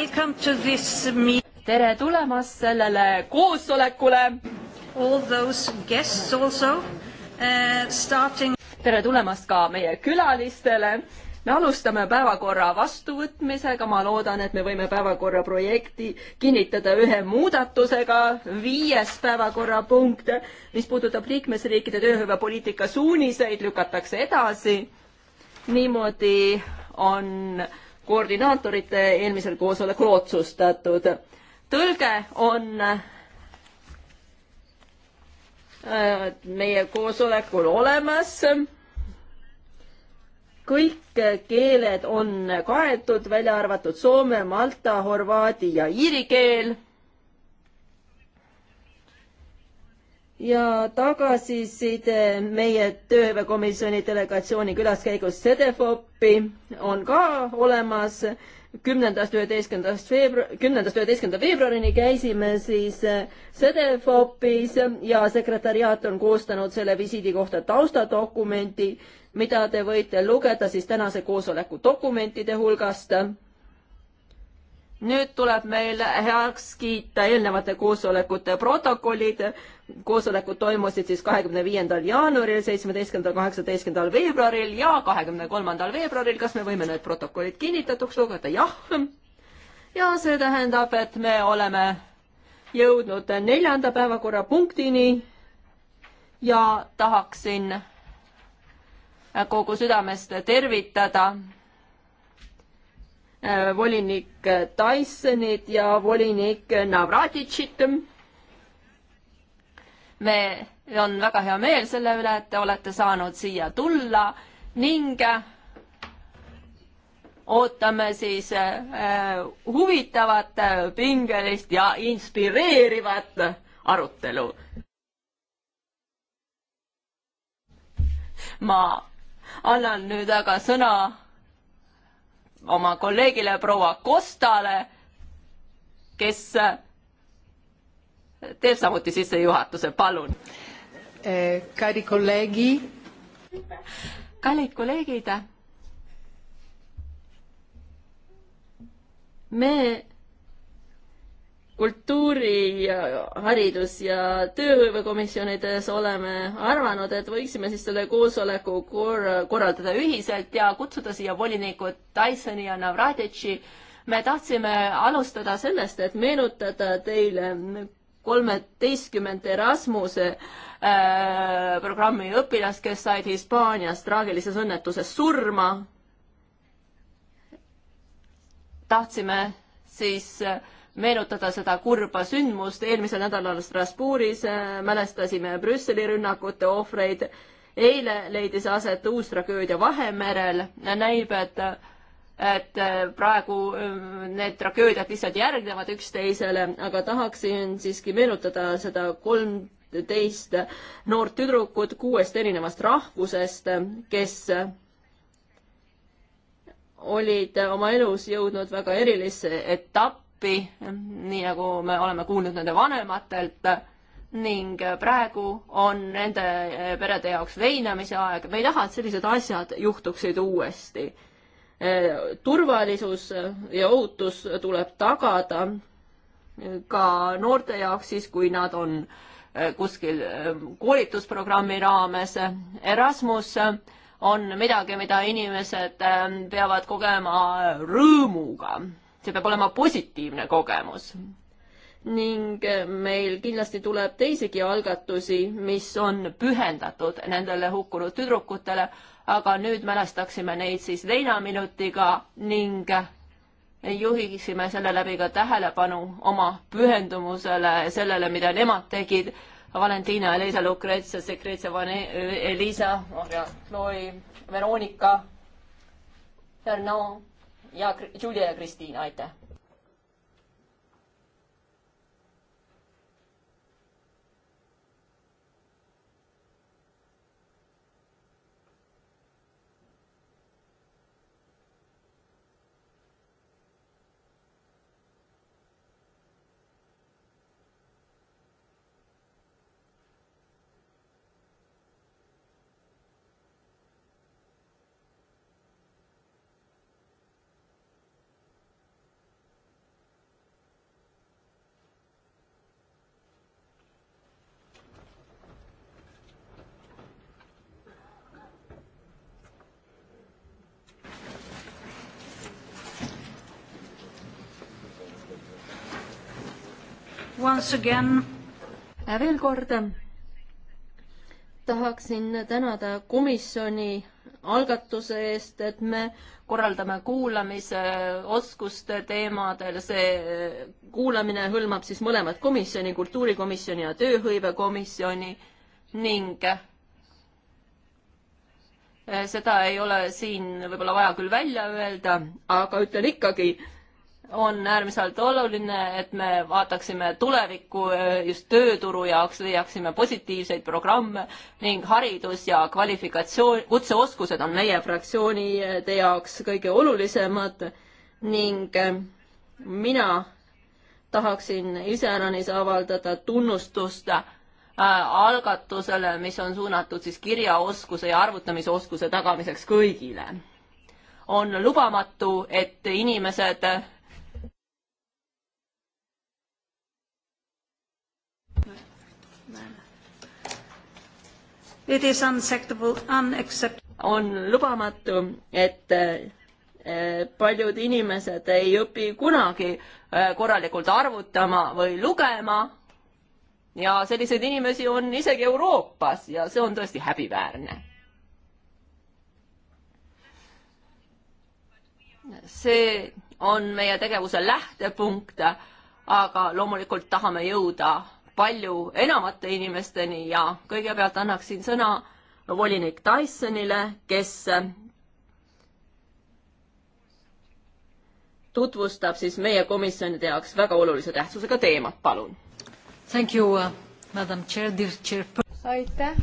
Welcome to this meet- tere tulemast sellele koosolekule. All those guests also uh, starting. tere tulemast ka meie külalistele. me alustame päevakorra vastuvõtmisega, ma loodan, et me võime päevakorra projekti kinnitada ühe muudatusega. viies päevakorrapunkt, mis puudutab liikmesriikide tööhõivepoliitika suuniseid, lükatakse edasi. niimoodi on äh, koordinaatorite eelmisel koosolekul otsustatud. tõlge on äh, meie koosolekul olemas. kõik keeled on kaetud, välja arvatud soome, malta, horvaadi ja iiri keel ja tagasiside meie tööhõivekomisjoni delegatsiooni külaskäigust Sedefopi on ka olemas. kümnendast üheteistkümnendast veebruar, kümnendast üheteistkümnenda veebruarini käisime siis Sedefopis ja sekretäriaat on koostanud selle visiidi kohta taustadokumenti, mida te võite lugeda siis tänase koosoleku dokumentide hulgast nüüd tuleb meil heaks kiita eelnevate koosolekute protokollid. koosolekud toimusid siis kahekümne viiendal jaanuaril, seitsmeteistkümnendal, kaheksateistkümnendal veebruaril ja kahekümne kolmandal veebruaril. kas me võime need protokollid kinnitatuks lugeda? jah. ja see tähendab, et me oleme jõudnud neljanda päevakorrapunktini ja tahaksin kogu südamest tervitada Äh, volinik Tysonit ja volinik Navratitšit. me, on väga hea meel selle üle, et te olete saanud siia tulla ning äh, ootame siis äh, huvitavat, pingelist ja inspireerivat arutelu. ma annan nüüd aga sõna oma kolleegile proua Kostale, kes teeb samuti sissejuhatuse, palun. Eh, cari colleghi. kallid kolleegid. me kultuuri, haridus- ja tööhõivekomisjonides oleme arvanud, et võiksime siis selle koosoleku kor-, korraldada ühiselt ja kutsuda siia volinikud Dysoni ja Navratitši. me tahtsime alustada sellest, et meenutada teile kolmeteistkümmend Erasmuse äh, programmi õpilast, kes said Hispaanias traagilises õnnetuses surma. tahtsime siis äh, meenutada seda kurba sündmust. eelmisel nädalal Strasbourgis äh, mälestasime Brüsseli rünnakute ohvreid. eile leidis aset uus tragöödia Vahemerel. näib, et, et äh, praegu äh, need tragöödiad lihtsalt järgnevad üksteisele, aga tahaksin siiski meenutada seda kolmteist noort tüdrukut kuuest erinevast rahvusest, kes olid oma elus jõudnud väga erilisse etappi appi, nii nagu me oleme kuulnud nende vanematelt ning praegu on nende eh, perede jaoks veinamise aeg. me ei taha, et sellised asjad juhtuksid uuesti. Eh, turvalisus ja ohutus tuleb tagada eh, ka noorte jaoks siis, kui nad on kuskil koolitusprogrammi raames. Erasmus on midagi, mida inimesed peavad kogema rõõmuga see peab olema positiivne kogemus. ning eh, meil kindlasti tuleb teisigi algatusi, mis on pühendatud nendele hukkunud tüdrukutele, aga nüüd mälestaksime neid siis leinaminutiga ning eh, juhiksime selle läbi ka tähelepanu oma pühendumusele, sellele, mida nemad tegid Valentina, Elisa, Lukretsa, Sekretsa, Elisa, Chloe, Veronika, Fernand, ja Julia ja Kristiina, aitäh! once again. Äh, veel kord äh, tahaksin tänada komisjoni algatuse eest, et me korraldame kuulamise äh, oskuste teemadel, see kuulamine hõlmab siis mõlemat komisjoni, kultuurikomisjoni ja tööhõivekomisjoni ning seda ei ole siin võib-olla vaja küll välja öelda, aga ütlen ikkagi, on äärmiselt oluline, et me vaataksime tulevikku just tööturu jaoks, leiaksime positiivseid programme ning haridus ja kvalifikatsioon, kutseoskused on meie fraktsiooni eh, jaoks kõige olulisemad ning eh, mina tahaksin iseäranis avaldada tunnustust eh, algatusele, mis on suunatud siis kirjaoskuse ja arvutamisoskuse tagamiseks kõigile. on lubamatu, et inimesed It is unacceptable, unacceptable. on lubamatu, et eh, paljud inimesed ei õpi kunagi eh, korralikult arvutama või lugema. ja selliseid inimesi on isegi Euroopas ja see on tõesti häbiväärne. see on meie tegevuse lähtepunkt, aga loomulikult tahame jõuda palju enamate inimesteni ja kõigepealt annaksin sõna volinik Tysonile, kes tutvustab siis meie komisjonide jaoks väga olulise tähtsusega teemat, palun. Thank you uh,, madam chair, dear chair. aitäh,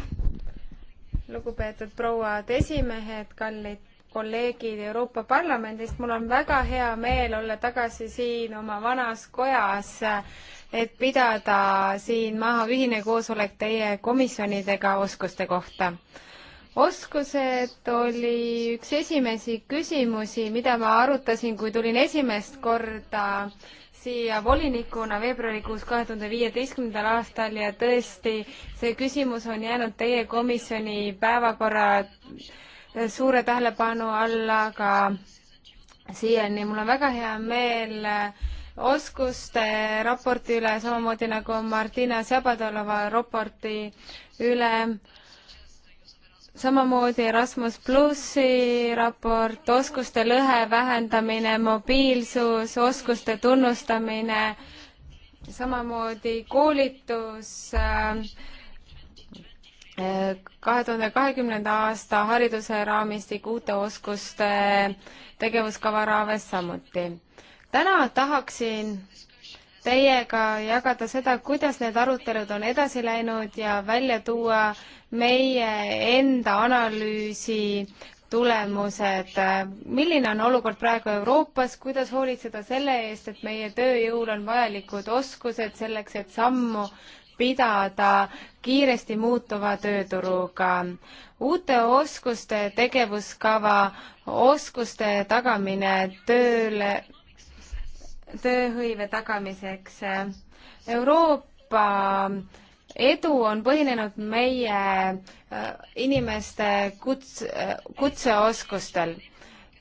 lugupeetud prouad esimehed, kallid kolleegid Euroopa Parlamendist, mul on väga hea meel olla tagasi siin oma vanas kojas, et pidada siin maha ühine koosolek teie komisjonidega oskuste kohta. oskused oli üks esimesi küsimusi, mida ma arutasin, kui tulin esimest korda siia volinikuna veebruarikuus kahe tuhande viieteistkümnendal aastal ja tõesti, see küsimus on jäänud teie komisjoni päevakorra suure tähelepanu alla ka siiani. mul on väga hea meel äh, oskuste raporti üle, samamoodi nagu Martina Sabadolova raporti üle, samamoodi Erasmus plussi raport, oskuste lõhe vähendamine, mobiilsus, oskuste tunnustamine, samamoodi koolitus äh,, kahe tuhande kahekümnenda aasta hariduse raamistik uute oskuste tegevuskava raames samuti. täna tahaksin teiega jagada seda, kuidas need arutelud on edasi läinud ja välja tuua meie enda analüüsi tulemused, milline on olukord praegu Euroopas, kuidas hoolitseda selle eest, et meie tööjõul on vajalikud oskused selleks, et sammu pidada kiiresti muutuva tööturuga. uute oskuste tegevuskava, oskuste tagamine tööle, tööhõive tagamiseks. Euroopa edu on põhinenud meie äh, inimeste kuts-, äh, kutseoskustel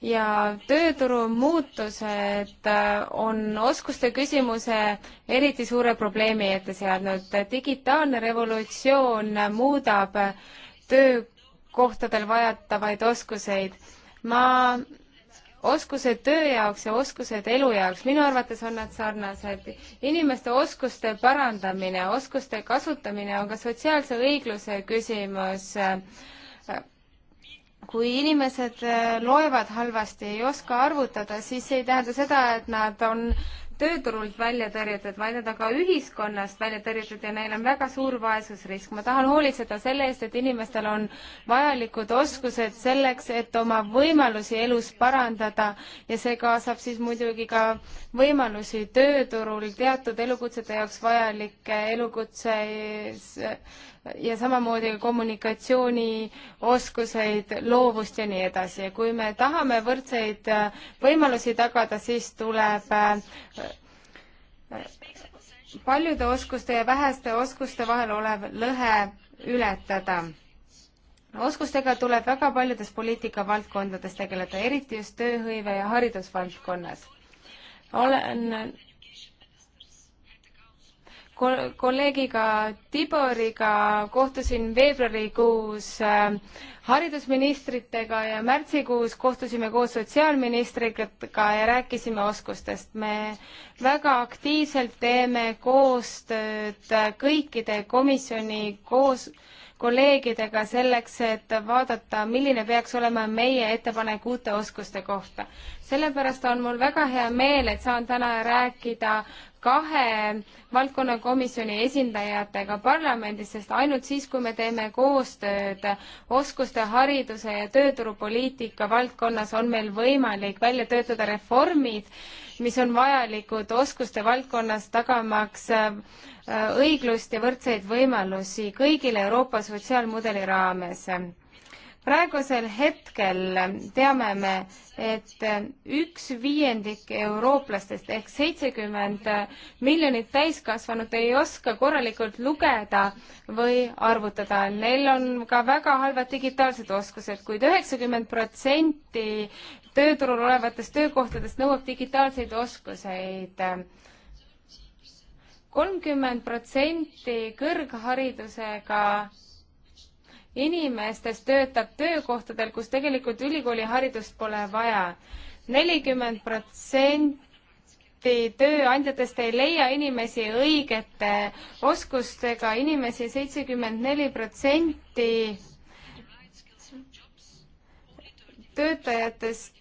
ja tööturu muutused äh, on oskuste küsimuse eriti suure probleemi ette seadnud. digitaalne revolutsioon muudab töökohtadel vajatavaid oskuseid. ma, oskused töö jaoks ja oskused elu jaoks, minu arvates on nad sarnased. inimeste oskuste parandamine, oskuste kasutamine on ka sotsiaalse õigluse küsimus kui inimesed äh, loevad halvasti, ei oska arvutada, siis ei tähenda seda, et nad on tööturult välja tõrjutud, vaid nad on ka ühiskonnast välja tõrjutud ja neil on väga suur vaesusrisk. ma tahan hoolitseda selle eest, et inimestel on vajalikud oskused selleks, et oma võimalusi elus parandada ja see kaasab siis muidugi ka võimalusi tööturul teatud elukutsete jaoks vajalikke elukutse ja samamoodi kommunikatsioonioskuseid, loovust ja nii edasi ja kui me tahame võrdseid äh, võimalusi tagada, siis tuleb äh, paljude oskuste ja väheste oskuste vahel olev lõhe ületada. oskustega tuleb väga paljudes poliitikavaldkondades tegeleda, eriti just tööhõive ja haridusvaldkonnas. olen kolleegiga Tiboriga kohtusin veebruarikuus äh, haridusministritega ja märtsikuus kohtusime koos sotsiaalministriga ja rääkisime oskustest. me väga aktiivselt teeme koostööd äh, kõikide komisjoni koos kolleegidega selleks, et vaadata, milline peaks olema meie ettepanek uute oskuste kohta. sellepärast on mul väga hea meel, et saan täna rääkida kahe valdkonnakomisjoni esindajatega parlamendis, sest ainult siis, kui me teeme koostööd oskuste, hariduse ja tööturupoliitika valdkonnas, on meil võimalik välja töötada reformid, mis on vajalikud oskuste valdkonnas tagamaks äh, õiglust ja võrdseid võimalusi kõigile Euroopa sotsiaalmudeli raames praegusel hetkel teame me, et üks viiendik eurooplastest ehk seitsekümmend miljonit täiskasvanut ei oska korralikult lugeda või arvutada. Neil on ka väga halvad digitaalsed oskused kuid, kuid üheksakümmend protsenti tööturul olevatest töökohtadest nõuab digitaalseid oskuseid kolmkümmend protsenti kõrgharidusega inimestest töötab töökohtadel, kus tegelikult ülikooliharidust pole vaja. nelikümmend protsenti tööandjatest ei leia inimesi õigete oskustega inimesi, seitsekümmend neli protsenti töötajatest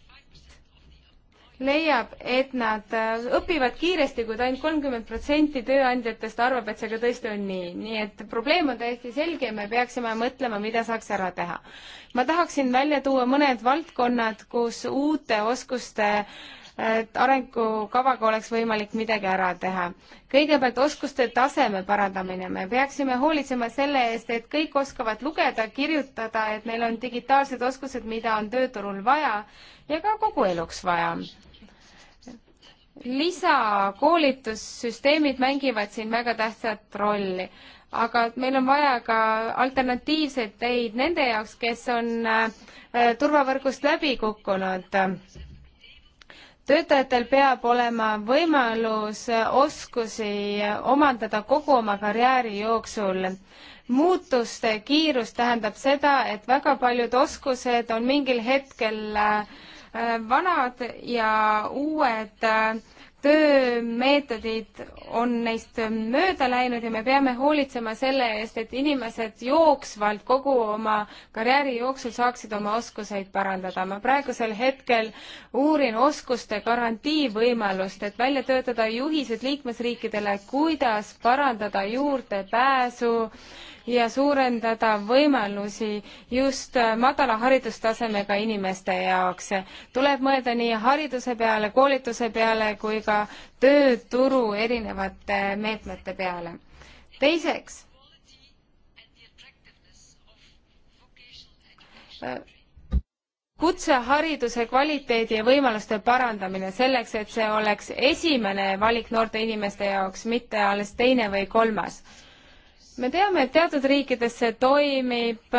leiab, et nad äh, õpivad kiiresti, kuid ainult kolmkümmend protsenti tööandjatest arvab, et see ka tõesti on nii. nii et probleem on täiesti selge ja me peaksime mõtlema, mida saaks ära teha. ma tahaksin välja tuua mõned valdkonnad, kus uute oskuste äh, et arengukavaga oleks võimalik midagi ära teha. kõigepealt oskuste taseme parandamine, me peaksime hoolitsema selle eest, et kõik oskavad lugeda, kirjutada, et neil on digitaalsed oskused, mida on tööturul vaja ja ka kogu eluks vaja lisakoolitussüsteemid mängivad siin väga tähtsat rolli, aga meil on vaja ka alternatiivseid teid nende jaoks, kes on äh, turvavõrgust läbi kukkunud töötajatel peab olema võimalus oskusi omandada kogu oma karjääri jooksul. muutuste kiirus tähendab seda, et väga paljud oskused on mingil hetkel äh, vanad ja uued äh, töömeetodid on neist mööda läinud ja me peame hoolitsema selle eest, et inimesed jooksvalt kogu oma karjääri jooksul saaksid oma oskuseid parandada. ma praegusel hetkel uurin oskuste garantii võimalust, et välja töötada juhised liikmesriikidele, kuidas parandada juurdepääsu äh, ja suurendada võimalusi just madala haridustasemega inimeste jaoks. tuleb mõelda nii hariduse peale, koolituse peale kui ka tööturu erinevate meetmete peale. teiseks, kutsehariduse kvaliteedi ja võimaluste parandamine selleks, et see oleks esimene valik noorte inimeste jaoks, mitte alles teine või kolmas me teame, et teatud riikides see toimib,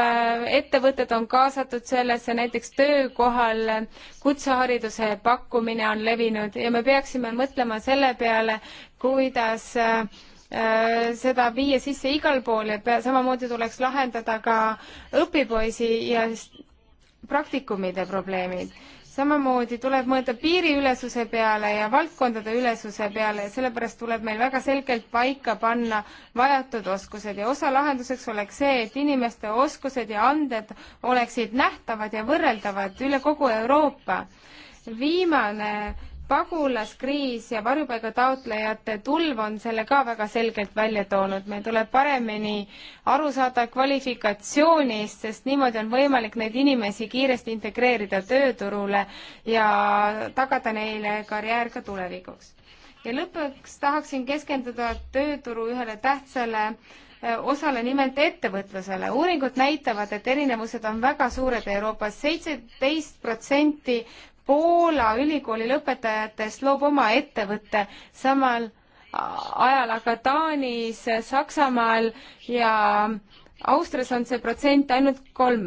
ettevõtted on kaasatud sellesse, näiteks töökohal kutsehariduse pakkumine on levinud ja me peaksime mõtlema selle peale, kuidas äh, seda viia sisse igal pool ja pea, samamoodi tuleks lahendada ka õpipoisi ja praktikumide probleemid samamoodi tuleb mõelda piiriülesuse peale ja valdkondade ülesuse peale ja sellepärast tuleb meil väga selgelt paika panna vajatud oskused ja osa lahenduseks oleks see, et inimeste oskused ja anded oleksid nähtavad ja võrreldavad üle kogu Euroopa. viimane pagulaskriis ja varjupaigataotlejate tulv on selle ka väga selgelt välja toonud. meil tuleb paremini aru saada kvalifikatsioonist, sest niimoodi on võimalik neid inimesi kiiresti integreerida tööturule ja tagada neile karjäär ka tulevikuks. ja lõpuks tahaksin keskenduda tööturu ühele tähtsale eh, osale nimelt ettevõtlusele. uuringud näitavad, et erinevused on väga suured Euroopas. seitseteist protsenti Poola ülikooli lõpetajatest loob oma ettevõtte, samal ajal aga Taanis, Saksamaal ja Austrias on see protsent ainult kolm.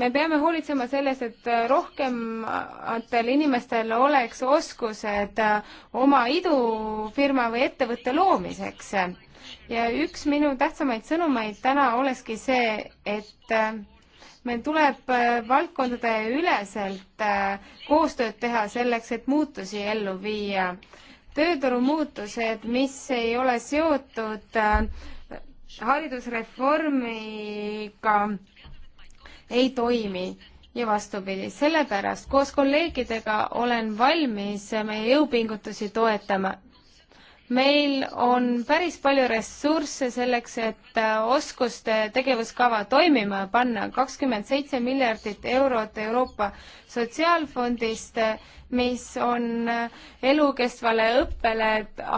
me peame hoolitsema sellest, et rohkematel inimestel oleks oskused oma idufirma või ettevõtte loomiseks. ja üks minu tähtsamaid sõnumeid täna olekski see, et meil tuleb äh, valdkondade üleselt äh, koostööd teha selleks, et muutusi ellu viia. tööturu muutused, mis ei ole seotud äh, haridusreformiga, ei toimi ja vastupidi, sellepärast koos kolleegidega olen valmis meie jõupingutusi toetama meil on päris palju ressursse selleks, et äh, oskuste tegevuskava toimima panna, kakskümmend seitse miljardit eurot Euroopa Sotsiaalfondist, mis on elukestvale õppele,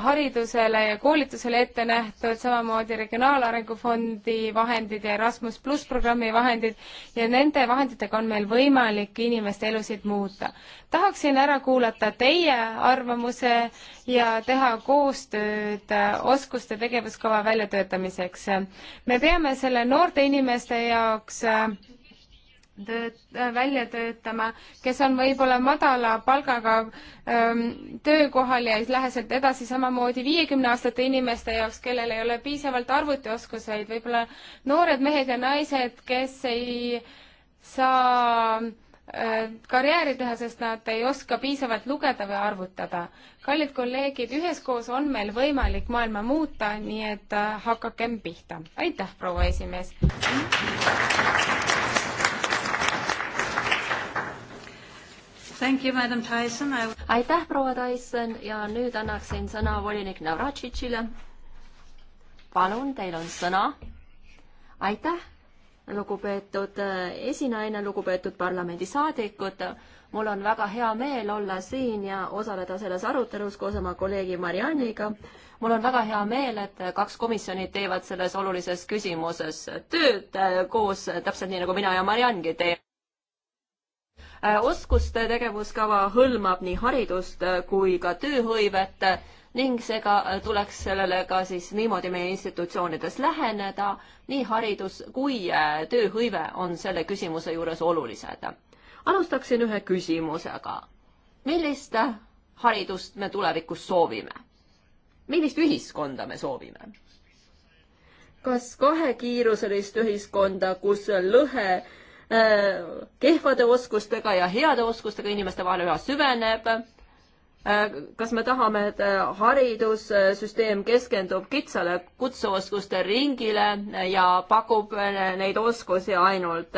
haridusele ja koolitusele ette nähtud, samamoodi Regionaalarengu Fondi vahendid ja Erasmus pluss programmi vahendid ja nende vahenditega on meil võimalik inimeste elusid muuta. tahaksin ära kuulata teie arvamuse ja teha koostööd oskuste tegevuskava väljatöötamiseks. me peame selle noorte inimeste jaoks tööt-, äh, välja töötama, kes on võib-olla madala palgaga ähm, töökohal ja ei lähe sealt edasi, samamoodi viiekümne aastate inimeste jaoks, kellel ei ole piisavalt arvutioskuseid, võib-olla noored mehed ja naised, kes ei saa äh, karjääri teha, sest nad ei oska piisavalt lugeda või arvutada. kallid kolleegid, üheskoos on meil võimalik maailma muuta, nii et äh, hakakem pihta. aitäh, proua esimees! I... aitäh, proua Tyson ja nüüd annaksin sõna volinik Navratšitšile. palun, teil on sõna. aitäh, lugupeetud äh, esinaine, lugupeetud parlamendisaadikud. mul on väga hea meel olla siin ja osaleda selles arutelus koos oma kolleegi Marianniga. mul on väga hea meel, et kaks komisjoni teevad selles olulises küsimuses tööd äh, koos, täpselt nii, nagu mina ja Marianngi teeme Äh, oskuste tegevuskava hõlmab nii haridust äh, kui ka tööhõivet äh, ning seega tuleks sellele ka siis niimoodi meie institutsioonides läheneda, nii haridus kui tööhõive on selle küsimuse juures olulised. alustaksin ühe küsimusega. millist haridust me tulevikus soovime? millist ühiskonda me soovime? kas kahekiiruselist ühiskonda, kus lõhe Äh, kehvade oskustega ja heade oskustega inimeste vahel üha süveneb. Äh, kas me tahame, et äh, haridussüsteem keskendub kitsale kutseoskuste ringile ja pakub neid oskusi ainult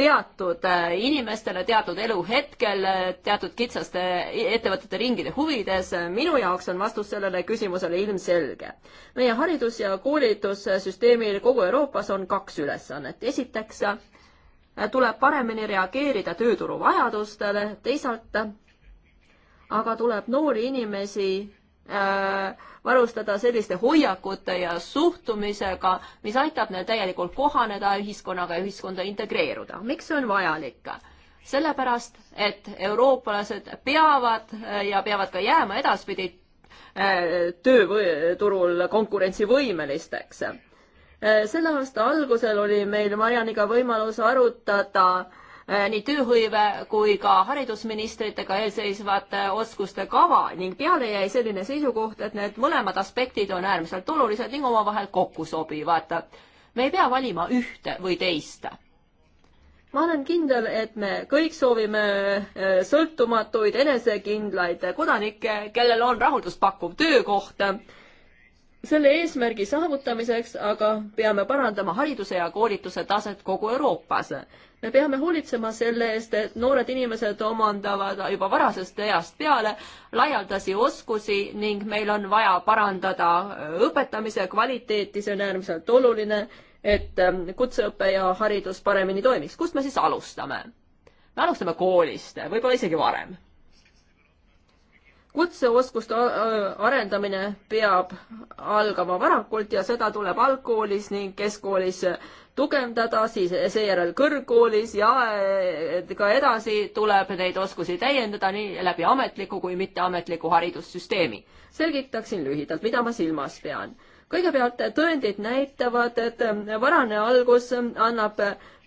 teatud inimestele teatud eluhetkel, teatud kitsaste e-, ettevõtete ringide huvides. minu jaoks on vastus sellele küsimusele ilmselge. meie haridus- ja koolitussüsteemil kogu Euroopas on kaks ülesannet. esiteks tuleb paremini reageerida tööturu vajadustele, teisalt aga tuleb noori inimesi äh, varustada selliste hoiakute ja suhtumisega, mis aitab neil täielikult kohaneda ühiskonnaga ja ühiskonda integreeruda. miks see on vajalik? sellepärast, et eurooplased peavad äh, ja peavad ka jääma edaspidi äh, tööturul konkurentsivõimelisteks Äh, selle aasta algusel oli meil Marianiga võimalus arutada äh, nii tööhõive kui ka haridusministritega eelseisvate äh, oskuste kava ning peale jäi selline seisukoht, et need mõlemad aspektid on äärmiselt olulised ning omavahel kokku sobivad. me ei pea valima ühte või teist. ma olen kindel, et me kõik soovime sõltumatuid, enesekindlaid kodanikke, kellel on rahulduspakkuv töökoht selle eesmärgi saavutamiseks aga peame parandama hariduse ja koolituse taset kogu Euroopas. me peame hoolitsema selle eest, et noored inimesed omandavad juba varasest east peale laialdasi oskusi ning meil on vaja parandada õpetamise kvaliteeti, see on äärmiselt oluline, et ähm, kutseõpe ja haridus paremini toimiks. kust me siis alustame? me alustame koolist, võib-olla isegi varem kutseoskuste arendamine peab algama varakult ja seda tuleb algkoolis ning keskkoolis tugevdada, siis seejärel kõrgkoolis ja ka edasi tuleb neid oskusi täiendada nii läbi ametliku kui mitteametliku haridussüsteemi. selgitaksin lühidalt, mida ma silmas pean. kõigepealt tõendid näitavad, et varane algus annab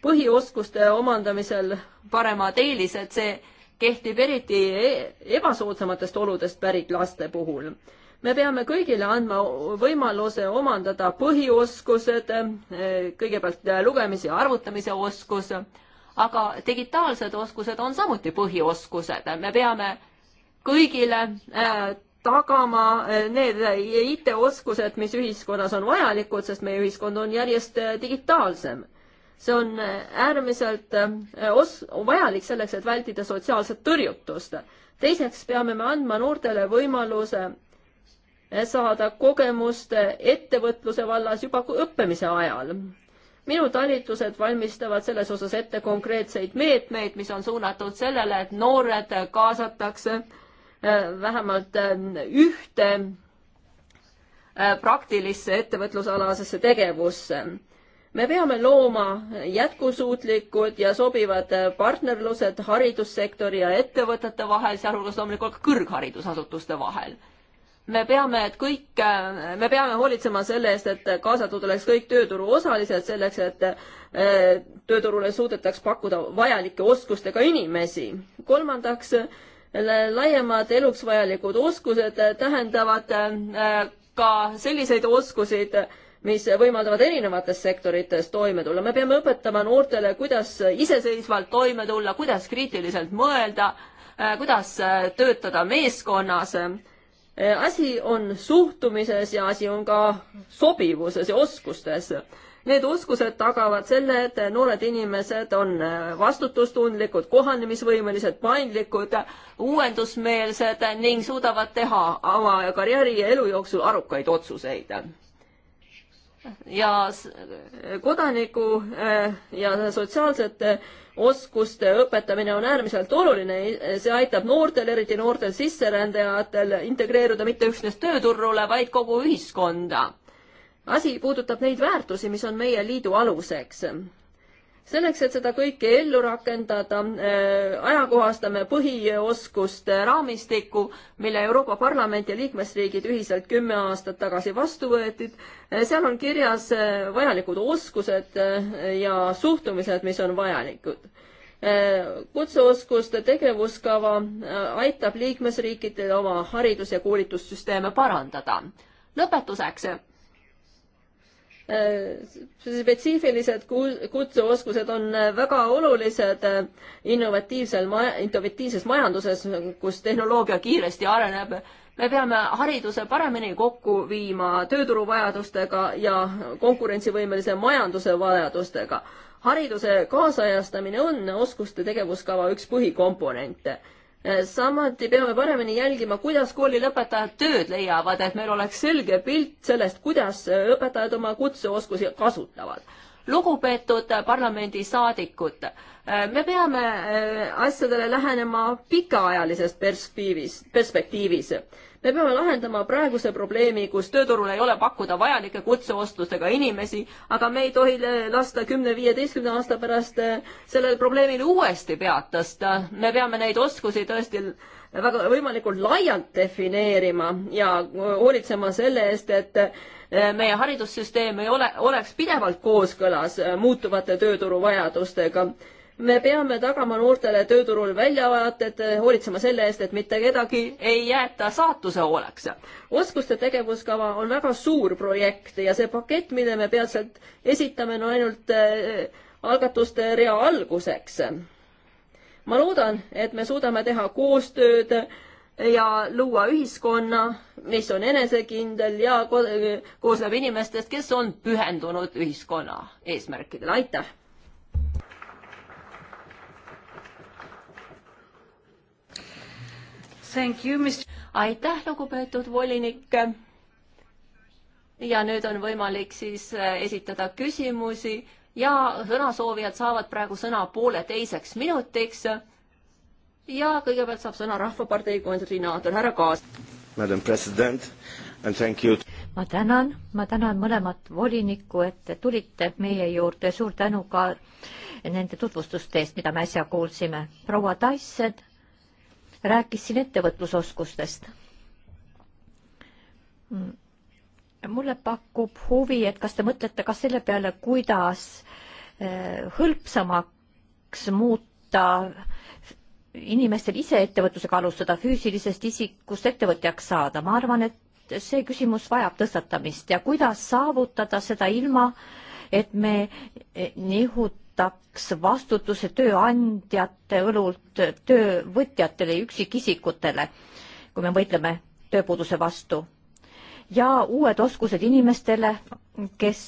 põhioskuste omandamisel paremad eelised, see kehtib eriti e-, ebasoodsamatest oludest pärit laste puhul. me peame kõigile andma võimaluse omandada põhioskused, e, kõigepealt lugemise ja arvutamise oskus, aga digitaalsed oskused on samuti põhioskused, me peame kõigile e, tagama need IT-oskused, mis ühiskonnas on vajalikud, sest meie ühiskond on järjest digitaalsem see on äärmiselt äh, os-, vajalik selleks, et vältida sotsiaalset tõrjutust. teiseks peame me andma noortele võimaluse äh, saada kogemust äh, ettevõtluse vallas juba õppimise ajal. minu talitused valmistavad selles osas ette konkreetseid meetmeid, mis on suunatud sellele, et noored kaasatakse vähemalt ühte praktilisse ettevõtlusalasesse tegevusse me peame looma jätkusuutlikud ja sobivad partnerlused haridussektori ja ettevõtete vahel, sealhulgas loomulikult ka kõrgharidusasutuste vahel. me peame, et kõik, me peame hoolitsema selle eest, et kaasatud oleks kõik tööturu osalised selleks, et eh, tööturule suudetaks pakkuda vajalike oskustega inimesi. kolmandaks, laiemad eluks vajalikud oskused tähendavad eh, ka selliseid oskuseid, mis võimaldavad erinevates sektorites toime tulla. me peame õpetama noortele, kuidas iseseisvalt toime tulla, kuidas kriitiliselt mõelda, äh, kuidas äh, töötada meeskonnas. Äh, asi on suhtumises ja asi on ka sobivuses ja oskustes. Need oskused tagavad selle, et noored inimesed on vastutustundlikud, kohanemisvõimelised, paindlikud, uuendusmeelsed ning suudavad teha oma karjääri ja elu jooksul arukaid otsuseid ja kodaniku äh, ja sotsiaalsete oskuste õpetamine on äärmiselt oluline, see aitab noortel, eriti noortel sisserändajatel integreeruda mitte üksnes tööturule, vaid kogu ühiskonda. asi puudutab neid väärtusi, mis on meie liidu aluseks selleks, et seda kõike ellu rakendada, äh, ajakohastame põhioskuste raamistikku, mille Euroopa Parlament ja liikmesriigid ühiselt kümme aastat tagasi vastu võetid. Äh, seal on kirjas äh, vajalikud oskused ja suhtumised, mis on vajalikud kutseoskuste tegevuskava aitab liikmesriikidel oma haridus- ja koolitussüsteeme parandada. lõpetuseks Äh, spetsiifilised kutseoskused on äh, väga olulised äh, innovatiivsel, innovatiivses majanduses, kus tehnoloogia kiiresti areneb. me peame hariduse paremini kokku viima tööturu vajadustega ja konkurentsivõimelise majanduse vajadustega. hariduse kaasajastamine on oskuste tegevuskava üks põhikomponente Eh, samuti peame paremini jälgima, kuidas koolilõpetajad tööd leiavad, et meil oleks selge pilt sellest, kuidas eh, õpetajad oma kutseoskusi kasutavad. lugupeetud parlamendisaadikud, eh, me peame asjadele lähenema pikaajalisest perspektiivis, perspektiivis me peame lahendama praeguse probleemi, kus tööturul ei ole pakkuda vajalikke kutseoskustega inimesi, aga me ei tohi lasta kümne-viieteistkümne aasta pärast eh, sellele probleemile uuesti pead tõsta. me peame neid oskusi tõesti väga võimalikult laialt defineerima ja eh, hoolitsema selle eest, et eh, meie haridussüsteem ei ole, oleks pidevalt kooskõlas muutuvate tööturu vajadustega me peame tagama noortele tööturul väljavaated, eh, hoolitsema selle eest, et mitte kedagi ei jäeta saatuse hooleks. oskuste tegevuskava on väga suur projekt ja see pakett, mille me peatselt esitame, on ainult eh, algatuste rea alguseks. ma loodan, et me suudame teha koostööd ja luua ühiskonna, mis on enesekindel ja koosneb inimestest, kes on pühendunud ühiskonna eesmärkidele. aitäh! aitäh, lugupeetud volinik. ja nüüd on võimalik siis äh, esitada küsimusi ja sõnasoovijad saavad praegu sõna pooleteiseks minutiks. ja kõigepealt saab sõna Rahvapartei koordinaator härra Kaas. Madam President and thank you. ma tänan, ma tänan mõlemat volinikku, et te tulite meie juurde, suur tänu ka nende tutvustuste eest, mida me äsja kuulsime. proua Tyson rääkis siin ettevõtlusoskustest. mulle pakub huvi, et kas te mõtlete ka selle peale, kuidas eh, hõlpsamaks muuta inimestel ise ettevõtlusega alustada, füüsilisest isikust ettevõtjaks saada, ma arvan, et see küsimus vajab tõstatamist ja kuidas saavutada seda ilma, et me nihut-, võetaks vastutuse tööandjate õlult töövõtjatele ja üksikisikutele, kui me võitleme tööpuuduse vastu. ja uued oskused inimestele, kes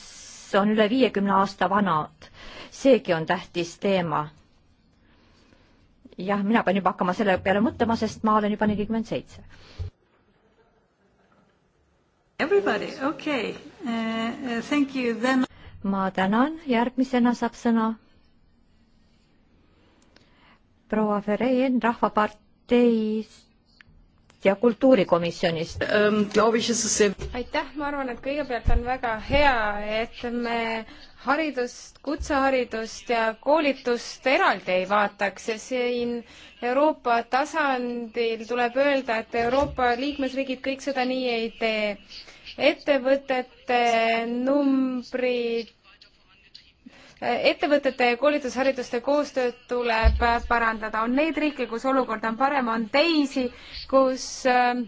on üle viiekümne aasta vanad, seegi on tähtis teema. jah, mina pean juba hakkama selle peale mõtlema, sest ma olen juba nelikümmend seitse. Everybody, okei okay. Uh, uh,, thank you, then ma tänan, järgmisena saab sõna proua Fereen Rahvaparteist ja kultuurikomisjonist. Ähm, aitäh, ma arvan, et kõigepealt on väga hea, et me haridust, kutseharidust ja koolitust eraldi ei vaataks ja siin Euroopa tasandil tuleb öelda, et Euroopa liikmesriigid kõik seda nii ei tee ettevõtete numbrid ettevõtete koolitusharjutuste koostööd tuleb parandada, on neid riike, kus olukord on parem, on teisi, kus äh,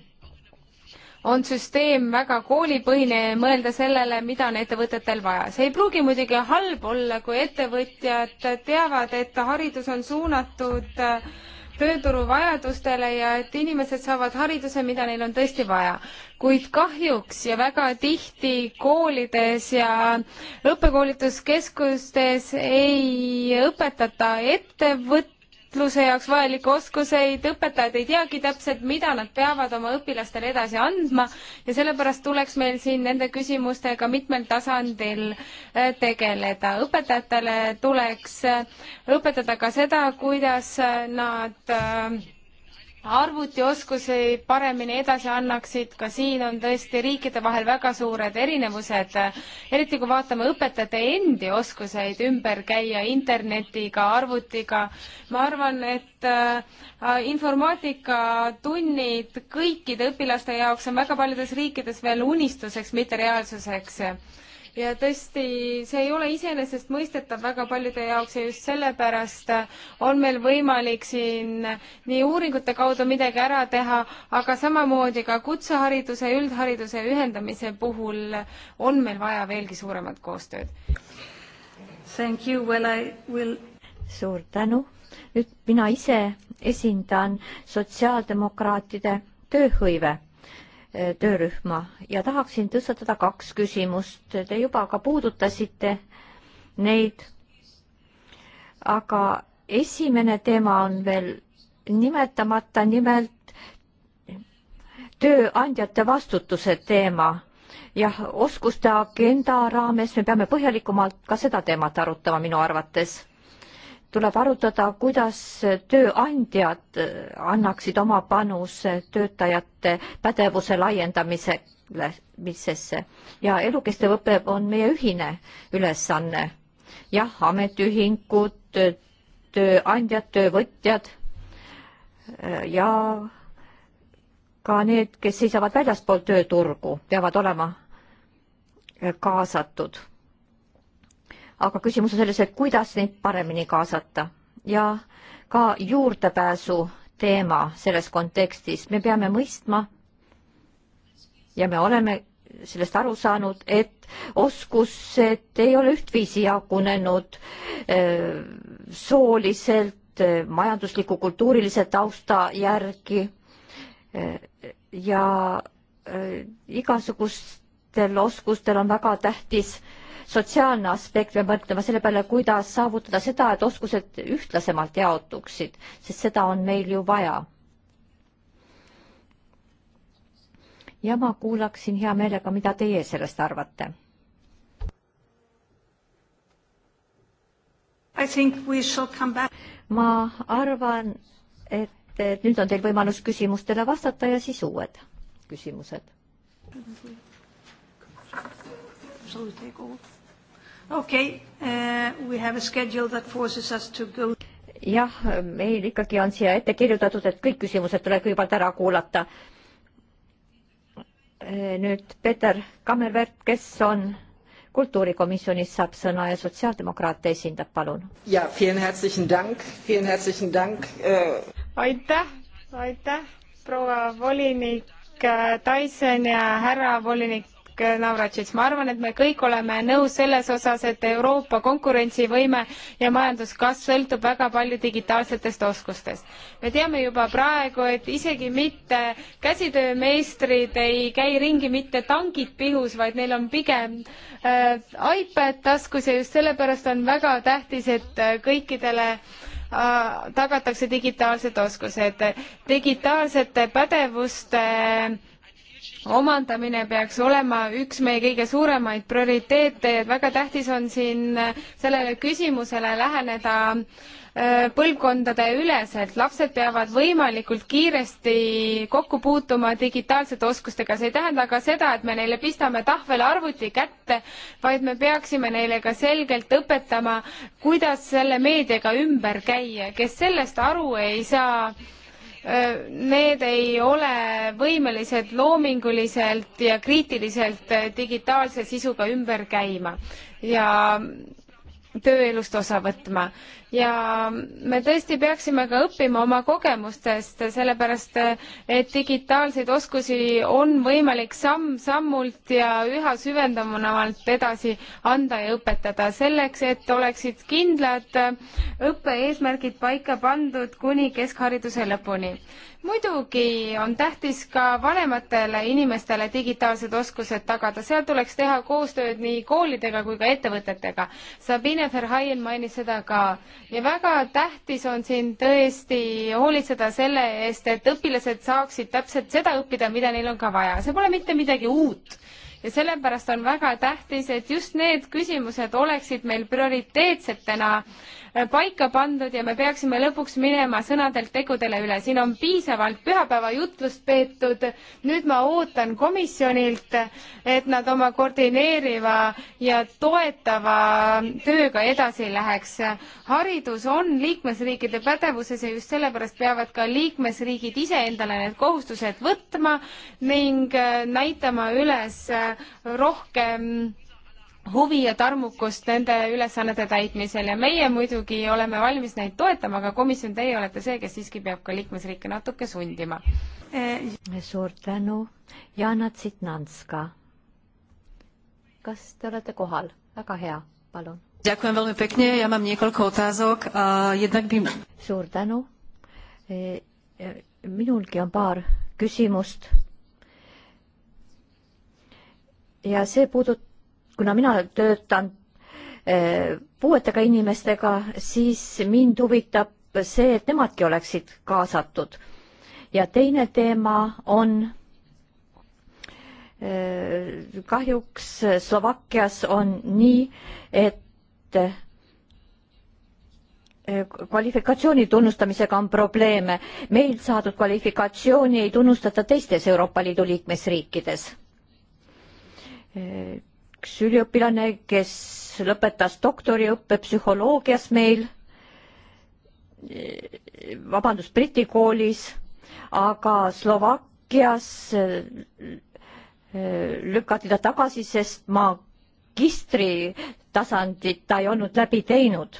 on süsteem väga koolipõhine ja mõelda sellele, mida on ettevõtetel vaja. see ei pruugi muidugi halb olla, kui ettevõtjad teavad, et haridus on suunatud äh, tööturu vajadustele ja et inimesed saavad hariduse, mida neil on tõesti vaja. kuid kahjuks ja väga tihti koolides ja õppekoolituskeskustes ei õpetata ettevõtteid, väitluse jaoks vajalikke oskuseid, õpetajad ei teagi täpselt, mida nad peavad oma õpilastele edasi andma ja sellepärast tuleks meil siin nende küsimustega mitmel tasandil äh, tegeleda. õpetajatele tuleks äh, õpetada ka seda, kuidas äh, nad arvutioskusi paremini edasi annaksid, ka siin on tõesti riikide vahel väga suured erinevused, eriti kui vaatame õpetajate endi oskuseid ümber käia internetiga, arvutiga. ma arvan, et äh, informaatikatunnid kõikide õpilaste jaoks on väga paljudes riikides veel unistuseks, mitte reaalsuseks ja tõesti, see ei ole iseenesestmõistetav väga paljude jaoks ja just sellepärast äh, on meil võimalik siin nii uuringute kaudu midagi ära teha, aga samamoodi ka kutsehariduse ja üldhariduse ühendamise puhul on meil vaja veelgi suuremat koostööd. Thank you, well I will. suur tänu. nüüd mina ise esindan sotsiaaldemokraatide tööhõive töörühma ja tahaksin tõstatada kaks küsimust. Te juba ka puudutasite neid, aga esimene teema on veel nimetamata, nimelt tööandjate vastutuse teema. jah, oskuste agenda raames me peame põhjalikumalt ka seda teemat arutama minu arvates tuleb arutada, kuidas tööandjad äh, annaksid oma panuse töötajate pädevuse laiendamisesse ja elukestev õpe on meie ühine ülesanne. jah, ametiühingud, tööandjad, töövõtjad äh, ja ka need, kes seisavad väljaspool tööturgu, peavad olema äh, kaasatud aga küsimus on selles, et kuidas neid paremini kaasata ja ka juurdepääsu teema selles kontekstis, me peame mõistma ja me oleme sellest aru saanud, et oskused ei ole ühtviisi jagunenud e, sooliselt, e, majandusliku, kultuurilise tausta järgi e, ja igasugustel oskustel on väga tähtis äh, sotsiaalne aspekt, peab mõtlema selle peale, kuidas saavutada seda, et oskused ühtlasemalt jaotuksid, sest seda on meil ju vaja. ja ma kuulaksin hea meelega, mida teie sellest arvate. ma arvan, et, et nüüd on teil võimalus küsimustele vastata ja siis uued küsimused sorry, take over. Okay, uh, we have a schedule that forces us to go. jah, meil ikkagi on siia ette kirjutatud, et kõik küsimused tuleb kõigepealt ära kuulata. Äh, nüüd Peeter Kammervert, kes on kultuurikomisjonis, saab sõna ja sotsiaaldemokraate esindab, palun. ja, vielen herzlichen Dank, vielen herzlichen Dank äh.... aitäh, aitäh, proua volinik äh, Tyson ja härra volinik Navratšits, ma arvan, et me kõik oleme nõus selles osas, et Euroopa konkurentsivõime ja majanduskasv sõltub väga palju digitaalsetest oskustest. me teame juba praegu, et isegi mitte käsitöömeistrid ei käi ringi mitte tangid pihus, vaid neil on pigem äh, iPad taskus ja just sellepärast on väga tähtis, et äh, kõikidele äh, tagatakse digitaalsed oskused, digitaalsete pädevuste äh, omandamine peaks olema üks meie kõige suuremaid prioriteete ja väga tähtis on siin äh, sellele küsimusele läheneda äh, põlvkondade üleselt, lapsed peavad võimalikult kiiresti kokku puutuma digitaalsete oskustega, see ei tähenda aga seda, et me neile pistame tahvele arvuti kätte, vaid me peaksime neile ka selgelt õpetama, kuidas selle meediaga ümber käia, kes sellest aru ei saa need ei ole võimelised loominguliselt ja kriitiliselt digitaalse sisuga ümber käima ja tööelust osa võtma ja me tõesti peaksime ka õppima oma kogemustest, sellepärast et digitaalseid oskusi on võimalik samm-sammult ja üha süvendavamalt edasi anda ja õpetada, selleks et oleksid kindlad õppe-eesmärgid paika pandud kuni keskhariduse lõpuni muidugi on tähtis ka vanematele inimestele digitaalsed oskused tagada, seal tuleks teha koostööd nii koolidega kui ka ettevõtetega. Sabine Verhaien mainis seda ka ja väga tähtis on siin tõesti hoolitseda selle eest, et õpilased saaksid täpselt seda õppida, mida neil on ka vaja. see pole mitte midagi uut ja sellepärast on väga tähtis, et just need küsimused oleksid meil prioriteetsetena äh, paika pandud ja me peaksime lõpuks minema sõnadelt tegudele üle. siin on piisavalt pühapäevajutlust peetud, nüüd ma ootan komisjonilt, et nad oma koordineeriva ja toetava tööga edasi läheks. haridus on liikmesriikide pädevuses ja just sellepärast peavad ka liikmesriigid ise endale need kohustused võtma ning äh, näitama üles äh, rohkem huvi ja tarmukust nende ülesannete täitmisel ja meie muidugi oleme valmis neid toetama, aga komisjon, teie olete see, kes siiski peab ka liikmesriike natuke sundima. suur tänu, Jana Tsitnanska. kas te olete kohal? väga hea, palun. suur tänu. E, e, minulgi on paar küsimust ja see puudut-, kuna mina töötan eh, puuetega inimestega, siis mind huvitab see, et nemadki oleksid kaasatud. ja teine teema on eh, kahjuks Slovakkias on nii, et eh, kvalifikatsiooni tunnustamisega on probleeme. meilt saadud kvalifikatsiooni ei tunnustata teistes Euroopa Liidu liikmesriikides üks üliõpilane, kes lõpetas doktoriõppe psühholoogias meil, vabandust, Briti koolis, aga Slovakkias äh, lükati ta tagasi, sest magistritasandit ta ei olnud läbi teinud.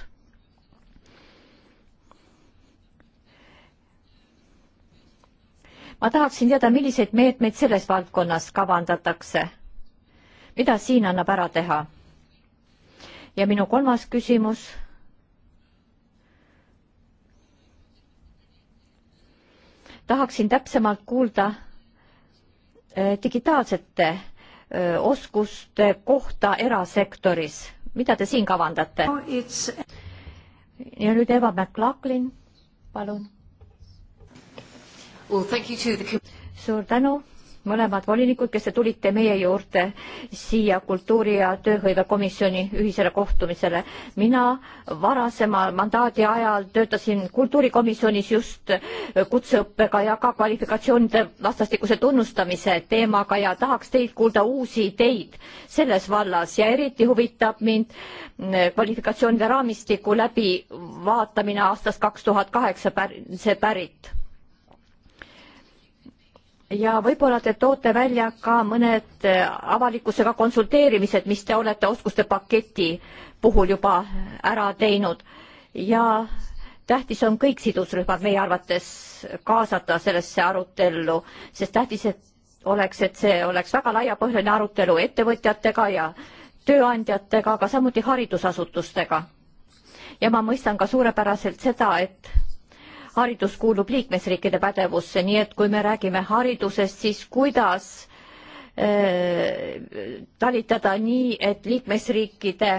ma tahaksin teada, milliseid meetmeid selles valdkonnas kavandatakse mida siin annab ära teha? ja minu kolmas küsimus. tahaksin täpsemalt kuulda eh, digitaalsete eh, oskuste kohta erasektoris, mida te siin kavandate no,? ja nüüd Eva McLaughlin, palun well,. suur tänu mõlemad volinikud, kes te tulite meie juurde siia kultuuri- ja tööhõivekomisjoni ühisele kohtumisele. mina varasemal mandaadi ajal töötasin kultuurikomisjonis just kutseõppega ja ka kvalifikatsioonide vastastikuse tunnustamise teemaga ja tahaks teilt kuulda uusi ideid selles vallas ja eriti huvitab mind mm, kvalifikatsioonide raamistiku läbivaatamine aastast kaks tuhat kaheksa, see pärit ja võib-olla te toote välja ka mõned äh, avalikkusega konsulteerimised, mis te olete oskuste paketi puhul juba ära teinud ja tähtis on kõik sidusrühmad meie arvates kaasata sellesse arutellu, sest tähtis, et oleks, et see oleks väga laiapõhjaline arutelu ettevõtjatega ja tööandjatega, aga samuti haridusasutustega. ja ma mõistan ka suurepäraselt seda, et haridus kuulub liikmesriikide pädevusse, nii et kui me räägime haridusest, siis kuidas eh, talitada nii, et liikmesriikide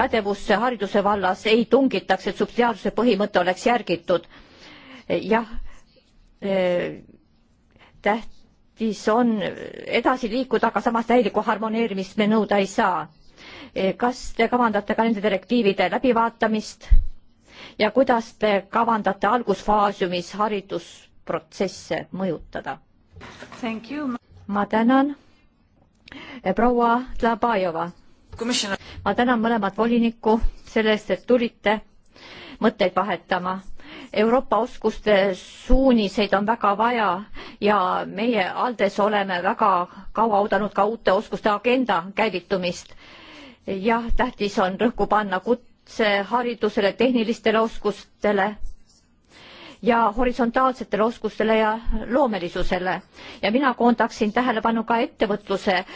pädevusse hariduse vallas ei tungitaks, et subsidiaarsuse põhimõte oleks järgitud. jah, eh, tähtis on edasi liikuda, aga samas täielikku harmoneerimist me nõuda ei saa. Eh, kas te kavandate ka nende direktiivide läbivaatamist? ja kuidas te kavandate algusfaasiumis haridusprotsesse mõjutada? ma tänan, eh, proua Tlabajova. ma tänan mõlemat volinikku selle eest, et tulite mõtteid vahetama. Euroopa oskuste suuniseid on väga vaja ja meie Aldes oleme väga kaua oodanud ka uute oskuste agenda käivitumist. jah, tähtis on rõhku panna kut-, kutse haridusele, tehnilistele oskustele ja horisontaalsetele oskustele ja loomelisusele. ja mina koondaksin tähelepanu ka ettevõtluse äh,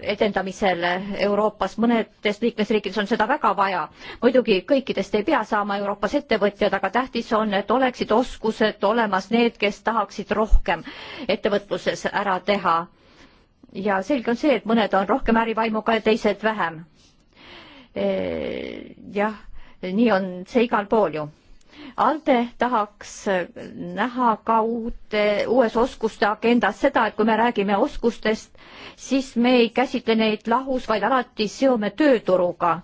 edendamisele Euroopas, mõnedes liikmesriikides on seda väga vaja. muidugi kõikidest ei pea saama Euroopas ettevõtjad, aga tähtis on, et oleksid oskused olemas need, kes tahaksid rohkem ettevõtluses ära teha. ja selge on see, et mõned on rohkem ärivaimuga ja teised vähem Eh, jah, nii on see igal pool ju. ALDE tahaks näha ka uute, uues oskuste agendas seda, et kui me räägime oskustest, siis me ei käsitle neid lahus, vaid alati seome tööturuga.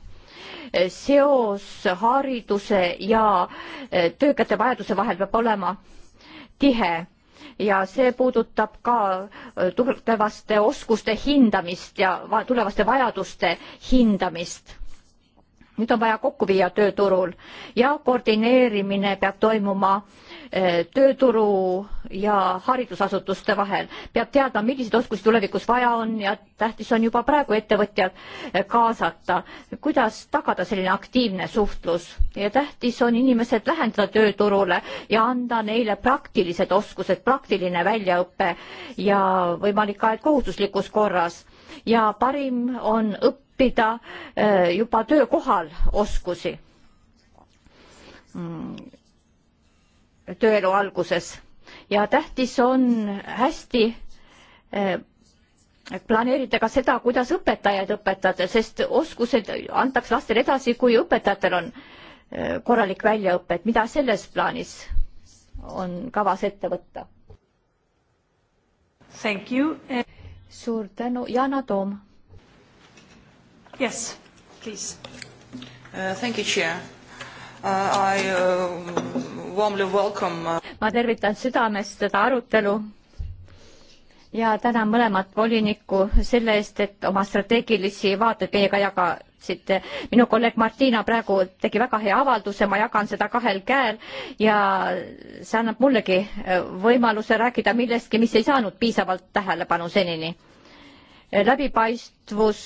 Eh, seos hariduse ja eh, töökäte vajaduse vahel peab olema tihe ja see puudutab ka tulevaste oskuste hindamist ja tulevaste vajaduste hindamist nüüd on vaja kokku viia tööturul ja koordineerimine peab toimuma eh, tööturu ja haridusasutuste vahel. peab teadma, milliseid oskusi tulevikus vaja on ja tähtis on juba praegu ettevõtjad eh, kaasata. kuidas tagada selline aktiivne suhtlus ja tähtis on inimesed lähendada tööturule ja anda neile praktilised oskused, praktiline väljaõpe ja võimalik ka, et kohustuslikus korras ja parim on õppida õppida äh, juba töökohal oskusi mm. tööelu alguses ja tähtis on hästi äh, planeerida ka seda, kuidas õpetajaid õpetada, sest oskused antakse lastele edasi, kui õpetajatel on äh, korralik väljaõpe, et mida selles plaanis on kavas ette võtta? suur tänu, Yana Toom Yes, please. Uh, thank you, Chair. Uh, I uh, warmly welcome uh... ma tervitan südamest seda arutelu ja tänan mõlemat volinikku selle eest, et oma strateegilisi vaateid meiega jagasite. minu kolleeg Martina praegu tegi väga hea avalduse, ma jagan seda kahel käel ja see annab mullegi äh, võimaluse rääkida millestki, mis ei saanud piisavalt tähelepanu senini. Äh, läbipaistvus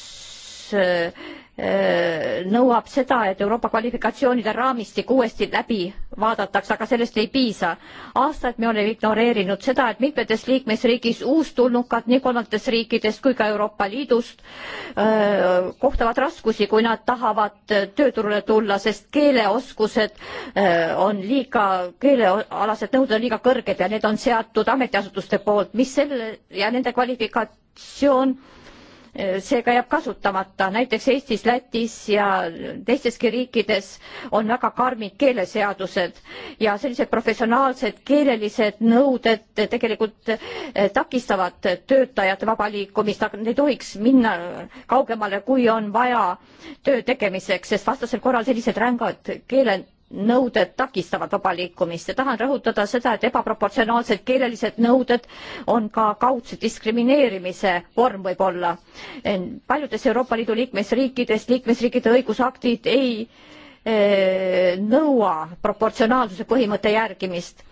Äh, äh, nõuab seda, et Euroopa kvalifikatsioonide raamistik uuesti läbi vaadatakse, aga sellest ei piisa. aastaid me oleme ignoreerinud seda, et mitmetes liikmesriigis uustulnukad nii kolmandatest riikidest kui ka Euroopa Liidust öö, äh, kohtavad raskusi, kui nad tahavad tööturule tulla, sest keeleoskused öö, on liiga, keelealased nõuded on liiga kõrged ja need on seatud ametiasutuste poolt, mis selle ja nende kvalifikatsioon öö, seega jääb kasutamata. näiteks Eestis, Lätis ja teisteski riikides on väga karmid keeleseadused ja sellised professionaalsed keelelised nõuded tegelikult eh, takistavad töötajate vaba liikumist, aga ei tohiks minna kaugemale, kui on vaja töö tegemiseks, sest vastasel korral sellised rängad keele nõuded takistavad vaba liikumist ja tahan rõhutada seda, et ebaproportsionaalsed keelelised nõuded on ka kaudse diskrimineerimise vorm võib-olla. paljudes Euroopa Liidu liikmesriikides liikmesriikide õigusaktid ei e, nõua proportsionaalsuse põhimõtte järgimist.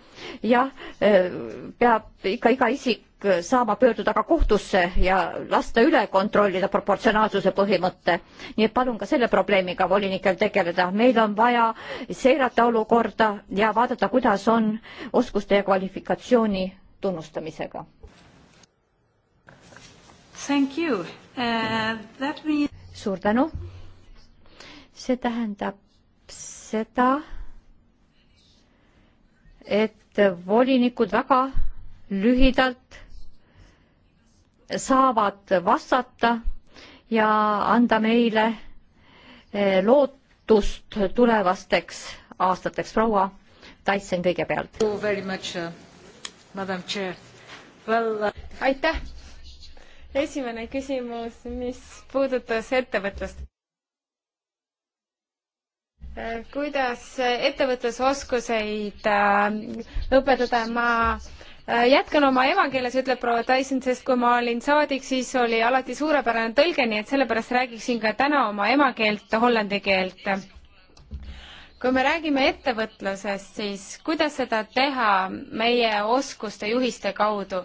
jah e,, peab ikka iga isik saama pöörduda ka kohtusse ja lasta üle kontrollida proportsionaalsuse põhimõte. nii et palun ka selle probleemiga volinikel tegeleda. meil on vaja seirata olukorda ja vaadata, kuidas on oskuste ja kvalifikatsiooni tunnustamisega. Thank you uh,. That means... suur tänu. see tähendab seda, et volinikud väga lühidalt saavad vastata ja anda meile eh, lootust tulevasteks aastateks. proua Tyson kõigepealt. Uh, uh, aitäh. esimene küsimus, mis puudutas ettevõtlust kuidas ettevõtlusoskuseid äh, õpetada, ma Äh, jätkan oma emakeeles, ütleb proua Tyson, sest kui ma olin saadik, siis oli alati suurepärane tõlge, nii et sellepärast räägiksin ka täna oma emakeelt, hollandi keelt. kui me räägime ettevõtlusest, siis kuidas seda teha meie oskuste juhiste kaudu?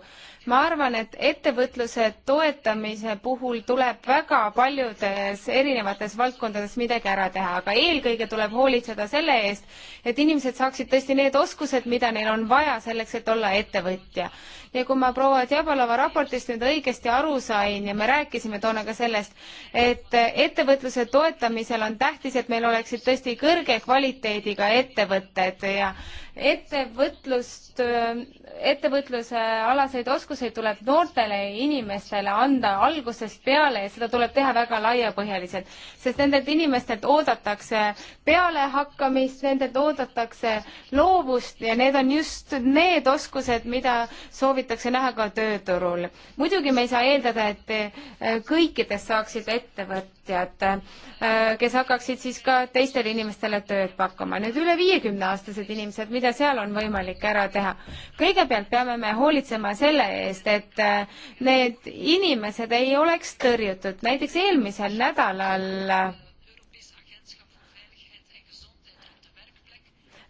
ma arvan, et ettevõtluse toetamise puhul tuleb väga paljudes erinevates valdkondades midagi ära teha, aga eelkõige tuleb hoolitseda selle eest, et inimesed saaksid tõesti need oskused, mida neil on vaja selleks, et olla ettevõtja. ja kui ma proua Tšabalova raportist nüüd õigesti aru sain ja me rääkisime toona ka sellest, et ettevõtluse toetamisel on tähtis, et meil oleksid tõesti kõrge kvaliteediga ettevõtted ja ettevõtlust, ettevõtluse alaseid oskuseid tuleb noortele inimestele anda algusest peale ja seda tuleb teha väga laiapõhjaliselt, sest nendelt inimestelt oodatakse pealehakkamist, nendelt oodatakse loovust ja need on just need oskused, mida soovitakse näha ka tööturul. muidugi me ei saa eeldada, et eh, kõikidest saaksid ettevõtted ettevõtjad, äh, kes hakkaksid siis ka teistele inimestele tööd pakkuma. nüüd üle viiekümne aastased inimesed, mida seal on võimalik ära teha? kõigepealt peame me hoolitsema selle eest, et äh, need inimesed ei oleks tõrjutud. näiteks eelmisel nädalal äh,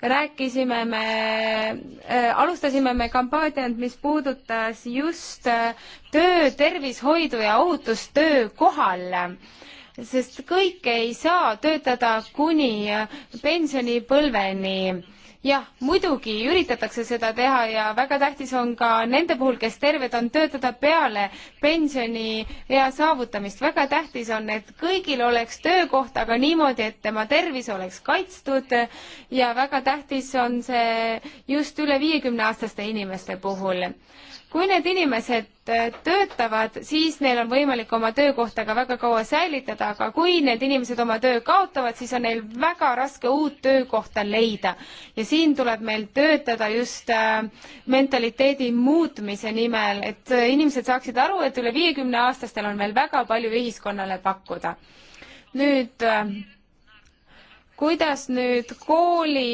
rääkisime me äh,, alustasime me kampaaniat, mis puudutas just äh, töö tervishoidu ja ohutust töökohal äh, sest kõik ei saa töötada kuni pensionipõlveni. jah, muidugi üritatakse seda teha ja väga tähtis on ka nende puhul, kes terved on, töötada peale pensioniea saavutamist. väga tähtis on, et kõigil oleks töökoht, aga niimoodi, et tema tervis oleks kaitstud ja väga tähtis on see just üle viiekümne aastaste inimeste puhul kui need inimesed äh, töötavad, siis neil on võimalik oma töökohta ka väga kaua säilitada, aga kui need inimesed oma töö kaotavad, siis on neil väga raske uut töökohta leida. ja siin tuleb meil töötada just äh, mentaliteedi muutmise nimel, et äh, inimesed saaksid aru, et üle viiekümne aastastel on veel väga palju ühiskonnale pakkuda. nüüd kuidas nüüd kooli,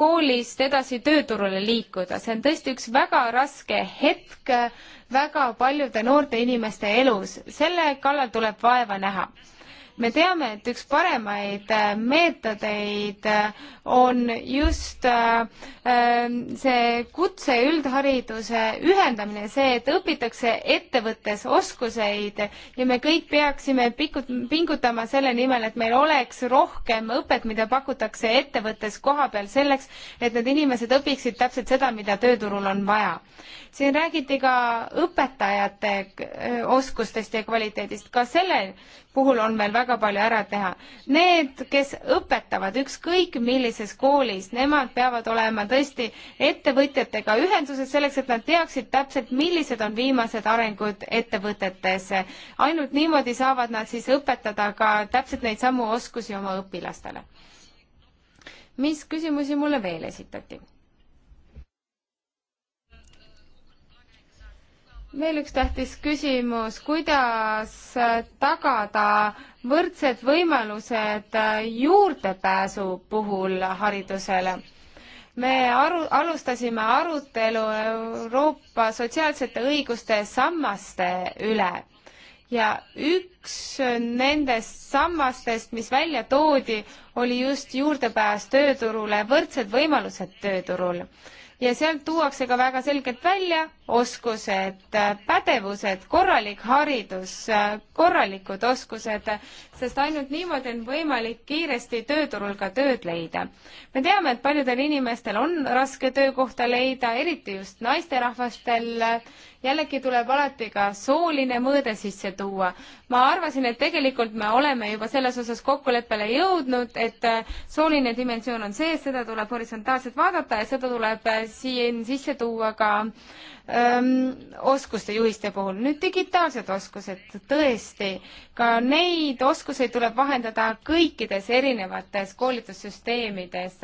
koolist edasi tööturule liikuda, see on tõesti üks väga raske hetk väga paljude noorte inimeste elus, selle kallal tuleb vaeva näha me teame, et üks paremaid äh, meetodeid äh, on just äh, ähm, see kutse ja üldhariduse ühendamine, see, et õpitakse ettevõttes oskuseid ja me kõik peaksime pikut-, pingutama selle nimel, et meil oleks rohkem õpet, mida pakutakse ettevõttes koha peal selleks, et need inimesed õpiksid täpselt seda, mida tööturul on vaja. siin räägiti ka õpetajate oskustest ja kvaliteedist, ka selle puhul on veel väga palju ära teha. Need, kes õpetavad ükskõik millises koolis, nemad peavad olema tõesti ettevõtjatega ühenduses selleks, et nad teaksid täpselt, millised on viimased arengud ettevõtetes. ainult niimoodi saavad nad siis õpetada ka täpselt neid samu oskusi oma õpilastele. mis küsimusi mulle veel esitati? veel üks tähtis küsimus, kuidas äh, tagada võrdsed võimalused äh, juurdepääsu puhul haridusele? me aru, alustasime arutelu Euroopa sotsiaalsete õiguste sammaste üle ja üks nendest sammastest, mis välja toodi, oli just juurdepääs tööturule, võrdsed võimalused tööturul ja sealt tuuakse ka väga selgelt välja oskused, pädevused, korralik haridus, korralikud oskused, sest ainult niimoodi on võimalik kiiresti tööturul ka tööd leida. me teame, et paljudel inimestel on raske töökohta leida, eriti just naisterahvastel. jällegi tuleb alati ka sooline mõõde sisse tuua. ma arvasin, et tegelikult me oleme juba selles osas kokkuleppele jõudnud, et sooline dimensioon on sees, seda tuleb horisontaalselt vaadata ja seda tuleb äh, siin sisse tuua ka äh, oskuste juhiste puhul. nüüd digitaalsed oskused, tõesti, ka neid oskuseid tuleb vahendada kõikides erinevates koolitussüsteemides.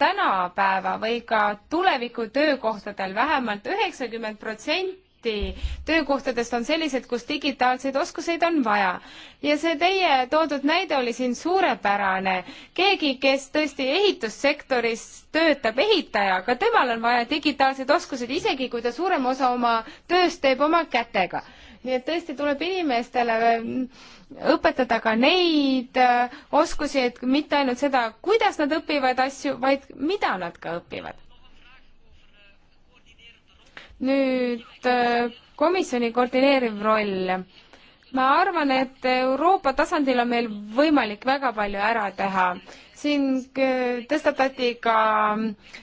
tänapäeva või ka tuleviku töökohtadel vähemalt üheksakümmend protsenti protsenti töökohtadest on sellised, kus digitaalseid oskuseid on vaja. ja see teie toodud näide oli siin suurepärane. keegi, kes tõesti ehitussektoris töötab ehitajaga, temal on vaja digitaalseid oskuseid, isegi kui ta suurem osa oma tööst teeb oma kätega nii et tõesti tuleb inimestele äh, õpetada ka neid äh, oskusi, et mitte ainult seda, kuidas nad õpivad asju, vaid mida nad ka õpivad nüüd äh, komisjoni koordineeriv roll. ma arvan, et Euroopa tasandil on meil võimalik väga palju ära teha. siin äh, tõstatati ka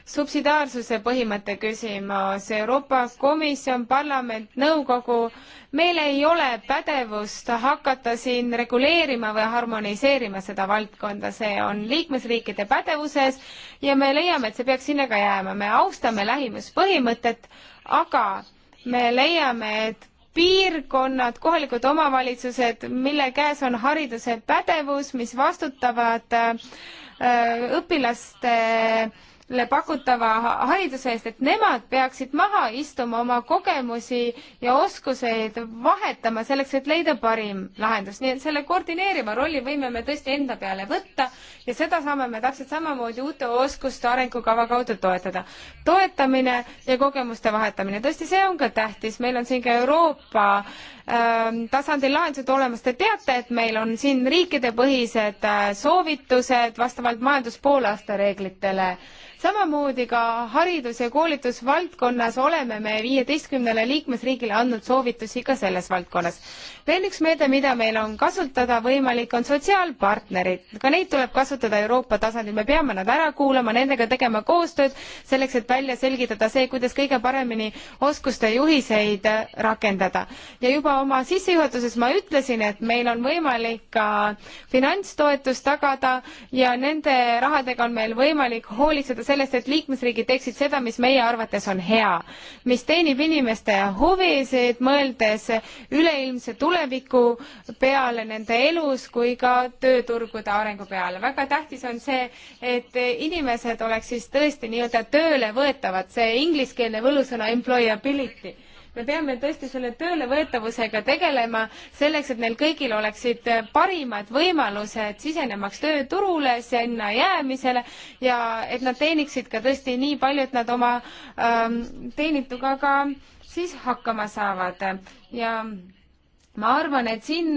subsidiaarsuse põhimõtte küsimus. Euroopa Komisjon, parlament, nõukogu, meil ei ole pädevust hakata siin reguleerima või harmoniseerima seda valdkonda, see on liikmesriikide pädevuses ja me leiame, et see peaks sinna ka jääma. me austame lähimuspõhimõtet, aga me leiame, et piirkonnad, kohalikud omavalitsused, mille käes on hariduse pädevus, mis vastutavad äh, õpilaste äh, pakutava hariduse eest, et nemad peaksid maha istuma, oma kogemusi ja oskuseid vahetama selleks, et leida parim lahendus. nii et selle koordineeriva rolli võime me tõesti enda peale võtta ja seda saame me täpselt samamoodi uute oskuste arengukava kaudu toetada. toetamine ja kogemuste vahetamine, tõesti, see on ka tähtis, meil on siin ka Euroopa äh, tasandil lahendused olemas, te teate, et meil on siin riikidepõhised äh, soovitused vastavalt majanduspoolaasta reeglitele samamoodi ka haridus- ja koolitusvaldkonnas oleme me viieteistkümnele liikmesriigile andnud soovitusi ka selles valdkonnas. veel üks meede, mida meil on kasutada võimalik, on sotsiaalpartnerid. ka neid tuleb kasutada Euroopa tasandil, me peame nad ära kuulama, nendega tegema koostööd, selleks et välja selgitada see, kuidas kõige paremini oskuste juhiseid rakendada. ja juba oma sissejuhatuses ma ütlesin, et meil on võimalik ka finantstoetus tagada ja nende rahadega on meil võimalik hoolitseda sellest, et liikmesriigid teeksid seda, mis meie arvates on hea, mis teenib inimeste huvisid, mõeldes üleilmse tuleviku peale nende elus kui ka tööturgude arengu peale. väga tähtis on see, et inimesed oleks siis tõesti nii-öelda tööle võetavad, see ingliskeelne võlusõna employability me peame tõesti selle töölevõetavusega tegelema, selleks et neil kõigil oleksid parimad võimalused sisenemaks tööturule, sinna jäämisele ja et nad teeniksid ka tõesti nii palju, et nad oma ähm, teenituga ka siis hakkama saavad ja ma arvan, et siin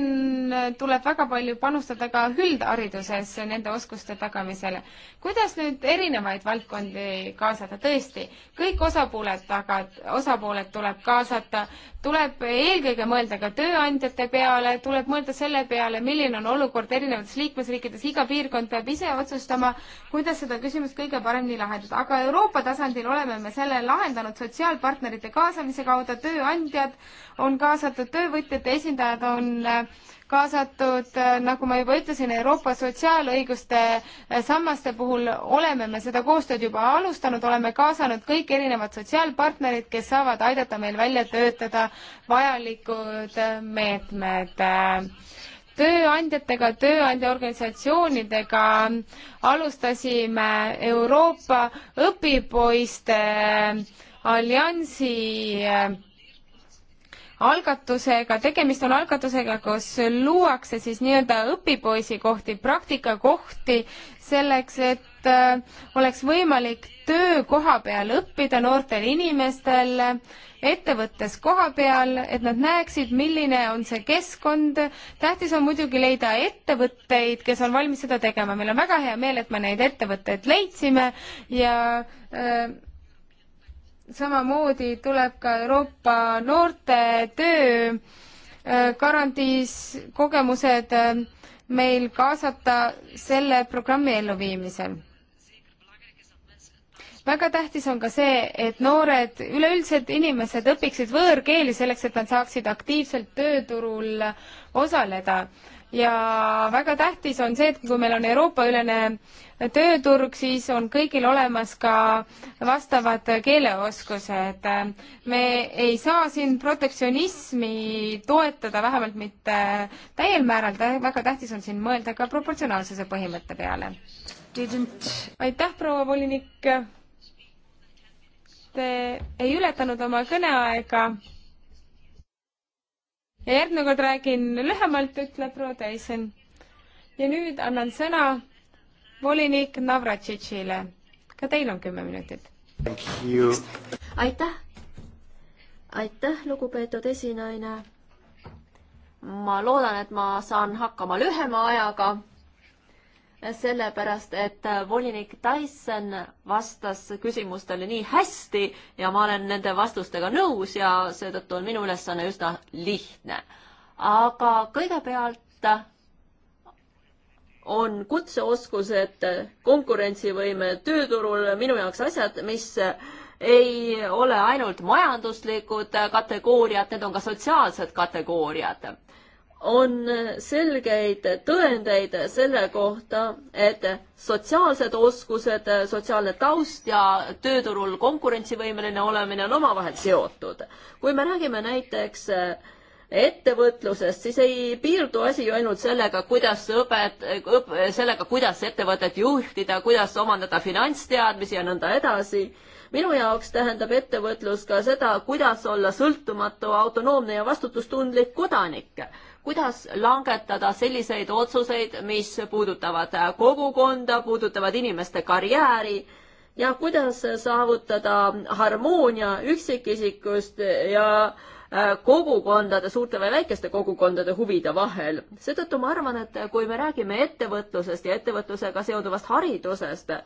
tuleb väga palju panustada ka üldhariduses nende oskuste tagamisele. kuidas nüüd erinevaid valdkondi kaasata, tõesti, kõik osapooled taga, osapooled tuleb kaasata, tuleb eelkõige mõelda ka tööandjate peale, tuleb mõelda selle peale, milline on olukord erinevates liikmesriikides, iga piirkond peab ise otsustama, kuidas seda küsimust kõige paremini lahendada, aga Euroopa tasandil oleme me selle lahendanud sotsiaalpartnerite kaasamise kaudu, tööandjad on kaasatud töövõtjate esindajad, on äh, kaasatud, äh, nagu ma juba ütlesin, Euroopa sotsiaalõiguste äh, sammaste puhul oleme me seda koostööd juba alustanud, oleme kaasanud kõik erinevad sotsiaalpartnerid, kes saavad aidata meil välja töötada vajalikud meetmed tööandjatega, tööandjaorganisatsioonidega alustasime Euroopa õpipoiste alliansi algatusega, tegemist on algatusega, kus luuakse siis nii-öelda õpipoisi kohti, praktikakohti selleks, et äh, oleks võimalik töö koha peal õppida noortel inimestel ettevõttes koha peal, et nad näeksid, milline on see keskkond. tähtis on muidugi leida ettevõtteid, kes on valmis seda tegema. meil on väga hea meel, et me neid ettevõtteid leidsime ja äh, samamoodi tuleb ka Euroopa noorte töö äh, garantiis kogemused äh, meil kaasata selle programmi elluviimisel. väga tähtis on ka see, et noored, üleüldiselt inimesed õpiksid võõrkeeli selleks, et nad saaksid aktiivselt tööturul osaleda ja väga tähtis on see, et kui meil on Euroopa-ülene tööturg, siis on kõigil olemas ka vastavad keeleoskused. me ei saa siin protektsionismi toetada, vähemalt mitte täiel määral, väga tähtis on siin mõelda ka proportsionaalsuse põhimõtte peale. aitäh, proua volinik. Te ei ületanud oma kõneaega ja järgmine kord räägin lühemalt, ütleb proua Tyson. ja nüüd annan sõna volinik Navratšitšile. ka teil on kümme minutit. aitäh. aitäh, lugupeetud esinaine. ma loodan, et ma saan hakkama lühema ajaga sellepärast et äh, volinik Tyson vastas küsimustele nii hästi ja ma olen nende vastustega nõus ja seetõttu on minu ülesanne üsna lihtne. aga kõigepealt äh, on kutseoskused, konkurentsivõime tööturul minu jaoks asjad, mis äh, ei ole ainult majanduslikud kategooriad, need on ka sotsiaalsed kategooriad on selgeid tõendeid selle kohta, et sotsiaalsed oskused, sotsiaalne taust ja tööturul konkurentsivõimeline olemine on omavahel seotud. kui me räägime näiteks ettevõtlusest, siis ei piirdu asi ju ainult sellega, kuidas õpet-, õp-, sellega, kuidas ettevõtet juhtida, kuidas omandada finantsteadmisi ja nõnda edasi minu jaoks tähendab ettevõtlus ka seda, kuidas olla sõltumatu, autonoomne ja vastutustundlik kodanik kuidas langetada selliseid otsuseid, mis puudutavad kogukonda, puudutavad inimeste karjääri ja kuidas saavutada harmoonia üksikisikust ja äh, kogukondade, suurte või väikeste kogukondade huvide vahel. seetõttu ma arvan, et kui me räägime ettevõtlusest ja ettevõtlusega seonduvast haridusest,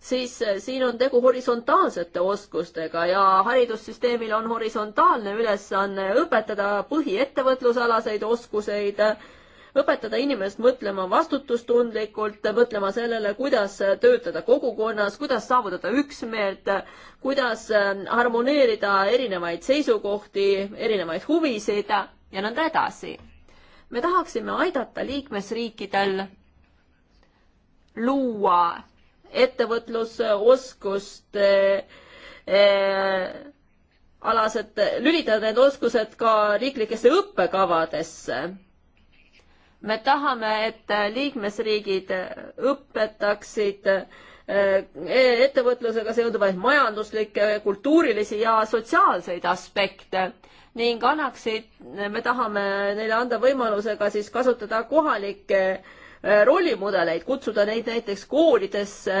siis eh, siin on tegu horisontaalsete oskustega ja haridussüsteemil on horisontaalne ülesanne õpetada põhiettevõtlusalaseid oskuseid, õpetada inimest mõtlema vastutustundlikult, mõtlema sellele, kuidas töötada kogukonnas, kuidas saavutada üksmeelt, kuidas eh, harmoneerida erinevaid seisukohti, erinevaid huvisid ja nõnda edasi. me tahaksime aidata liikmesriikidel luua ettevõtlusoskuste eh, alased, lülitada need oskused ka riiklikesse õppekavadesse. me tahame, et liikmesriigid õpetaksid eh, ettevõtlusega seonduvaid majanduslikke, kultuurilisi ja sotsiaalseid aspekte ning annaksid, me tahame neile anda võimaluse ka siis kasutada kohalikke Äh, rollimudeleid, kutsuda neid näiteks koolidesse,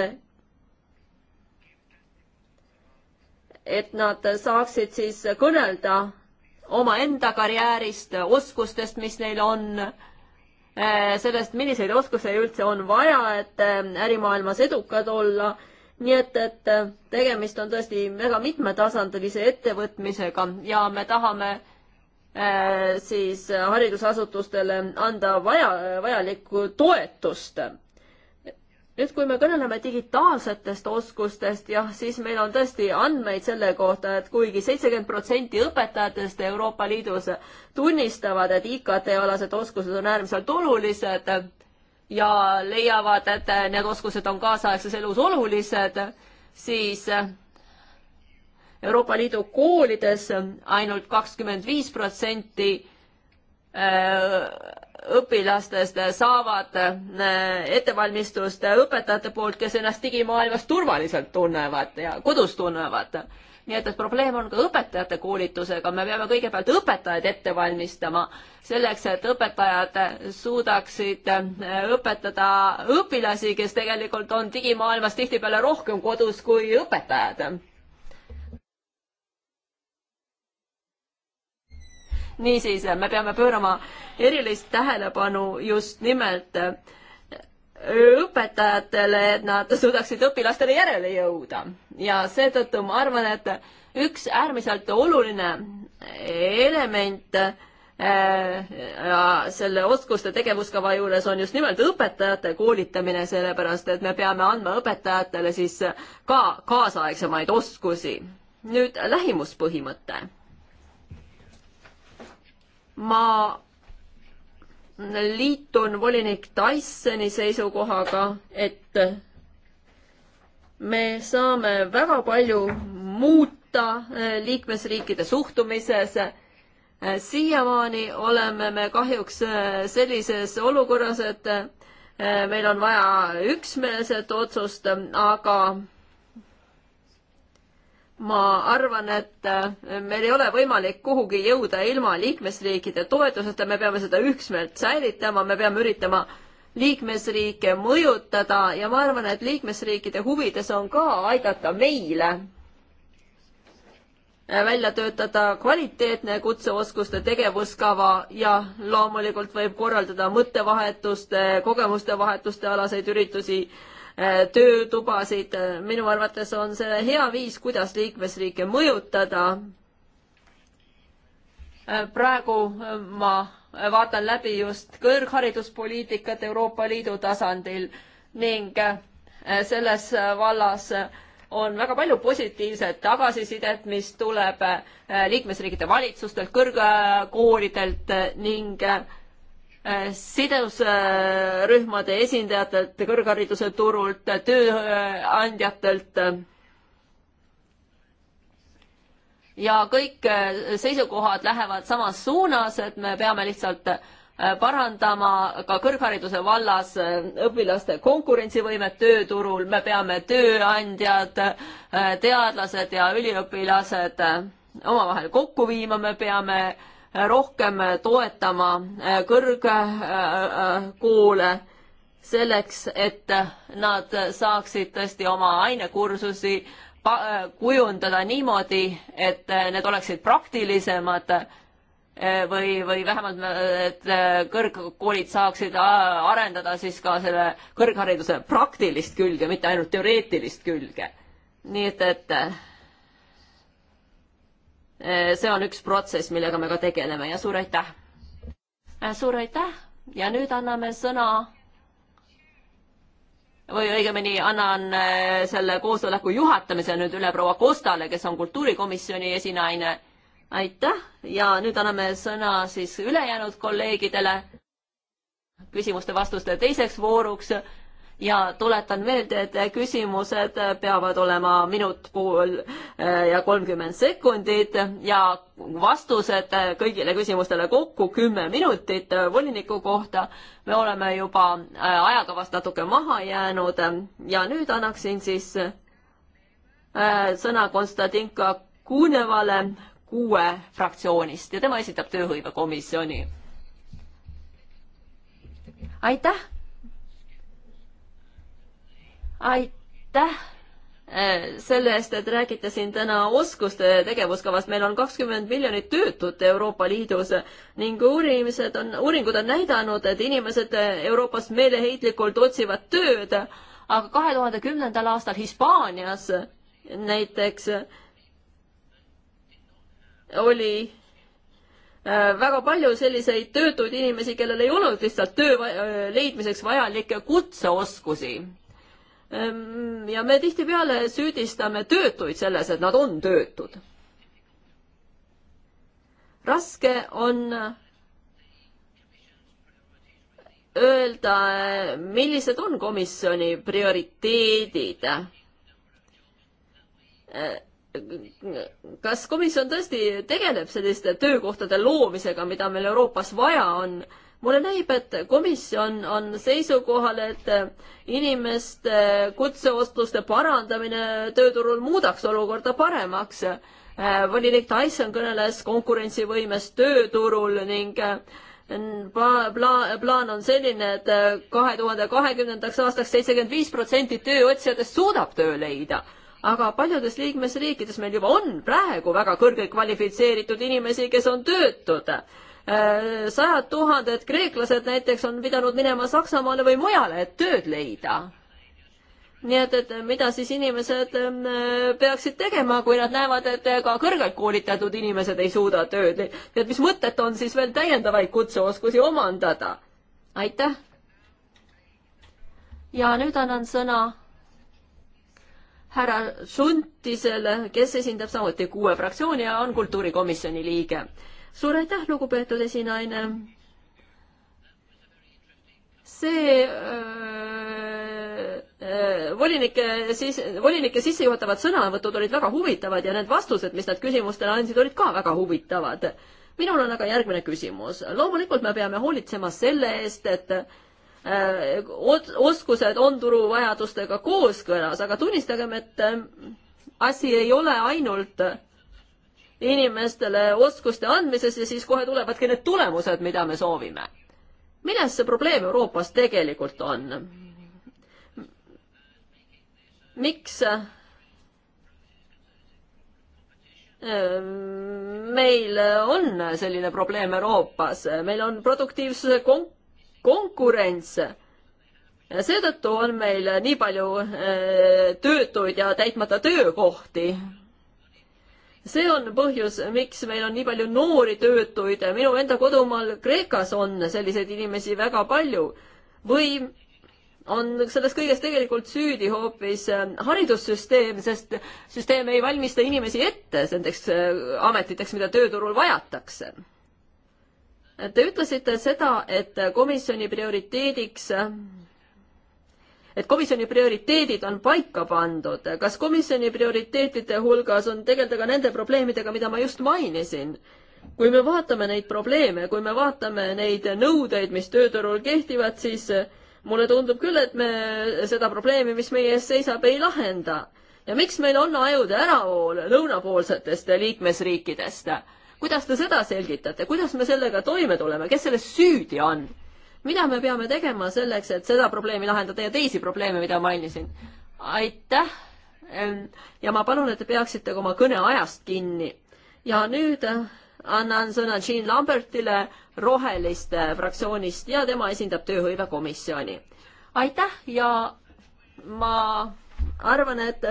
et nad saaksid siis kõnelda omaenda karjäärist, oskustest, mis neil on, äh, sellest, milliseid oskuseid üldse on vaja, et äh, ärimaailmas edukad olla. nii et, et tegemist on tõesti väga mitmetasandilise ettevõtmisega ja me tahame äh, Äh, siis haridusasutustele anda vaja, vajalikku toetust. nüüd, kui me kõneleme digitaalsetest oskustest, jah, siis meil on tõesti andmeid selle kohta, et kuigi seitsekümmend protsenti õpetajatest Euroopa Liidus tunnistavad, et IKT-alased oskused on äärmiselt olulised ja leiavad, et need oskused on kaasaegses elus olulised, siis Euroopa Liidu koolides ainult kakskümmend viis protsenti äh, õpilastest saavad äh, ettevalmistust õpetajate poolt, kes ennast digimaailmas turvaliselt tunnevad ja kodus tunnevad. nii et, et probleem on ka õpetajate koolitusega, me peame kõigepealt õpetajaid ette valmistama selleks, et õpetajad suudaksid äh, õpetada õpilasi, kes tegelikult on digimaailmas tihtipeale rohkem kodus kui õpetajad niisiis, me peame pöörama erilist tähelepanu just nimelt äh, õpetajatele, et nad suudaksid õpilastele järele jõuda ja seetõttu ma arvan, et üks äärmiselt oluline element äh, ja selle oskuste tegevuskava juures on just nimelt õpetajate koolitamine, sellepärast et me peame andma õpetajatele siis ka kaasaegsemaid oskusi. nüüd lähimuspõhimõte ma liitun volinik Tysoni seisukohaga, et me saame väga palju muuta eh, liikmesriikide suhtumises. Eh, siiamaani oleme me kahjuks eh, sellises olukorras, et meil on vaja üksmeelset otsust, aga ma arvan, et äh, meil ei ole võimalik kuhugi jõuda ilma liikmesriikide toetuseta, me peame seda üksmeelt säilitama, me peame üritama liikmesriike mõjutada ja ma arvan, et liikmesriikide huvides on ka aidata meile äh, välja töötada kvaliteetne kutseoskuste tegevuskava ja loomulikult võib korraldada mõttevahetuste, kogemuste vahetuste alaseid üritusi Äh, töötubasid. minu arvates on see hea viis, kuidas liikmesriike mõjutada. Äh, praegu äh, ma vaatan läbi just kõrghariduspoliitikat Euroopa Liidu tasandil ning selles vallas on väga palju positiivset tagasisidet, mis tuleb liikmesriikide valitsustelt, kõrgkoolidelt ning sidusrühmade esindajatelt, kõrghariduse turult, tööandjatelt. ja kõik äh, seisukohad lähevad samas suunas, et me peame lihtsalt äh, parandama ka kõrghariduse vallas äh, õpilaste konkurentsivõimet tööturul, me peame tööandjad, teadlased ja üliõpilased omavahel kokku viima, me peame äh, rohkem toetama äh, kõrgkoole selleks, et nad saaksid tõesti oma ainekursusi äh, kujundada niimoodi, et need oleksid praktilisemad äh, või, või vähemalt, et kõrgkoolid saaksid arendada siis ka selle kõrghariduse praktilist külge, mitte ainult teoreetilist külge. nii et, et Äh, see on üks protsess, millega me ka tegeleme ja suur aitäh! Äh, suur aitäh ja nüüd anname sõna või õigemini annan äh, selle koosoleku juhatamise nüüd üle proua Kostale, kes on kultuurikomisjoni esinaine. aitäh ja nüüd anname sõna siis ülejäänud kolleegidele küsimuste-vastuste teiseks vooruks ja tuletan meelde, et küsimused peavad olema minut pool äh, ja kolmkümmend sekundit ja vastused kõigile küsimustele kokku kümme minutit voliniku kohta. me oleme juba äh, ajakavast natuke maha jäänud ja nüüd annaksin siis äh, sõna Konstantinka Kunevale kuue fraktsioonist ja tema esitab tööhõivekomisjoni. aitäh aitäh äh, selle eest, et räägite siin täna oskuste tegevuskavast, meil on kakskümmend miljonit töötut Euroopa Liidus ning uurimised on, uuringud on näidanud, et inimesed Euroopas meeleheitlikult otsivad tööd, aga kahe tuhande kümnendal aastal Hispaanias näiteks oli äh, väga palju selliseid töötuid inimesi, kellel ei olnud lihtsalt töö leidmiseks vajalikke kutseoskusi Ehm, ja me tihtipeale süüdistame töötuid selles, et nad on töötud. raske on öelda, millised on komisjoni prioriteedid. kas komisjon tõesti tegeleb selliste töökohtade loomisega, mida meil Euroopas vaja on? mulle näib, et komisjon on seisukohal, et inimeste kutseoskuste parandamine tööturul muudaks olukorda paremaks. volinik Tyson kõneles konkurentsivõimest tööturul ning pla-, pla-, plaan on selline, et kahe tuhande kahekümnendaks aastaks seitsekümmend viis protsenti tööotsijatest suudab töö leida. aga paljudes liikmesriikides meil juba on praegu väga kõrgelt kvalifitseeritud inimesi, kes on töötud. Äh, sajad tuhanded kreeklased näiteks on pidanud minema Saksamaale või mujale, et tööd leida. nii et, et mida siis inimesed ähm, peaksid tegema, kui nad näevad, et ka kõrgelt koolitatud inimesed ei suuda tööd leida, et mis mõtet on siis veel täiendavaid kutseoskusi omandada? aitäh! ja nüüd annan sõna härra Šuntisele, kes esindab samuti kuue fraktsiooni ja on kultuurikomisjoni liige suur aitäh, lugupeetud esinaine. see äh, äh, volinike siis, volinike sissejuhatavad sõnavõtud olid väga huvitavad ja need vastused, mis nad küsimustele andsid, olid ka väga huvitavad. minul on aga järgmine küsimus. loomulikult me peame hoolitsema selle eest, et äh, oskused on turuvajadustega kooskõlas, aga tunnistagem, et äh, asi ei ole ainult äh, inimestele oskuste andmises ja siis kohe tulevadki need tulemused, mida me soovime. milles see probleem Euroopas tegelikult on? miks äh, meil on selline probleem Euroopas, meil on produktiivsuse kon-, konkurents. seetõttu on meil nii palju äh, töötuid ja täitmata töökohti see on põhjus, miks meil on nii palju noori töötuid. minu enda kodumaal Kreekas on selliseid inimesi väga palju. või on selles kõiges tegelikult süüdi hoopis äh, haridussüsteem, sest süsteem ei valmista inimesi ette nendeks äh, ametiteks, mida tööturul vajatakse. Te ütlesite seda, et komisjoni prioriteediks et komisjoni prioriteedid on paika pandud. kas komisjoni prioriteetide hulgas on tegeleda ka nende probleemidega, mida ma just mainisin? kui me vaatame neid probleeme, kui me vaatame neid nõudeid, mis tööturul kehtivad, siis mulle tundub küll, et me seda probleemi, mis meie ees seisab, ei lahenda. ja miks meil on ajude äravool lõunapoolsetest liikmesriikidest? kuidas te seda selgitate, kuidas me sellega toime tuleme, kes selles süüdi on? mida me peame tegema selleks, et seda probleemi lahendada ja teisi probleeme, mida mainisin? aitäh ähm, ja ma palun, et te peaksite ka oma kõne ajast kinni. ja nüüd äh, annan sõna Jean Lambertile Roheliste fraktsioonist ja tema esindab tööhõivekomisjoni. aitäh ja ma arvan, et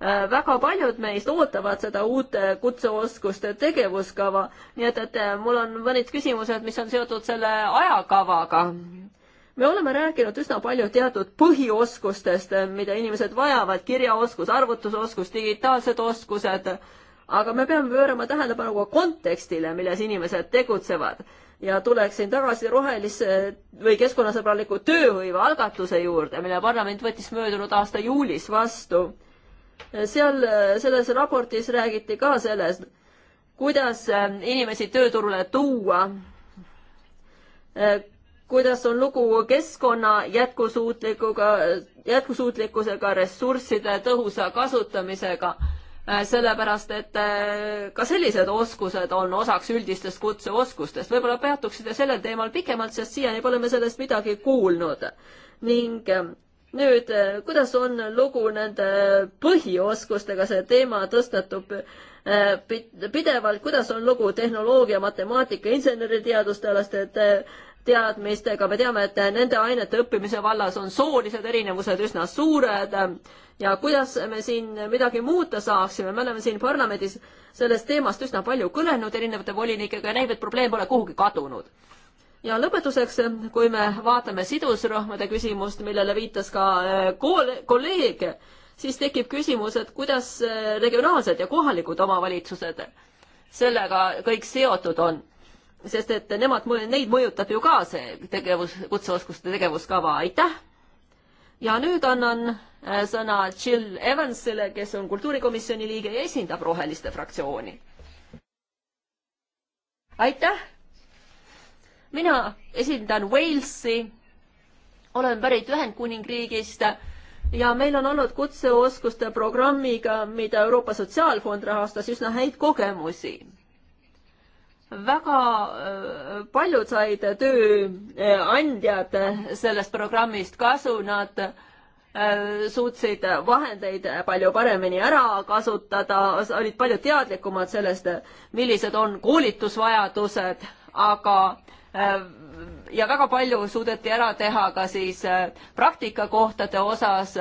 Äh, väga paljud meist ootavad seda uute kutseoskuste tegevuskava, nii et, et äh, mul on mõned küsimused, mis on seotud selle ajakavaga. me oleme rääkinud üsna palju teatud põhioskustest, äh, mida inimesed vajavad, kirjaoskus, arvutusoskus, digitaalsed oskused, aga me peame pöörama tähelepanu ka kontekstile, milles inimesed tegutsevad ja tuleksin tagasi rohelise või keskkonnasõbraliku tööhõive algatuse juurde, mille parlament võttis möödunud aasta juulis vastu seal äh, selles raportis räägiti ka sellest, kuidas äh, inimesi tööturule tuua, äh, kuidas on lugu keskkonna jätkusuutlikuga, jätkusuutlikkusega, ressursside tõhusa kasutamisega, sellepärast et ka sellised oskused on osaks üldistest kutseoskustest. võib-olla peatuksite sellel teemal pikemalt, sest siiani pole me sellest midagi kuulnud ning nüüd, eh, kuidas on lugu nende põhioskustega, see teema tõstatub eh, pidevalt, kuidas on lugu tehnoloogia, matemaatika, inseneriteaduste alaste eh, teadmistega, me teame, et nende ainete õppimise vallas on soolised erinevused üsna suured ja kuidas me siin midagi muuta saaksime, me oleme siin parlamendis sellest teemast üsna palju kõnelenud erinevate volinikega ja näib, et probleem pole kuhugi kadunud ja lõpetuseks, kui me vaatame sidusrühmade küsimust, millele viitas ka äh, kolleeg, siis tekib küsimus, et kuidas äh, regionaalsed ja kohalikud omavalitsused sellega kõik seotud on. sest et nemad, neid mõjutab ju ka see tegevus, kutseoskuste tegevuskava, aitäh! ja nüüd annan äh, sõna Jill Evansile, kes on kultuurikomisjoni liige ja esindab Roheliste fraktsiooni. aitäh! mina esindan Walesi, olen pärit Ühendkuningriigist ja meil on olnud kutseoskuste programmiga, mida Euroopa Sotsiaalfond rahastas, üsna häid kogemusi. väga paljud said tööandjad sellest programmist kasu, nad suutsid vahendeid palju paremini ära kasutada, olid palju teadlikumad sellest, millised on koolitusvajadused, aga Äh, ja väga palju suudeti ära teha ka siis äh, praktikakohtade osas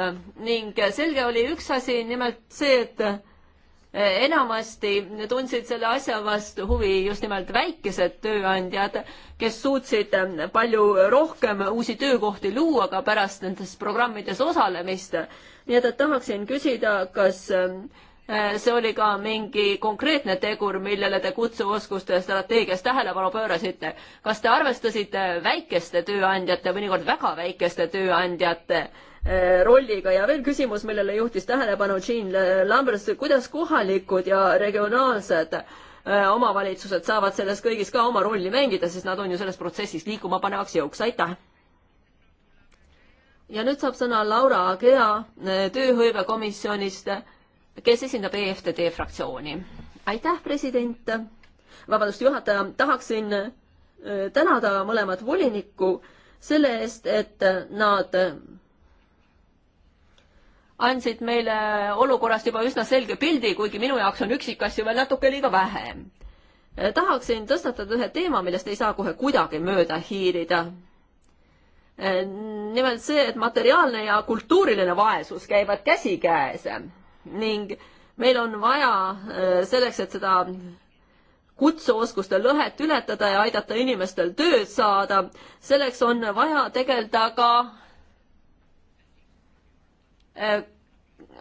ning selge oli üks asi, nimelt see, et äh, enamasti tundsid selle asja vastu huvi just nimelt väikesed tööandjad, kes suutsid palju rohkem uusi töökohti luua ka pärast nendes programmides osalemist. nii et, et tahaksin küsida, kas äh, Äh, see oli ka mingi konkreetne tegur, millele te kutseoskuste strateegias tähelepanu pöörasite. kas te arvestasite väikeste tööandjate, mõnikord väga väikeste tööandjate äh, rolliga ja veel küsimus, millele juhtis tähelepanu Jean Lambers, kuidas kohalikud ja regionaalsed äh, omavalitsused saavad selles kõigis ka oma rolli mängida, sest nad on ju selles protsessis liikuma panevaks jõuks, aitäh! ja nüüd saab sõna Laura Agea tööhõivekomisjonist kes esindab EFTD fraktsiooni. aitäh, president, vabandust, juhataja, tahaksin äh, tänada mõlemat volinikku selle eest, et nad andsid meile olukorrast juba üsna selge pildi, kuigi minu jaoks on üksikasju veel natuke liiga vähe. Äh, tahaksin tõstatada ühe teema, millest ei saa kohe kuidagi mööda hiilida. Äh, nimelt see, et materiaalne ja kultuuriline vaesus käivad käsikäes ning meil on vaja äh, selleks, et seda kutseoskuste lõhet ületada ja aidata inimestel tööd saada, selleks on vaja tegeleda ka äh,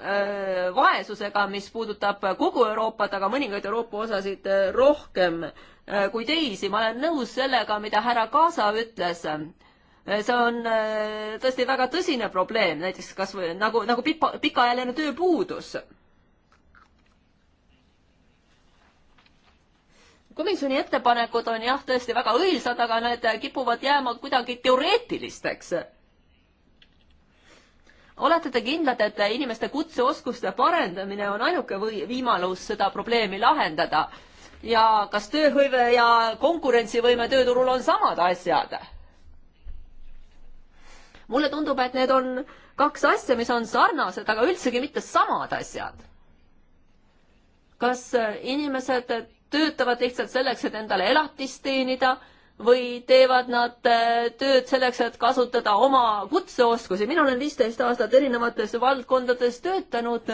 äh, vaesusega, mis puudutab kogu Euroopat, aga mõningaid Euroopa osasid rohkem kui teisi. ma olen nõus sellega, mida härra Kaasa ütles see on äh, tõesti väga tõsine probleem, näiteks kas või nagu, nagu pika, pikaajaline tööpuudus. komisjoni ettepanekud on jah, tõesti väga õilsad, aga need kipuvad jääma kuidagi teoreetilisteks olete te kindlad, et inimeste kutseoskuste parendamine on ainuke või võimalus seda probleemi lahendada? ja kas tööhõive ja konkurentsivõime tööturul on samad asjad? mulle tundub, et need on kaks asja, mis on sarnased, aga üldsegi mitte samad asjad. kas äh, inimesed töötavad lihtsalt selleks, et endale elatist teenida või teevad nad äh, tööd selleks, et kasutada oma kutseoskusi. mina olen viisteist aastat erinevates valdkondades töötanud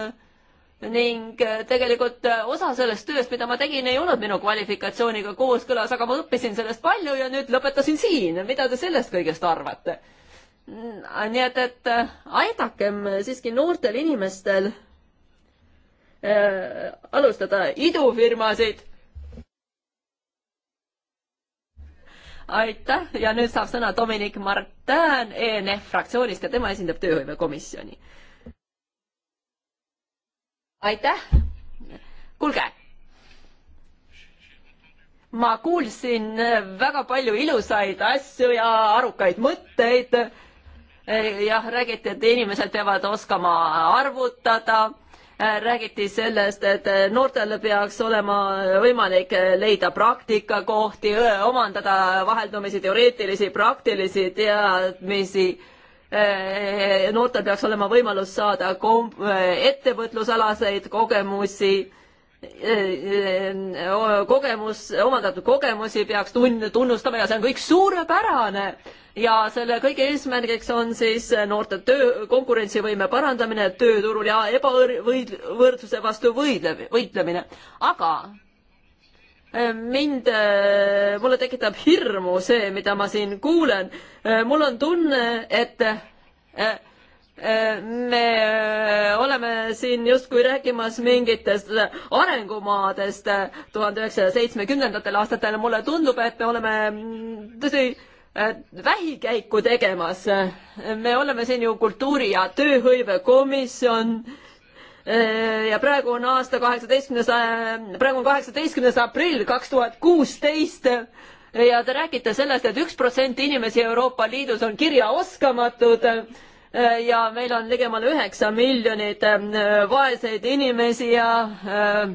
ning äh, tegelikult osa sellest tööst, mida ma tegin, ei olnud minu kvalifikatsiooniga kooskõlas, aga ma õppisin sellest palju ja nüüd lõpetasin siin. mida te sellest kõigest arvate? Äh, nii et, et äh, aidakem siiski noortel inimestel äh, alustada idufirmasid. aitäh ja nüüd saab sõna Dominic Martin ENF fraktsioonist ja tema esindab tööhõivekomisjoni. aitäh. kuulge ma kuulsin väga palju ilusaid asju ja arukaid mõtteid Eh, jah, räägiti, et inimesed peavad oskama arvutada eh, räägiti sellest, et eh, noortel peaks olema võimalik leida praktikakohti, omandada vaheldumisi teoreetilisi, praktilisi teadmisi. noortel peaks olema võimalus saada ettevõtlusalaseid kogemusi kogemus, omandatud kogemusi peaks tun-, tunnustama ja see on kõik suurepärane. ja selle kõige eesmärgiks on siis noorte töö, konkurentsivõime parandamine tööturul ja ebavõrdsuse vastu võidle-, võitlemine. aga eh, mind, eh, mulle tekitab hirmu see, mida ma siin kuulen. Eh, mul on tunne, et me äh, oleme siin justkui rääkimas mingitest arengumaadest tuhande üheksasaja seitsmekümnendatel aastatel. mulle tundub, et me oleme mm, tõsi, äh, vähikäiku tegemas. me oleme siin ju kultuuri- ja tööhõivekomisjon äh, ja praegu on aasta kaheksateistkümnes, praegu on kaheksateistkümnes aprill kaks tuhat kuusteist ja te räägite sellest et, et üks protsent inimesi Euroopa Liidus on kirjaoskamatud Äh, ja meil on ligemale üheksa miljonit äh, vaeseid inimesi ja äh,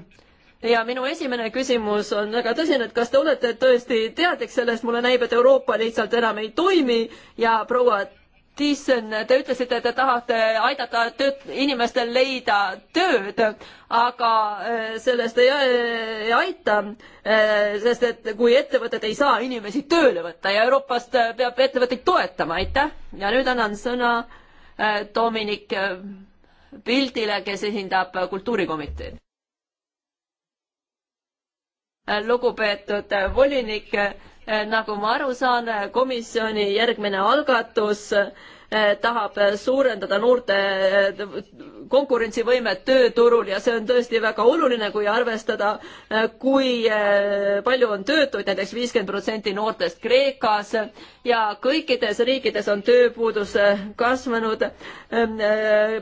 ja minu esimene küsimus on väga tõsine, et kas te olete tõesti teadlik sellest, mulle näib, et Euroopa lihtsalt enam ei toimi ja proua Tissen, te ütlesite, et te tahate aidata tööt-, inimestel leida tööd, aga sellest ei, ei aita, sest et kui ettevõtted ei saa inimesi tööle võtta ja Euroopast peab ettevõtteid toetama, aitäh. ja nüüd annan sõna äh, Äh, Dominik äh, Pildile, kes esindab äh, kultuurikomiteed. lugupeetud volinik, nagu ma aru saan, komisjoni järgmine algatus Eh, tahab suurendada noorte eh, konkurentsivõimet tööturul ja see on tõesti väga oluline, kui arvestada, eh, kui palju on töötuid, näiteks viiskümmend protsenti noortest Kreekas ja kõikides riikides on tööpuudus kasvanud ehm,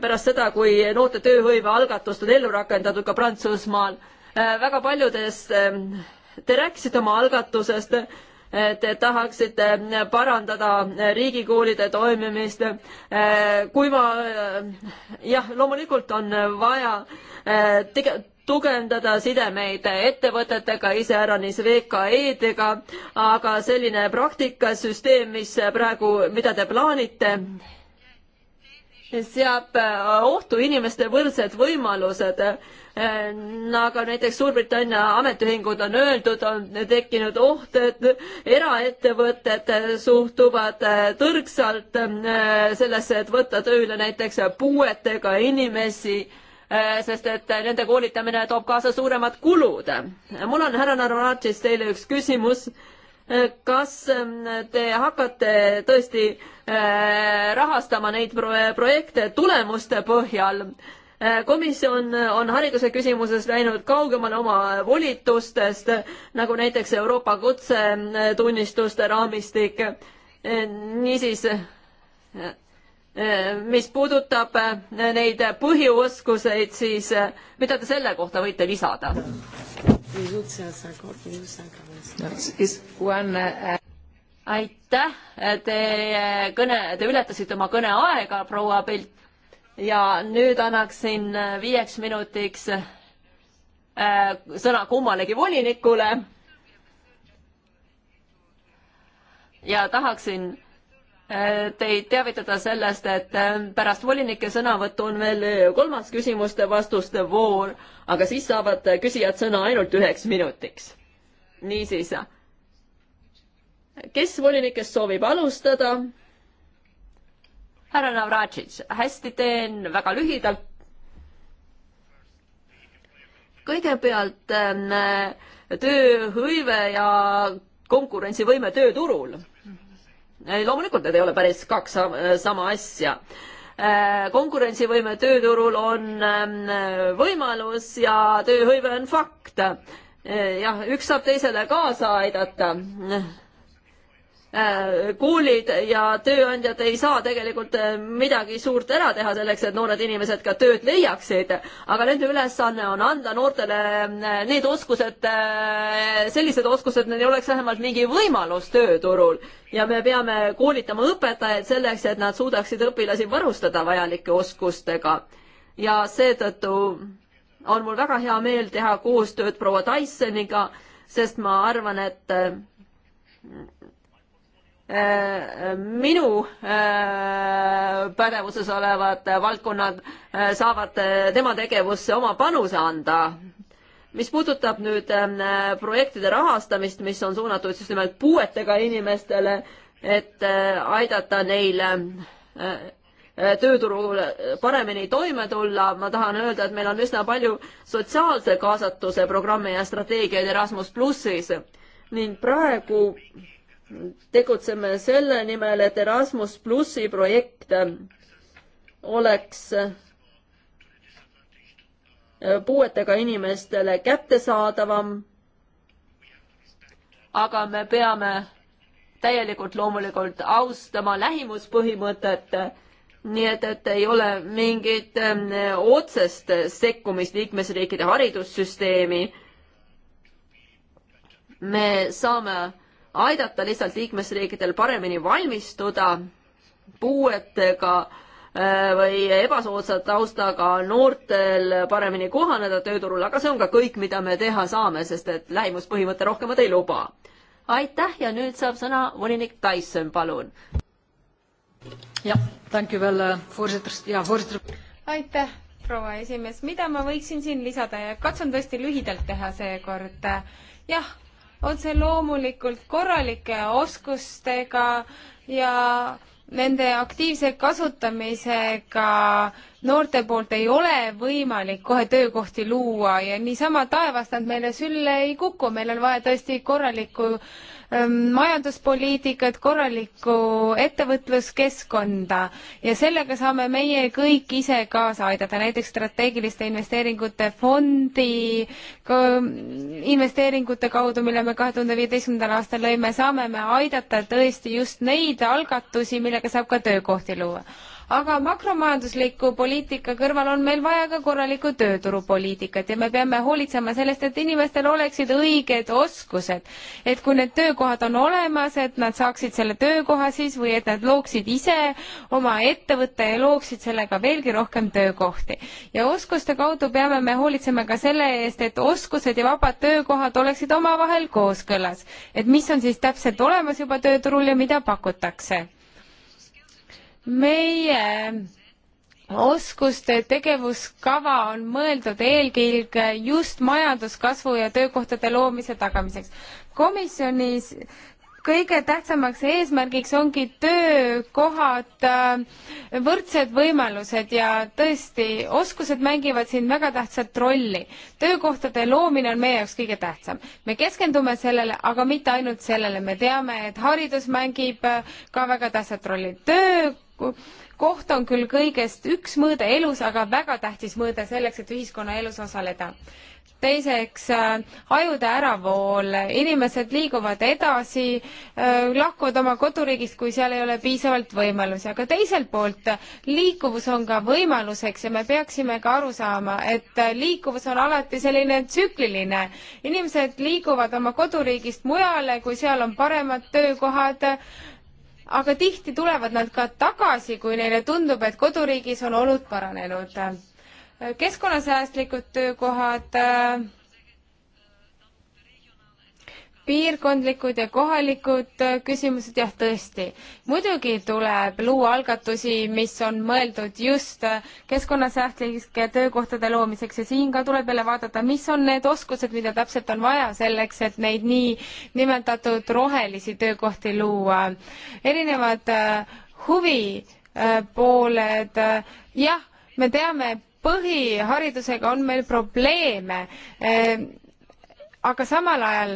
pärast seda, kui noorte tööhõive algatust on ellu rakendatud ka Prantsusmaal. väga paljudes, ehm, te rääkisite oma algatusest te tahaksite parandada riigikoolide toimimist. Eh, kui ma, eh, jah, loomulikult on vaja eh, tege-, tugevdada sidemeid ettevõtetega, iseäranis VKE-dega, aga selline praktikasüsteem, mis praegu, mida te plaanite, seab äh, ohtu inimeste võrdsed võimalused. Äh, aga näiteks Suurbritannia ametiühingud on öeldud, on tekkinud oht, et eraettevõtted suhtuvad äh, tõrgsalt sellesse, et võtta tööle näiteks puuetega inimesi sest et nende koolitamine toob kaasa suuremad kulud. mul on härra Narvatšis teile üks küsimus kas ähm, te hakkate tõesti äh, rahastama neid projekte tulemuste põhjal? Äh, komisjon on hariduse küsimuses läinud kaugemale oma volitustest, nagu näiteks Euroopa kutsetunnistuste raamistik. Äh, niisiis mis puudutab neid põhioskuseid, siis mida te selle kohta võite lisada? Uh, uh, aitäh, teie äh, kõne, te ületasite oma kõneaega, proua Pilt. ja nüüd annaksin äh, viieks minutiks äh, sõna kummalegi volinikule. ja tahaksin äh, teid teavitada sellest, et pärast volinike sõnavõttu on veel kolmas küsimuste-vastuste voor, aga siis saavad küsijad sõna ainult üheks minutiks niisiis, kes volinikest soovib alustada? härra Navratšitš, hästi, teen väga lühidalt. kõigepealt äh, tööhõive ja konkurentsivõime tööturul. loomulikult need ei ole päris kaks sama asja äh, konkurentsivõime tööturul on ähm, võimalus ja tööhõive on fakt. Eh, jah, üks saab teisele kaasa aidata eh, koolid ja tööandjad ei saa tegelikult eh, midagi suurt ära teha selleks, et noored inimesed ka tööd leiaksid, aga nende ülesanne on anda noortele need oskused, sellised oskused, neil oleks vähemalt mingi võimalus tööturul ja me peame koolitama õpetajaid selleks, et nad suudaksid õpilasi varustada vajalike oskustega ja seetõttu on mul väga hea meel teha koostööd proua Tysoniga, sest ma arvan, et äh, äh, minu äh, pädevuses olevad valdkonnad saavad tema tegevusse oma panuse anda. mis puudutab nüüd projektide rahastamist, mis on suunatud just nimelt puuetega inimestele, et aidata neil Äh, tööturul paremini toime tulla, ma tahan öelda, et meil on üsna palju sotsiaalse kaasatuse programme ja strateegiaid Erasmus plussis ning praegu tegutseme selle nimel, et Erasmus plussi projekt oleks puuetega inimestele kättesaadavam. aga me peame täielikult loomulikult austama lähimuspõhimõtet nii et, et ei ole mingit ähm, otsest sekkumist liikmesriikide haridussüsteemi. me saame aidata lihtsalt liikmesriikidel paremini valmistuda puuetega äh, või ebasoodsa taustaga noortel paremini kohaneda tööturul, aga see on ka kõik, mida me teha saame, sest et lähimuspõhimõte rohkemat ei luba. aitäh ja nüüd saab sõna volinik Tyson, palun jah, thank you well, äh, voorzitter, ja voorzitter. aitäh, proua esimees, mida ma võiksin siin lisada ja katsun tõesti lühidalt teha seekord. jah, otse loomulikult korralike oskustega ja nende aktiivse kasutamisega noorte poolt ei ole võimalik kohe töökohti luua ja niisama taevast nad meile sülle ei kuku, meil on vaja tõesti korralikku äh, Ehm, majanduspoliitikat, korralikku ettevõtluskeskkonda ja sellega saame meie kõik ise kaasa aidata, näiteks strateegiliste investeeringute fondi mm, investeeringute kaudu, mille me kahe tuhande viieteistkümnendal aastal lõime, saame me aidata tõesti just neid algatusi, millega saab ka töökohti luua aga makromajandusliku poliitika kõrval on meil vaja ka korralikku tööturupoliitikat ja me peame hoolitsema sellest, et inimestel oleksid õiged oskused. et kui need töökohad on olemas, et nad saaksid selle töökoha siis või et nad looksid ise oma ettevõtte ja looksid sellega veelgi rohkem töökohti. ja oskuste kaudu peame me hoolitsema ka selle eest, et oskused ja vabad töökohad oleksid omavahel kooskõlas. et mis on siis täpselt olemas juba tööturul ja mida pakutakse meie oskuste tegevuskava on mõeldud eelkõige just majanduskasvu ja töökohtade loomise tagamiseks. komisjonis kõige tähtsamaks eesmärgiks ongi töökohad, äh, võrdsed võimalused ja tõesti, oskused mängivad siin väga tähtsat rolli. töökohtade loomine on meie jaoks kõige tähtsam. me keskendume sellele, aga mitte ainult sellele, me teame, et haridus mängib äh, ka väga tähtsat rolli. töökoht on küll kõigest üks mõõde elus, aga väga tähtis mõõde selleks, et ühiskonnaelus osaleda teiseks äh, ajude äravool, inimesed liiguvad edasi, äh, lahkuvad oma koduriigist, kui seal ei ole piisavalt võimalusi, aga teiselt poolt liikuvus on ka võimaluseks ja me peaksime ka aru saama, et äh, liikuvus on alati selline tsükliline. inimesed liiguvad oma koduriigist mujale, kui seal on paremad töökohad, aga tihti tulevad nad ka tagasi, kui neile tundub, et koduriigis on olud paranenud keskkonnasäästlikud töökohad, piirkondlikud ja kohalikud küsimused, jah, tõesti. muidugi tuleb luua algatusi, mis on mõeldud just keskkonnasäästlike töökohtade loomiseks ja siin ka tuleb jälle vaadata, mis on need oskused, mida täpselt on vaja selleks, et neid niinimetatud rohelisi töökohti luua. erinevad äh, huvipooled, äh, äh, jah, me teame, põhiharidusega on meil probleeme. Eh, aga samal ajal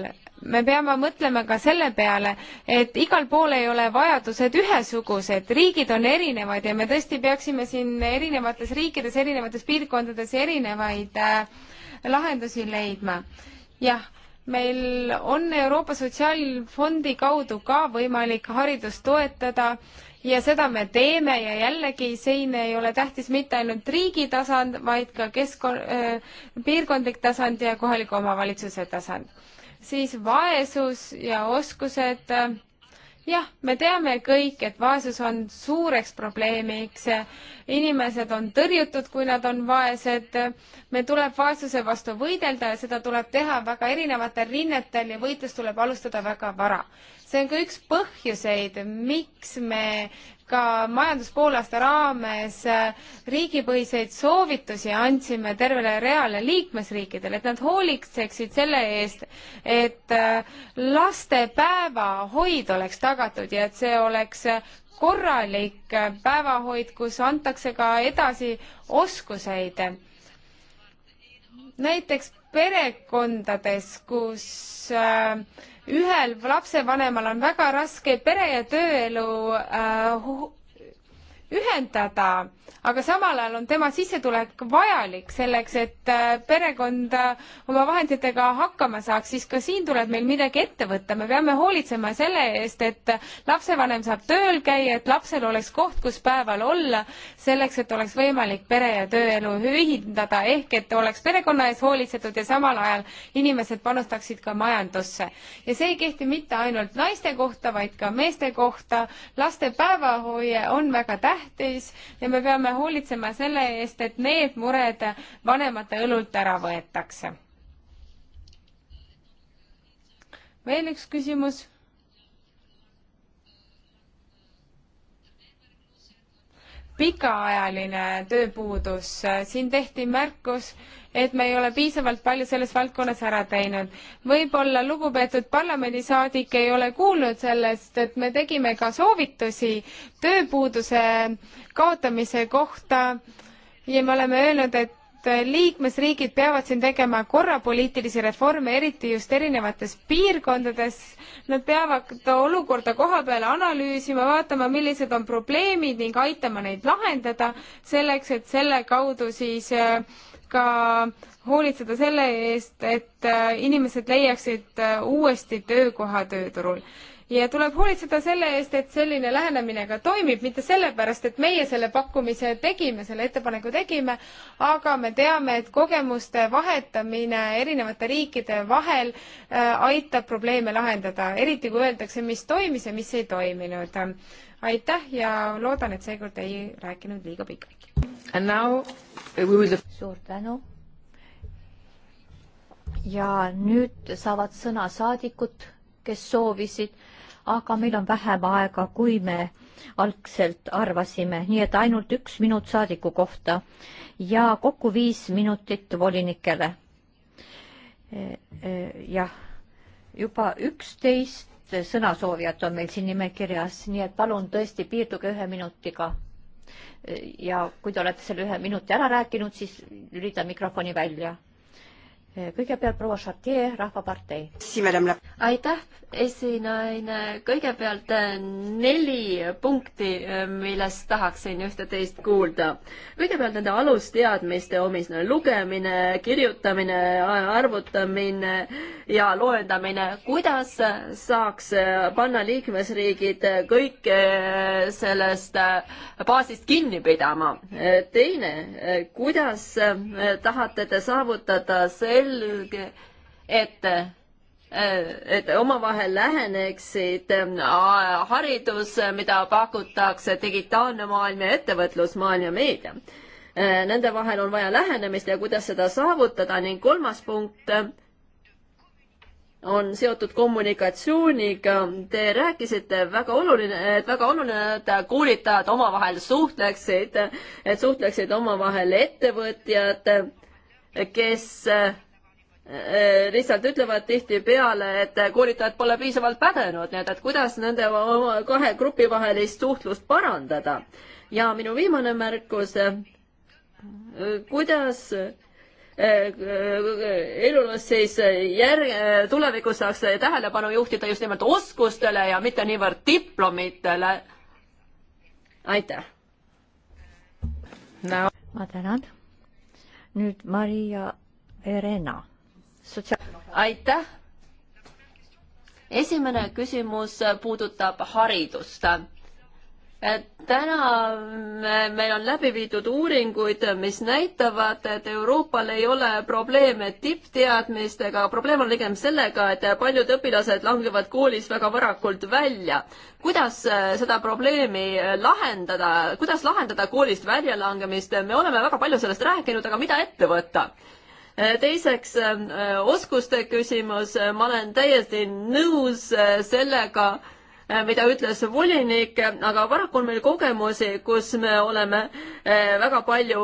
me peame mõtlema ka selle peale, et igal pool ei ole vajadused ühesugused, riigid on erinevad ja me tõesti peaksime siin erinevates riikides, erinevates piirkondades erinevaid eh, lahendusi leidma. jah, meil on Euroopa Sotsiaalfondi kaudu ka võimalik haridust toetada ja seda me teeme ja jällegi siin ei ole tähtis mitte ainult riigi tasand, vaid ka keskkon- äh,, piirkondlik tasand ja kohaliku omavalitsuse tasand. siis vaesus ja oskused äh, jah, me teame kõik, et vaesus on suureks probleemiks. inimesed on tõrjutud, kui nad on vaesed. meil tuleb vaesuse vastu võidelda ja seda tuleb teha väga erinevatel rinnetel ja võitlus tuleb alustada väga vara. see on ka üks põhjuseid, miks me ka majanduspoolaasta raames äh, riigipõhiseid soovitusi andsime tervele reale liikmesriikidele, et nad hoolitseksid selle eest, et äh, lastepäeva hoid oleks tagatud ja et see oleks korralik äh, päevahoid, kus antakse ka edasi oskuseid. näiteks perekondades, kus äh, ühel lapsevanemal on väga raske pere ja tööelu äh, ühendada, aga samal ajal on tema sissetulek vajalik selleks, et äh, perekond äh, oma vahenditega hakkama saaks, siis ka siin tuleb meil midagi ette võtta, me peame hoolitsema selle eest, et lapsevanem saab tööl käia, et lapsel oleks koht, kus päeval olla, selleks, et oleks võimalik pere ja tööelu ühildada, ehk et oleks perekonna ees hoolitsetud ja samal ajal inimesed panustaksid ka majandusse. ja see ei kehti mitte ainult naiste kohta, vaid ka meeste kohta. laste päevahoie on väga tähtis ja me peame hoolitsema selle eest, et need mured vanemate õlult ära võetakse. veel üks küsimus pikaajaline tööpuudus, siin tehti märkus, et me ei ole piisavalt palju selles valdkonnas ära teinud. võib-olla lugupeetud parlamendisaadik ei ole kuulnud sellest, et me tegime ka soovitusi tööpuuduse kaotamise kohta ja me oleme öelnud, et et äh, liikmesriigid peavad siin tegema korrapoliitilisi reforme, eriti just erinevates piirkondades. Nad peavad olukorda koha peal analüüsima, vaatama, millised on probleemid ning aitama neid lahendada, selleks et selle kaudu siis äh, ka hoolitseda selle eest, et äh, inimesed leiaksid uuesti töökoha tööturul ja tuleb hoolitseda selle eest, et selline lähenemine ka toimib, mitte sellepärast, et meie selle pakkumise tegime, selle ettepaneku tegime, aga me teame, et kogemuste vahetamine erinevate riikide vahel äh, aitab probleeme lahendada, eriti kui öeldakse, mis toimis ja mis ei toiminud. aitäh ja loodan, et seekord ei rääkinud liiga pikalt. Uh, will... suur tänu ja nüüd saavad sõna saadikud, kes soovisid aga meil on vähem aega, kui me algselt arvasime, nii et ainult üks minut saadiku kohta ja kokku viis minutit volinikele. E, e, jah, juba üksteist sõnasoovijat on meil siin nimekirjas, nii et palun tõesti piirduge ühe minutiga. E, ja kui te olete selle ühe minuti ära rääkinud, siis lülita mikrofoni välja kõigepealt proua Chartier, Rahvapartei. aitäh, esinaine. kõigepealt äh, neli punkti, äh, millest tahaksin ühte-teist kuulda. kõigepealt nende alusteadmiste omisne lugemine, kirjutamine, arvutamine ja loendamine. kuidas saaks äh, panna liikmesriigid kõik sellest baasist kinni pidama? teine, kuidas tahate te saavutada selle selge, et et omavahel läheneksid äh, haridus, mida pakutakse, digitaalne maailm ja ettevõtlusmaailm ja meedia. Äh, nende vahel on vaja lähenemist ja kuidas seda saavutada ning kolmas punkt on seotud kommunikatsiooniga. Te rääkisite väga oluline, et väga oluline, et koolitajad omavahel suhtleksid, et suhtleksid omavahel ettevõtjad, kes Äh, lihtsalt ütlevad tihtipeale, et koolitajad pole piisavalt pädenud, nii et, et kuidas nende kahe grupi vahelist suhtlust parandada. ja minu viimane märkus, äh, kuidas äh, elus siis järg-, tulevikus saaks tähelepanu juhtida just nimelt oskustele ja mitte niivõrd diplomitele. aitäh no.! ma tänan. nüüd Maria Verena aitäh. esimene küsimus puudutab haridust. täna meil on läbi viidud uuringuid, mis näitavad, et Euroopal ei ole probleeme tippteadmistega, probleem on pigem sellega, et paljud õpilased langevad koolis väga varakult välja. kuidas seda probleemi lahendada, kuidas lahendada koolist väljalangemist, me oleme väga palju sellest rääkinud, aga mida ette võtta? Äh, teiseks, äh, oskuste küsimus, äh, ma olen täiesti nõus sellega, Äh, mida ütles volinik, äh, aga paraku on meil kogemusi, kus me oleme äh, väga palju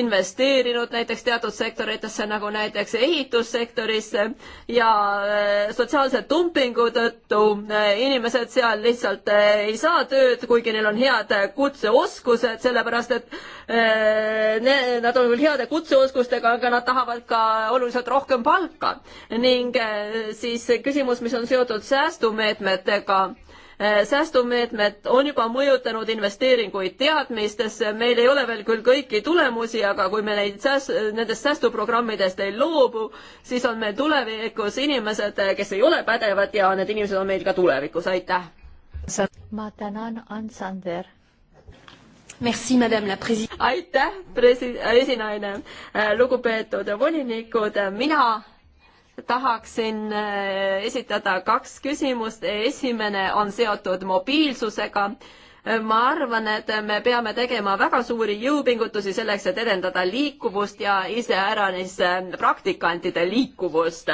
investeerinud näiteks teatud sektoritesse, nagu näiteks ehitussektorisse ja sotsiaalse dumpingu tõttu inimesed seal lihtsalt ei saa tööd, kuigi neil on head kutseoskused, sellepärast et ne, nad on küll heade kutseoskustega, aga nad tahavad ka oluliselt rohkem palka ning siis küsimus, mis on seotud säästumeetmetega Eh, säästumeetmed on juba mõjutanud investeeringuid teadmistesse, meil ei ole veel küll kõiki tulemusi, aga kui me neid sääst-, nendest säästuprogrammidest ei loobu, siis on meil tulevikus inimesed, eh, kes ei ole pädevad ja need inimesed on meil ka tulevikus, aitäh. ma tänan, Ants Sander. Merci, madame la presi-. aitäh, presi-, äh, esinaine, äh, lugupeetud volinikud, mina tahaksin äh, esitada kaks küsimust. esimene on seotud mobiilsusega. Äh, ma arvan, et me peame tegema väga suuri jõupingutusi selleks, et edendada liikuvust ja iseäranis äh, praktikantide liikuvust.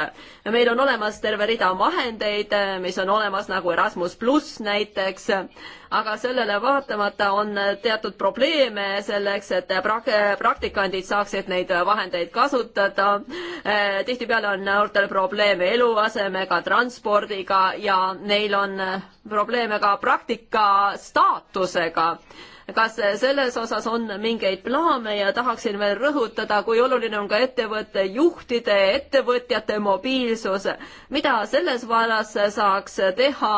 meil on olemas terve rida vahendeid, mis on olemas nagu Erasmus pluss näiteks aga sellele vaatamata on teatud probleeme selleks, et prak-, praktikandid saaksid neid vahendeid kasutada. Eh, tihtipeale on noortel probleeme eluasemega, transpordiga ja neil on probleeme ka praktika staatusega kas selles osas on mingeid plaane ja tahaksin veel rõhutada, kui oluline on ka ettevõtte juhtide, ettevõtjate mobiilsus, mida selles vallas saaks teha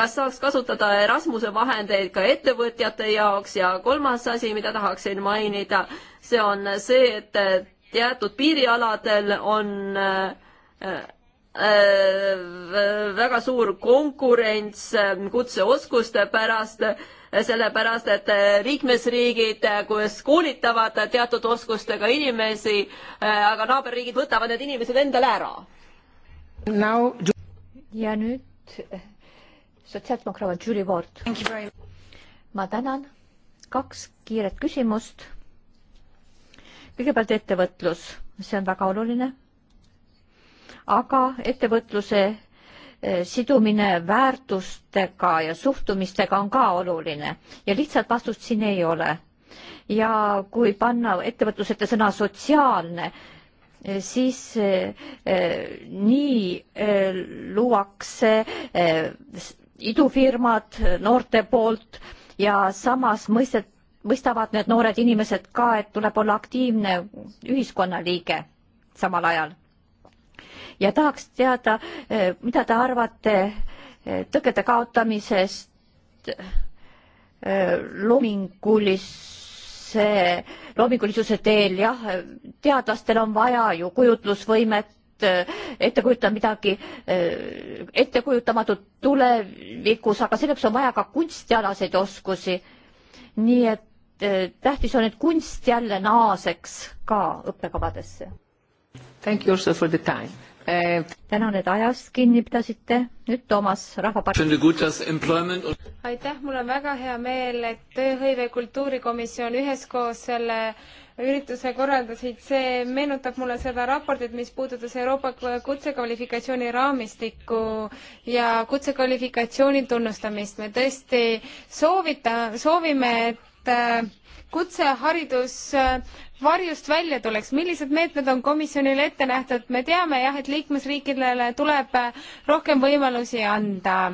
kas saaks kasutada Erasmuse vahendeid ka ettevõtjate jaoks ja kolmas asi, mida tahaksin mainida, see on see, et teatud piirialadel on äh, äh, väga suur konkurents kutseoskuste pärast, sellepärast et liikmesriigid, kus koolitavad teatud oskustega inimesi, äh, aga naaberriigid võtavad need inimesed endale ära. ja nüüd sotsiaaldemokraadid, Julie Ward. ma tänan. kaks kiiret küsimust. kõigepealt ettevõtlus, see on väga oluline. aga ettevõtluse eh, sidumine väärtustega ja suhtumistega on ka oluline ja lihtsat vastust siin ei ole. ja kui panna ettevõtlus ette sõna sotsiaalne, eh, siis eh, eh, nii eh, luuakse eh, idufirmad noorte poolt ja samas mõistet, mõistavad need noored inimesed ka, et tuleb olla aktiivne ühiskonnaliige samal ajal. ja tahaks teada, eh, mida te arvate eh, tõkete kaotamisest, eh, loomingulise, loomingulisuse teel, jah, teadlastel on vaja ju kujutlusvõimet, ette kujutada midagi eh, ettekujutamatut tulevikus, aga selleks on vaja ka kunstialaseid oskusi. nii et eh, tähtis on, et kunst jälle naaseks ka õppekavadesse. Thank you also for the time tänan, et ajast kinni pidasite. nüüd Toomas, Rahvapartei. aitäh, mul on väga hea meel, et tööhõive kultuurikomisjon üheskoos selle ürituse korraldasid, see meenutab mulle seda raportit, mis puudutas Euroopa kutsekvalifikatsiooni raamistikku ja kutsekvalifikatsiooni tunnustamist. me tõesti soovita, soovime, et Äh, kutseharidus äh, varjust välja tuleks, millised meetmed on komisjonile ette nähtud, me teame jah, et liikmesriikidele tuleb äh, rohkem võimalusi anda.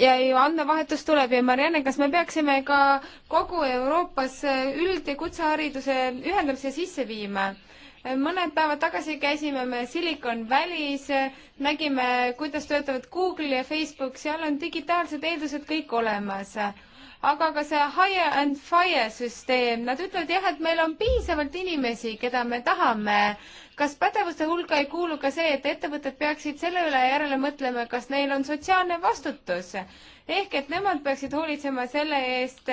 ja ju andmevahetus tuleb ja Marianne, kas me peaksime ka kogu Euroopas üld- ja kutsehariduse ühendamise sisse viima? mõned päevad tagasi käisime me Silicon Valley's, nägime, kuidas töötavad Google ja Facebook, seal on digitaalsed eeldused kõik olemas aga ka see hire and fire süsteem, nad ütlevad jah, et meil on piisavalt inimesi, keda me tahame. kas pädevuste hulka ei kuulu ka see, et ettevõtted peaksid selle üle järele mõtlema, kas neil on sotsiaalne vastutus? ehk et nemad peaksid hoolitsema selle eest,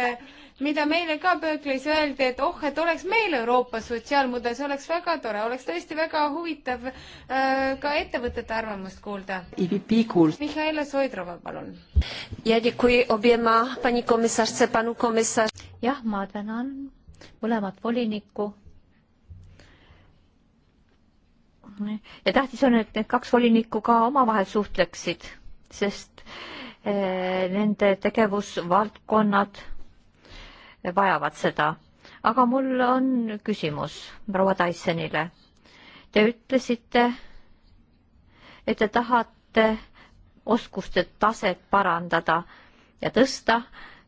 mida meile ka Berkeley's öeldi, et oh, et oleks meil Euroopas sotsiaalmudel, see oleks väga tore, oleks tõesti väga huvitav äh, ka ettevõtete arvamust kuulda. Mihhaila Soidrova, palun. jah, ma tänan mõlemat volinikku ja tähtis on, et need kaks volinikku ka omavahel suhtleksid, sest Eh, nende tegevusvaldkonnad vajavad seda. aga mul on küsimus proua Tysonile. Te ütlesite, et te tahate oskuste taset parandada ja tõsta,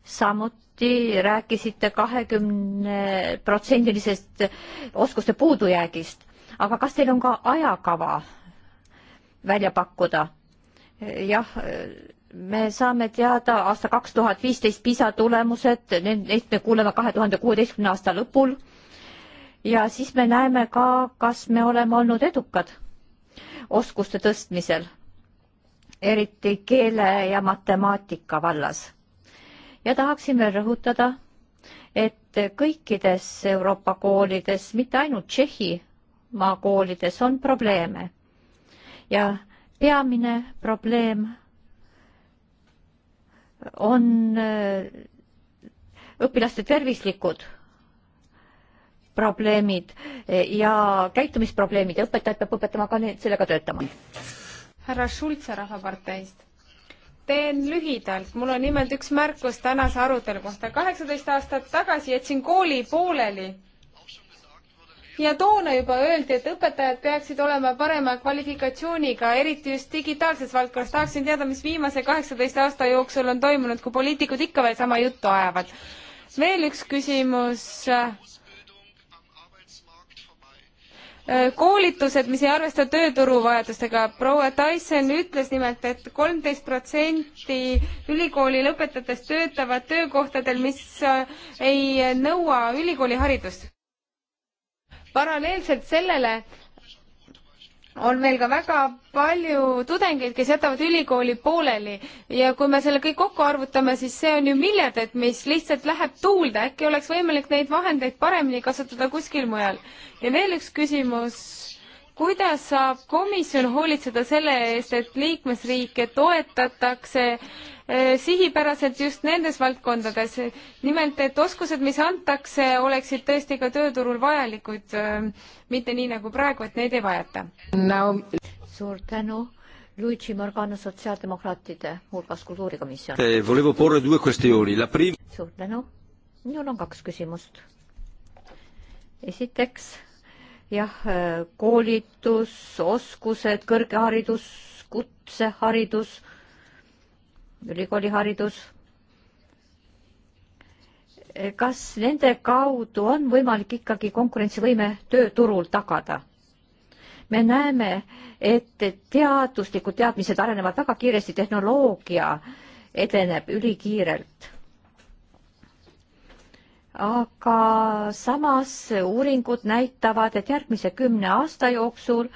samuti rääkisite kahekümne protsendilisest oskuste puudujäägist, aga kas teil on ka ajakava välja pakkuda? jah me saame teada aasta kaks tuhat viisteist PISA tulemused, neid me kuuleme kahe tuhande kuueteistkümne aasta lõpul. ja siis me näeme ka, kas me oleme olnud edukad oskuste tõstmisel, eriti keele ja matemaatika vallas. ja tahaksin veel rõhutada, et kõikides Euroopa koolides, mitte ainult Tšehhimaa koolides, on probleeme. ja peamine probleem on äh, õpilaste tervislikud probleemid ja käitumisprobleemid ja õpetajad peab õpetama ka need, sellega töötama. härra Schulze Rahvaparteist. teen lühidalt, mul on nimelt üks märkus tänase arutelu kohta. kaheksateist aastat tagasi jätsin kooli pooleli ja toona juba öeldi, et õpetajad peaksid olema parema kvalifikatsiooniga, eriti just digitaalses valdkonnas. tahaksin teada, mis viimase kaheksateist aasta jooksul on toimunud, kui poliitikud ikka veel sama juttu ajavad. veel üks küsimus koolitused, mis ei arvesta tööturu vajadustega. proua Tyson ütles nimelt et, et kolmteist protsenti ülikooli lõpetajatest töötavad töökohtadel, mis ei nõua ülikooliharidust paralleelselt sellele on meil ka väga palju tudengeid, kes jätavad ülikooli pooleli ja kui me selle kõik kokku arvutame, siis see on ju miljard, et mis lihtsalt läheb tuulde, äkki oleks võimalik neid vahendeid paremini kasutada kuskil mujal. ja veel üks küsimus kuidas saab komisjon hoolitseda selle eest, et liikmesriike toetatakse eh, sihipäraselt just nendes valdkondades, nimelt et oskused, mis antakse, oleksid tõesti ka tööturul vajalikud, eh, mitte nii nagu praegu, et neid ei vajata no.? suur tänu. Luigi Morgano sotsiaaldemokraatide hulgas kultuurikomisjon eh,. suur tänu. minul on kaks küsimust. esiteks jah, koolitus, oskused, kõrgharidus, kutseharidus, ülikooliharidus. kas nende kaudu on võimalik ikkagi konkurentsivõime tööturul tagada? me näeme, et teaduslikud teadmised arenevad väga kiiresti, tehnoloogia edeneb ülikiirelt aga samas uuringud näitavad, et järgmise kümne aasta jooksul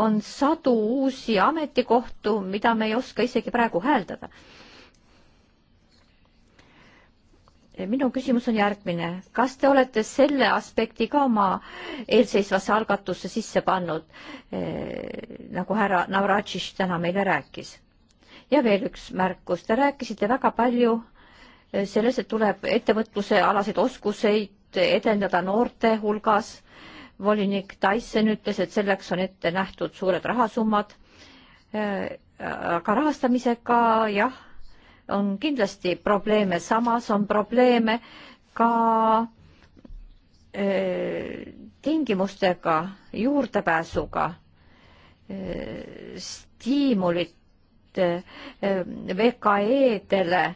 on sadu uusi ametikohtu, mida me ei oska isegi praegu hääldada. minu küsimus on järgmine, kas te olete selle aspekti ka oma eelseisvasse algatusse sisse pannud, nagu härra Navratšiš täna meile rääkis? ja veel üks märkus, te rääkisite väga palju äh, selles, et tuleb ettevõtluse alaseid oskuseid edendada noorte hulgas. volinik Tyson ütles, et selleks on ette nähtud suured rahasummad. aga rahastamisega jah, on kindlasti probleeme, samas on probleeme ka äh, tingimustega, juurdepääsuga, äh, stiimulite äh, VKE-dele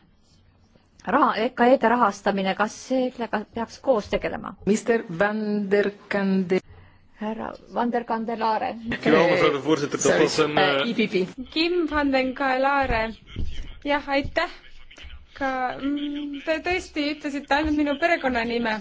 raha, EKE-de rahastamine, kas sellega peaks koos tegelema? minister Vanderkande. härra Vanderkandelare. Äh, äh, e Kim Vandenkaelare, jah, aitäh. ka mm, te tõesti ütlesite ainult minu perekonnanime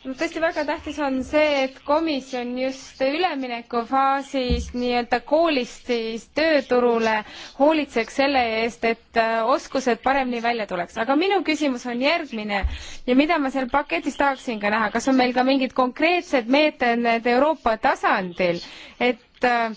tõesti väga tähtis on see, et komisjon just üleminekufaasis nii-öelda koolist siis tööturule hoolitseks selle eest, et äh, oskused paremini välja tuleks. aga minu küsimus on järgmine ja mida ma seal paketis tahaksin ka näha, kas on meil ka mingid konkreetsed meetmed Euroopa tasandil, et äh,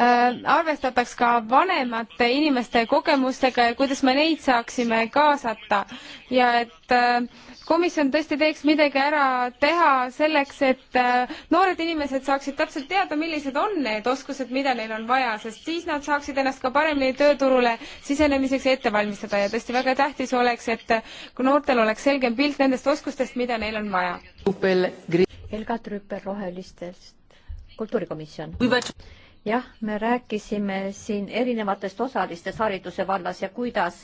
äh arvestataks ka vanemate inimeste kogemustega ja kuidas me neid saaksime kaasata ja et äh, komisjon tõesti teeks midagi ära teha selleks, et äh, noored inimesed saaksid täpselt teada, millised on need oskused, mida neil on vaja, sest siis nad saaksid ennast ka paremini tööturule sisenemiseks ette valmistada ja tõesti väga tähtis oleks, et äh, kui noortel oleks selgem pilt nendest oskustest, mida neil on vaja. Helga Trüppel Rohelistest, kultuurikomisjon jah, me rääkisime siin erinevatest osalistest hariduse vallas ja kuidas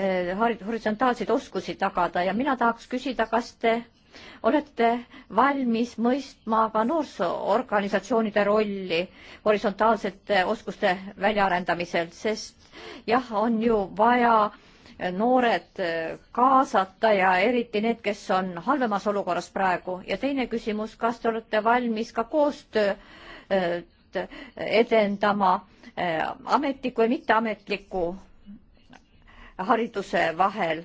Eh, horisontaalseid oskusi tagada ja mina tahaks küsida, kas te olete valmis mõistma ka noorsoorganisatsioonide rolli horisontaalsete oskuste väljaarendamisel, sest jah, on ju vaja noored kaasata ja eriti need, kes on halvemas olukorras praegu. ja teine küsimus, kas te olete valmis ka koostööd eh, edendama eh, ametliku ja mitteametliku hariduse vahel,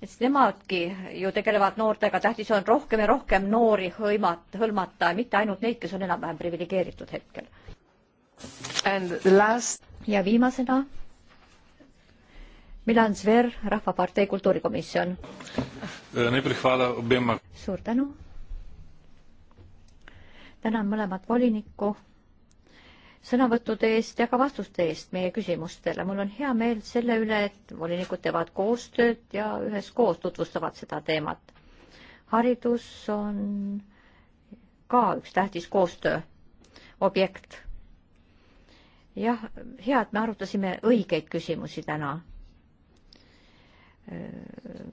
sest nemadki ju tegelevad noortega, tähtis on rohkem ja rohkem noori hõimat-, hõlmata, mitte ainult neid, kes on enam-vähem priviligeeritud hetkel. Last... ja viimasena Milan Zver, Rahvapartei kultuurikomisjon. Eh, suur tänu. tänan mõlemat volinikku sõnavõttude eest ja ka vastuste eest meie küsimustele. mul on hea meel selle üle, et volinikud teevad koostööd ja üheskoos tutvustavad seda teemat. haridus on ka üks tähtis koostöö objekt. jah, hea, et me arutasime õigeid küsimusi täna.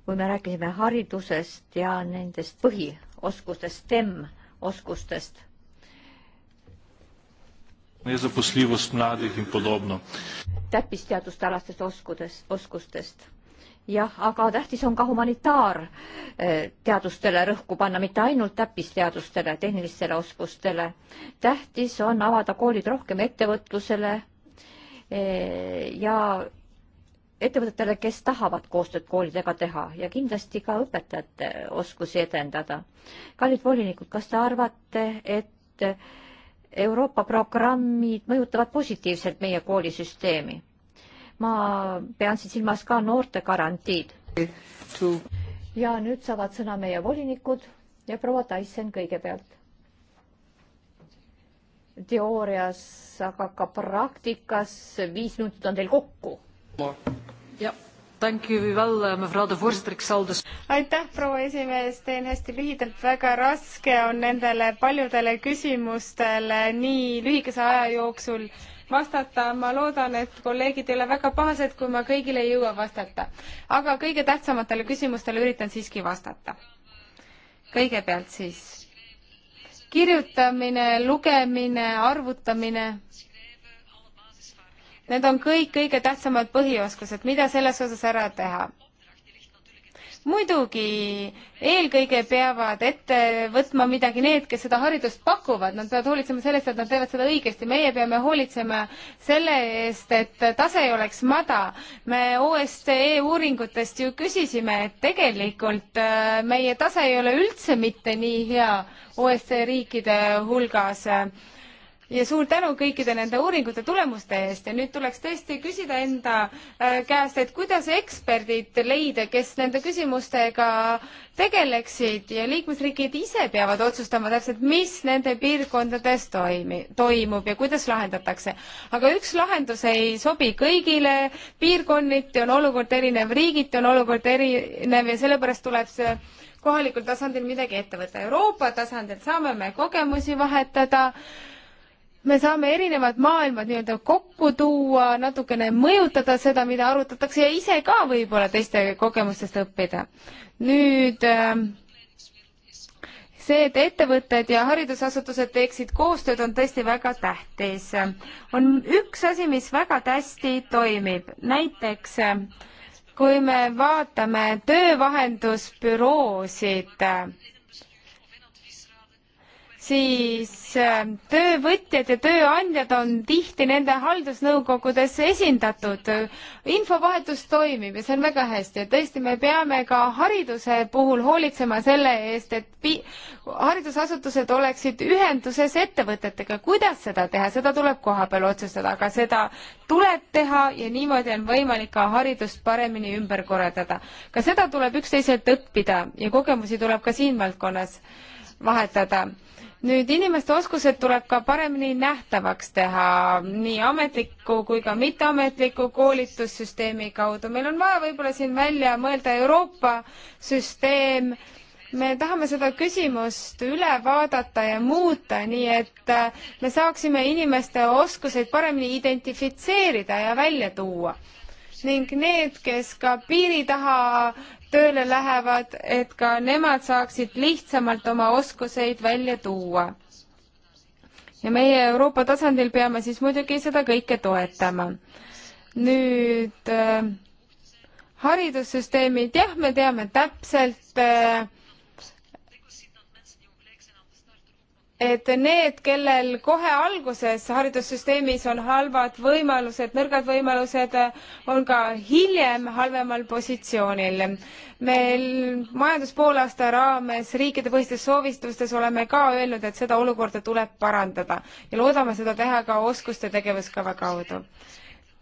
kui me rääkisime haridusest ja nendest põhioskustest, STEM oskustest nezaposljivost mladih in podobno. täppisteadustalastest oskudest, oskustest. jah, aga tähtis on ka humanitaarteadustele eh, rõhku panna, mitte ainult täppisteadustele, tehnilistele oskustele. tähtis on avada koolid rohkem ettevõtlusele eh, ja ettevõtetele, kes tahavad koostööd koolidega teha ja kindlasti ka õpetajate oskusi edendada. kallid volinikud, kas te arvate, et Euroopa programmid mõjutavad positiivselt meie koolisüsteemi. ma pean siin silmas ka noortegarantiid. ja nüüd saavad sõna meie volinikud ja proua Tyson kõigepealt. teoorias, aga ka praktikas viis minutit on teil kokku. jah Eh, aitäh, proua esimees, teen hästi lühidalt, väga raske on nendele paljudele küsimustele nii lühikese aja jooksul vastata, ma loodan, et kolleegid ei ole väga pahased, kui ma kõigile ei jõua vastata. aga kõige tähtsamatele küsimustele üritan siiski vastata. kõigepealt siis kirjutamine, lugemine, arvutamine Need on kõik kõige tähtsamad põhioskused, mida selles osas ära teha. muidugi, eelkõige peavad ette võtma midagi need, kes seda haridust pakuvad, nad peavad hoolitsema sellest, et nad teevad seda õigesti, meie peame hoolitsema selle eest, et tase ei oleks mada. me OSCE uuringutest ju küsisime, et tegelikult äh, meie tase ei ole üldse mitte nii hea OSCE riikide hulgas ja suur tänu kõikide nende uuringute tulemuste eest ja nüüd tuleks tõesti küsida enda äh, käest, et kuidas eksperdid leida, kes nende küsimustega tegeleksid ja liikmesriigid ise peavad otsustama täpselt, mis nende piirkondades toimi-, toimub ja kuidas lahendatakse. aga üks lahendus ei sobi kõigile, piirkonniti on olukord erinev, riigiti on olukord erinev ja sellepärast tuleb see kohalikul tasandil midagi ette võtta. Euroopa tasandil saame me kogemusi vahetada äh, me saame erinevad maailmad nii-öelda kokku tuua, natukene mõjutada seda, mida arutatakse ja ise ka võib-olla teiste kogemustest õppida. nüüd äh, see, et ettevõtted ja haridusasutused teeksid koostööd, on tõesti väga tähtis. on üks asi, mis väga hästi toimib, näiteks äh, kui me vaatame töövahendusbüroosid, äh, siis ähm, töövõtjad ja tööandjad on tihti nende haldusnõukogudes esindatud. infovahetus toimib ja see on väga hästi ja tõesti, me peame ka hariduse puhul hoolitsema selle eest, et pi-, haridusasutused oleksid ühenduses ettevõtetega. kuidas seda teha, seda tuleb kohapeal otsustada, aga seda tuleb teha ja niimoodi on võimalik ka haridust paremini ümber korraldada. ka seda tuleb üksteiselt õppida ja kogemusi tuleb ka siin valdkonnas vahetada nüüd inimeste oskused tuleb ka paremini nähtavaks teha nii ametliku kui ka mitteametliku koolitussüsteemi kaudu. meil on vaja võib-olla siin välja mõelda Euroopa süsteem, me tahame seda küsimust üle vaadata ja muuta, nii et äh, me saaksime inimeste oskuseid paremini identifitseerida ja välja tuua ning need, kes ka piiri taha tööle lähevad, et ka nemad saaksid lihtsamalt oma oskuseid välja tuua. ja meie Euroopa tasandil peame siis muidugi seda kõike toetama. nüüd äh, haridussüsteemid, jah, me teame täpselt äh, et need, kellel kohe alguses haridussüsteemis on halvad võimalused, nõrgad võimalused, on ka hiljem halvemal positsioonil. meil majanduspoolaasta raames riikidepõhistes soovitustes oleme ka öelnud, et seda olukorda tuleb parandada ja loodame seda teha ka oskuste tegevuskava kaudu.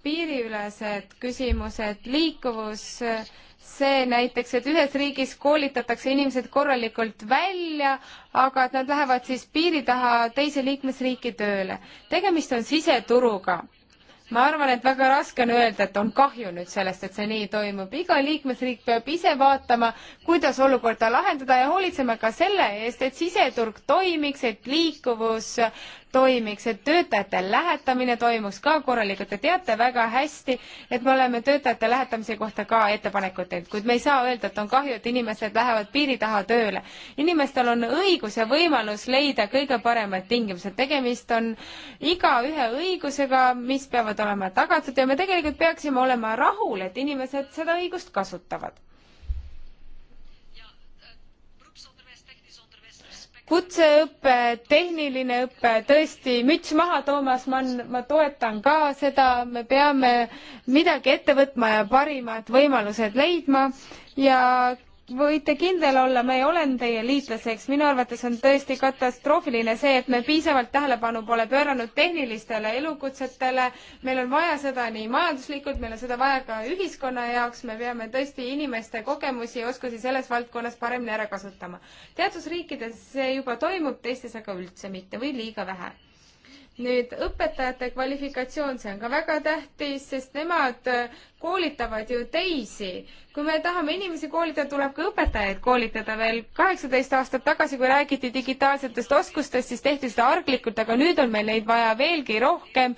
piiriülesed küsimused, liikuvus see näiteks, et ühes riigis koolitatakse inimesed korralikult välja, aga et nad lähevad siis piiri taha teise liikmesriiki tööle. tegemist on siseturuga. ma arvan, et väga raske on öelda, et on kahju nüüd sellest, et see nii toimub. iga liikmesriik peab ise vaatama, kuidas olukorda lahendada ja hoolitsema ka selle eest, et siseturg toimiks, et liikuvus toimiks, et töötajate lähetamine toimuks ka korralikult. Te teate väga hästi, et me oleme töötajate lähetamise kohta ka ettepanekuid teinud, kuid me ei saa öelda, et on kahju, et inimesed lähevad piiri taha tööle. inimestel on õigus ja võimalus leida kõige paremad tingimused. tegemist on igaühe õigusega, mis peavad olema tagatud ja me tegelikult peaksime olema rahul, et inimesed seda õigust kasutavad kutseõpe, tehniline õpe, tõesti, müts maha, Toomas Mann, ma toetan ka seda, me peame midagi ette võtma ja parimad võimalused leidma ja võite kindel olla, ma olen teie liitlaseks, minu arvates on tõesti katastroofiline see, et me piisavalt tähelepanu pole pööranud tehnilistele elukutsetele, meil on vaja seda nii majanduslikult, meil on seda vaja ka ühiskonna jaoks, me peame tõesti inimeste kogemusi ja oskusi selles valdkonnas paremini ära kasutama. teatud riikides see juba toimub, teistes aga üldse mitte või liiga vähe nüüd õpetajate kvalifikatsioon, see on ka väga tähtis, sest nemad koolitavad ju teisi kui me tahame inimesi koolitada, tuleb ka õpetajaid koolitada veel. kaheksateist aastat tagasi, kui räägiti digitaalsetest oskustest, siis tehti seda arglikult, aga nüüd on meil neid vaja veelgi rohkem.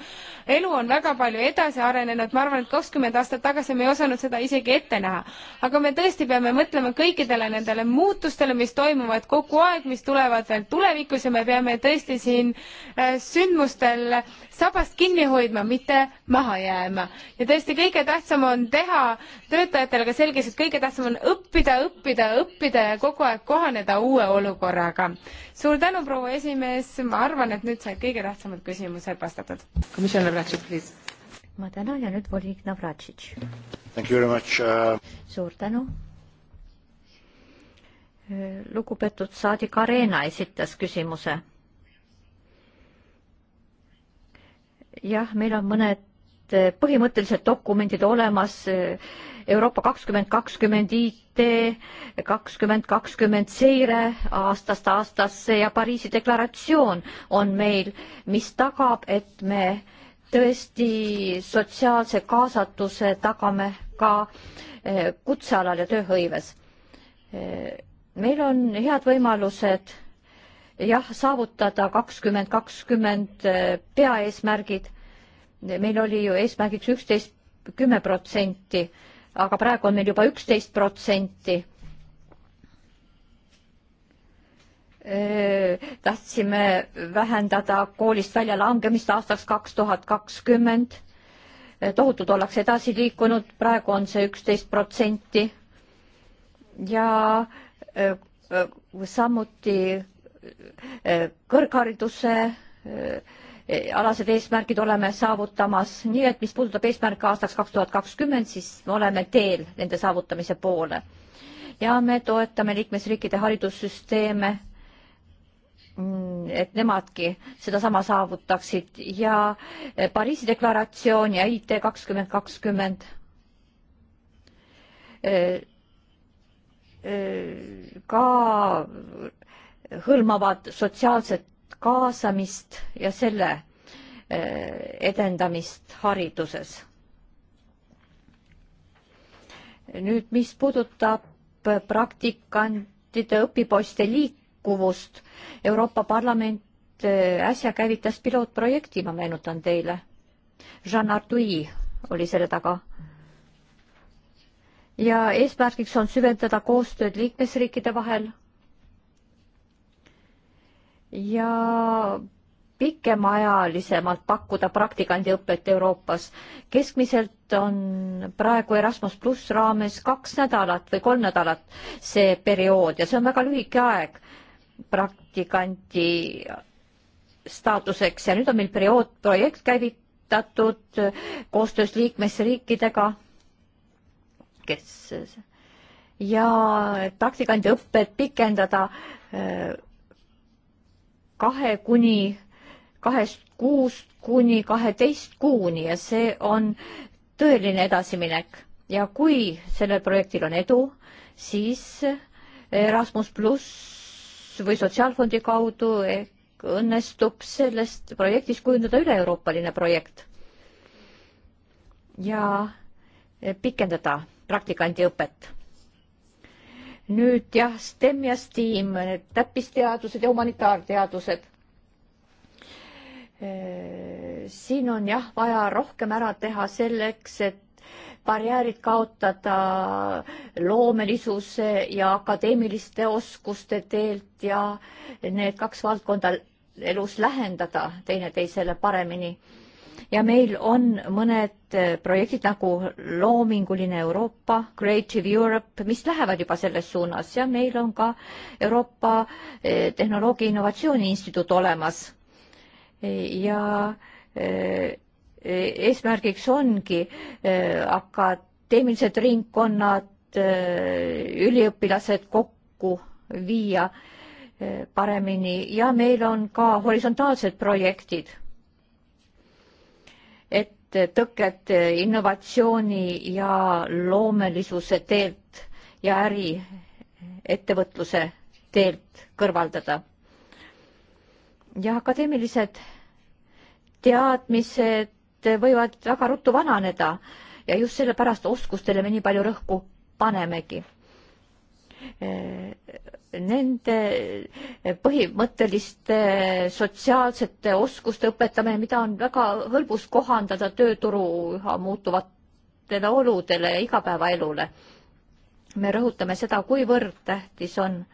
elu on väga palju edasi arenenud, ma arvan, et kakskümmend aastat tagasi me ei osanud seda isegi ette näha. aga me tõesti peame mõtlema kõikidele nendele muutustele, mis toimuvad kogu aeg, mis tulevad veel tulevikus ja me peame tõesti siin äh, sündmustel sabast kinni hoidma, mitte maha jääma. ja tõesti, kõige tähtsam on teha töötajatele ka see, selges, et kõige tähtsam on õppida, õppida, õppida ja kogu aeg kohaneda uue olukorraga. suur tänu, proua esimees, ma arvan, et nüüd said kõige tähtsamad küsimused vastatud. ma tänan ja nüüd volinik Navratšitš. Uh... suur tänu. lugupeetud saadik Arena esitas küsimuse jah, meil on mõned et eh, põhimõttelised dokumendid olemas, eh, Euroopa kakskümmend kakskümmend IT, kakskümmend kakskümmend seire aastast aastasse ja Pariisi deklaratsioon on meil, mis tagab, et me tõesti sotsiaalse kaasatuse tagame ka eh, kutsealal ja tööhõives. meil on head võimalused jah, saavutada kakskümmend kakskümmend peaeesmärgid meil oli ju eesmärgiks üksteist, kümme protsenti, aga praegu on meil juba üksteist protsenti. tahtsime vähendada koolist väljalangemist aastaks kaks tuhat kakskümmend. tohutult ollakse edasi liikunud, praegu on see üksteist protsenti. ja samuti kõrghariduse Eh, alased eesmärgid oleme saavutamas, nii et mis puudutab eesmärke aastaks kaks tuhat kakskümmend, siis me oleme teel nende saavutamise poole. ja me toetame liikmesriikide haridussüsteeme, mm, et nemadki sedasama saavutaksid ja eh, Pariisi deklaratsioon ja IT kakskümmend kakskümmend eh, ka hõlmavad sotsiaalset kaasamist ja selle eh, edendamist hariduses. nüüd, mis puudutab praktikantide õpipoiste liikuvust, Euroopa Parlament eh, äsja käivitas pilootprojekti, ma meenutan teile. Jean Artui oli selle taga. ja eesmärgiks on süvendada koostööd liikmesriikide vahel ja pikemaajalisemalt pakkuda praktikandiõpet Euroopas. keskmiselt on praegu Erasmus pluss raames kaks nädalat või kolm nädalat see periood ja see on väga lühike aeg praktikandi staatuseks ja nüüd on meil periood, projekt käivitatud koostöös liikmesriikidega, kes ja praktikandiõpped pikendada äh, kahe kuni, kahest kuust kuni kaheteist kuuni ja see on tõeline edasiminek ja kui sellel projektil on edu, siis Erasmus pluss või Sotsiaalfondi kaudu õnnestub sellest projektist kujundada üle-euroopaline projekt ja pikendada praktikandiõpet nüüd jah, STEM ja STEAM, need täppisteadused ja humanitaarteadused. Äh, siin on jah vaja rohkem ära teha selleks, et barjäärid kaotada loomelisuse ja akadeemiliste oskuste teelt ja need kaks valdkonda elus lähendada teineteisele paremini ja meil on mõned äh, projektid nagu Loominguline Euroopa, Creative Europe, mis lähevad juba selles suunas ja meil on ka Euroopa äh, Tehnoloogia Innovatsiooni Instituut olemas. ja äh, eesmärgiks ongi akadeemilised ringkonnad, üliõpilased kokku viia paremini ja meil on ka horisontaalsed projektid tõkked innovatsiooni ja loomelisuse teelt ja äriettevõtluse teelt kõrvaldada. ja akadeemilised teadmised võivad väga ruttu vananeda ja just sellepärast oskustele me nii palju rõhku panemegi nende põhimõtteliste sotsiaalsete oskuste õpetamine, mida on väga hõlbus kohandada tööturu üha muutuvatele oludele ja igapäevaelule. me rõhutame seda, kuivõrd tähtis on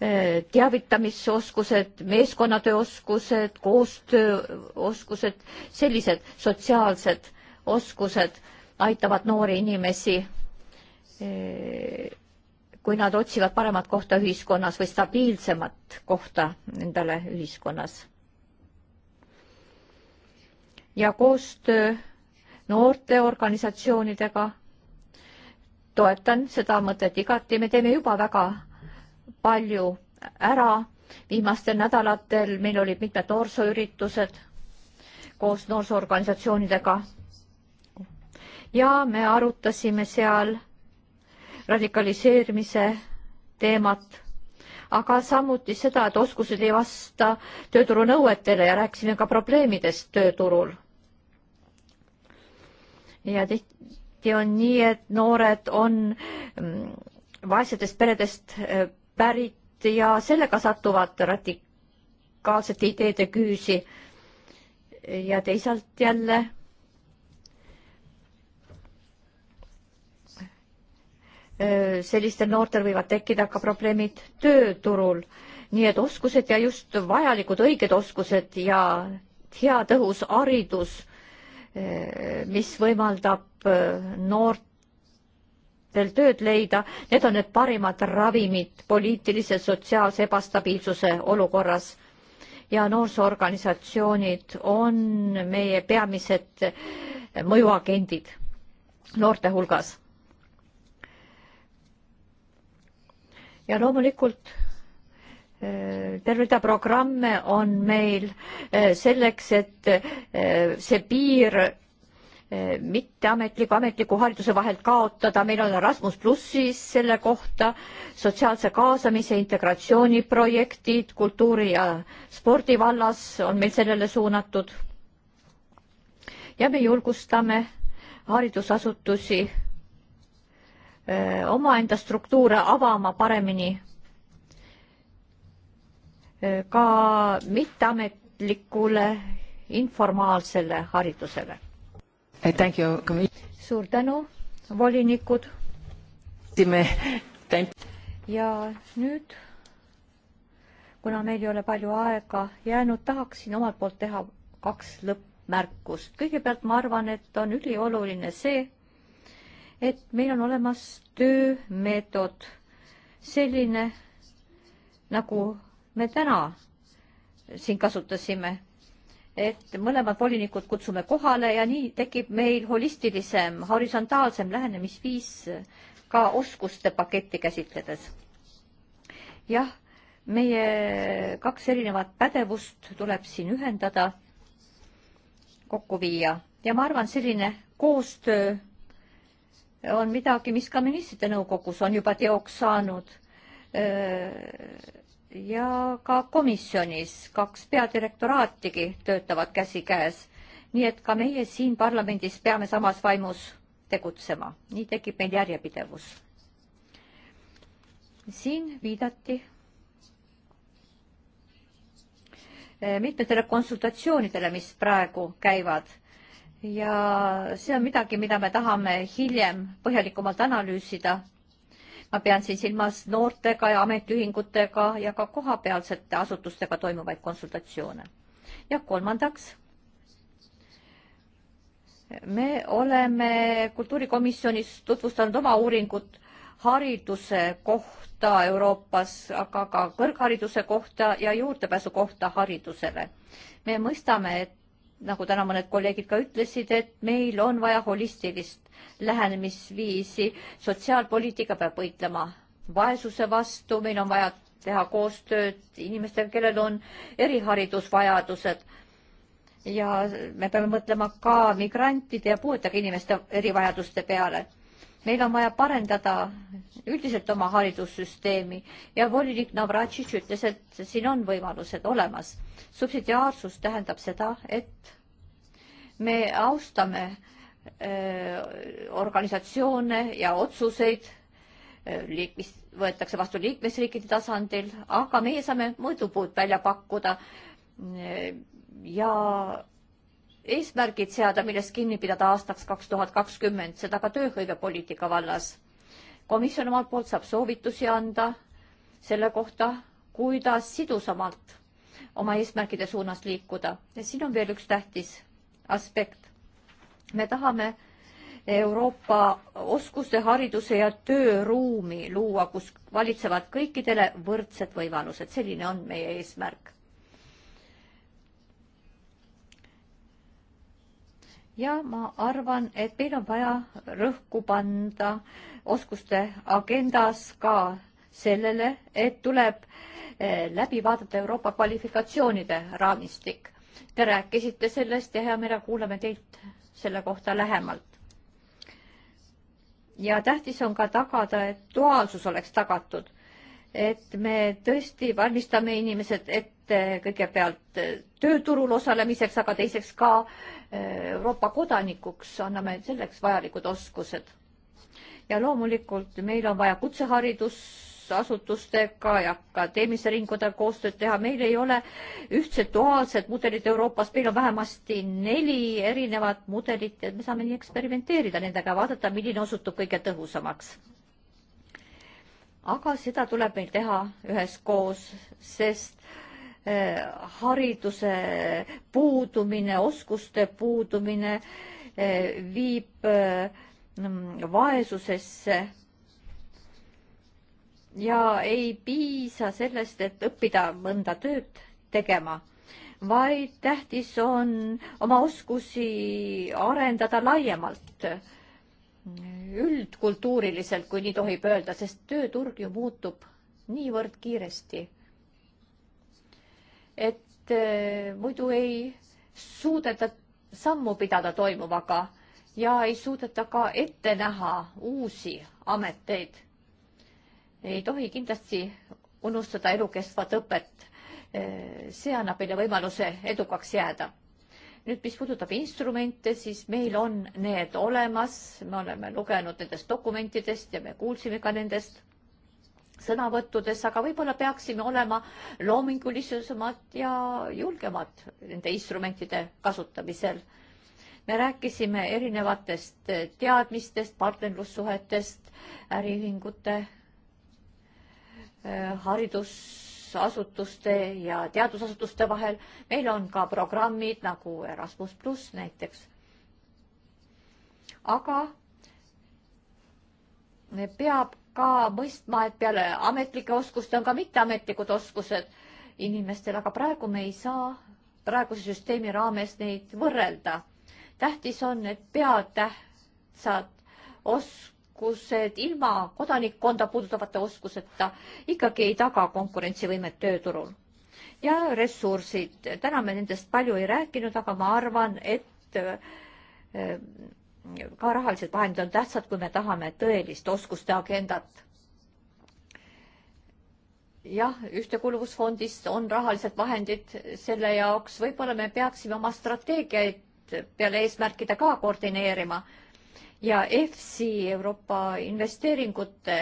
eh, teavitamisoskused, meeskonnatööoskused, koostööoskused, sellised sotsiaalsed oskused aitavad noori inimesi eh, kui nad otsivad paremat kohta ühiskonnas või stabiilsemat kohta endale ühiskonnas. ja koostöö noorteorganisatsioonidega toetan seda mõtet igati, me teeme juba väga palju ära. viimastel nädalatel meil olid mitmed noorsooüritused koos noorsoorganisatsioonidega. ja me arutasime seal radikaliseerimise teemat, aga samuti seda, et oskused ei vasta tööturu nõuetele ja rääkisime ka probleemidest tööturul. ja tihti on nii, et noored on mm, vaesetest peredest äh, pärit ja sellega satuvad radikaalsete ideede küüsi ja teisalt jälle sellistel noortel võivad tekkida ka probleemid tööturul. nii et oskused ja just vajalikud õiged oskused ja hea tõhus haridus, mis võimaldab noortel tööd leida, need on need parimad ravimid poliitilise sotsiaalse ebastabiilsuse olukorras. ja noorsoorganisatsioonid on meie peamised mõjuagendid noorte hulgas ja loomulikult äh, terve rida programme on meil äh, selleks, et äh, see piir mitteametliku, ametliku hariduse vahelt kaotada, meil on Erasmus plussis selle kohta sotsiaalse kaasamise integratsiooni projektid kultuuri ja spordi vallas on meil sellele suunatud. ja me julgustame haridusasutusi omaenda struktuure avama paremini. ka mitteametlikule informaalsele haridusele. suur tänu, volinikud. ja nüüd, kuna meil ei ole palju aega jäänud, tahaksin omalt poolt teha kaks lõppmärkust. kõigepealt ma arvan, et on ülioluline see, et meil on olemas töömeetod selline, nagu me täna siin kasutasime, et mõlemad volinikud kutsume kohale ja nii tekib meil holistilisem, horisontaalsem lähenemisviis ka oskuste paketti käsitledes. jah, meie kaks erinevat pädevust tuleb siin ühendada, kokku viia ja ma arvan, selline koostöö on midagi, mis ka ministrite nõukogus on juba teoks saanud. ja ka komisjonis kaks peadirektoraatigi töötavad käsikäes. nii et ka meie siin parlamendis peame samas vaimus tegutsema, nii tekib meil järjepidevus. siin viidati mitmetele konsultatsioonidele, mis praegu käivad ja see on midagi, mida me tahame hiljem põhjalikumalt analüüsida. ma pean siin silmas noortega ja ametiühingutega ja ka kohapealsete asutustega toimuvaid konsultatsioone. ja kolmandaks, me oleme kultuurikomisjonis tutvustanud oma uuringut hariduse kohta Euroopas, aga ka kõrghariduse kohta ja juurdepääsu kohta haridusele. me mõistame, et nagu täna mõned kolleegid ka ütlesid, et meil on vaja holistilist lähenemisviisi, sotsiaalpoliitika peab võitlema vaesuse vastu, meil on vaja teha koostööd inimestel, kellel on eriharidusvajadused. ja me peame mõtlema ka migrantide ja puuetega inimeste erivajaduste peale meil on vaja parendada üldiselt oma haridussüsteemi ja volinik Navratšitš ütles, et siin on võimalused olemas. subsidiaarsus tähendab seda, et me austame öö, äh, organisatsioone ja otsuseid, äh, liikmes, võetakse vastu liikmesriikide tasandil, aga meie saame mõõdupuud välja pakkuda öö, äh, ja eesmärgid seada, millest kinni pidada aastaks kaks tuhat kakskümmend, seda ka tööhõivepoliitika vallas. komisjon omalt poolt saab soovitusi anda selle kohta, kuidas sidusamalt oma eesmärkide suunas liikuda. ja siin on veel üks tähtis aspekt. me tahame Euroopa oskuste, hariduse ja tööruumi luua, kus valitsevad kõikidele võrdsed võimalused, selline on meie eesmärk. ja ma arvan, et meil on vaja rõhku panda oskuste agendas ka sellele, et tuleb eh, läbi vaadata Euroopa kvalifikatsioonide raamistik. Te rääkisite sellest ja hea meelega kuulame teilt selle kohta lähemalt. ja tähtis on ka tagada, et duaalsus oleks tagatud. et me tõesti valmistame inimesed ette ette eh, kõigepealt eh, tööturul osalemiseks, aga teiseks ka eh, Euroopa kodanikuks, anname selleks vajalikud oskused. ja loomulikult meil on vaja kutseharidusasutustega ja akadeemilise ringkondadega koostööd teha, meil ei ole ühtset duaalset mudelit Euroopas, meil on vähemasti neli erinevat mudelit ja me saame nii eksperimenteerida nendega, vaadata, milline osutub kõige tõhusamaks aga seda tuleb meil teha üheskoos, sest Eh, hariduse puudumine, oskuste puudumine eh, viib eh, mm, vaesusesse. ja ei piisa sellest, et õppida mõnda tööd tegema, vaid tähtis on oma oskusi arendada laiemalt, üldkultuuriliselt, kui nii tohib öelda, sest tööturg ju muutub niivõrd kiiresti et äh, muidu ei suudeta sammu pidada toimuvaga ja ei suudeta ka ette näha uusi ameteid. ei tohi kindlasti unustada elukestvat õpet. Äh, see annab meile võimaluse edukaks jääda. nüüd, mis puudutab instrumente, siis meil on need olemas, me oleme lugenud nendest dokumentidest ja me kuulsime ka nendest sõnavõttudes, aga võib-olla peaksime olema loomingulisemad ja julgemad nende instrumentide kasutamisel. me rääkisime erinevatest teadmistest, partnerlussuhetest, äriühingute, eh, haridusasutuste ja teadusasutuste vahel. meil on ka programmid nagu Erasmus pluss näiteks. aga peab ka mõistma, et peale ametlike oskuste on ka mitteametlikud oskused inimestel, aga praegu me ei saa praeguse süsteemi raames neid võrrelda. tähtis on, et peatähtsad oskused ilma kodanikkonda puudutavate oskuseta ikkagi ei taga konkurentsivõimet tööturul. ja ressursid, täna me nendest palju ei rääkinud, aga ma arvan, et eh, ka rahalised vahendid on tähtsad, kui me tahame tõelist oskuste agendat. jah, ühtekuuluvusfondist on rahalised vahendid selle jaoks, võib-olla me peaksime oma strateegiaid peale eesmärkide ka koordineerima ja EFSI Euroopa Investeeringute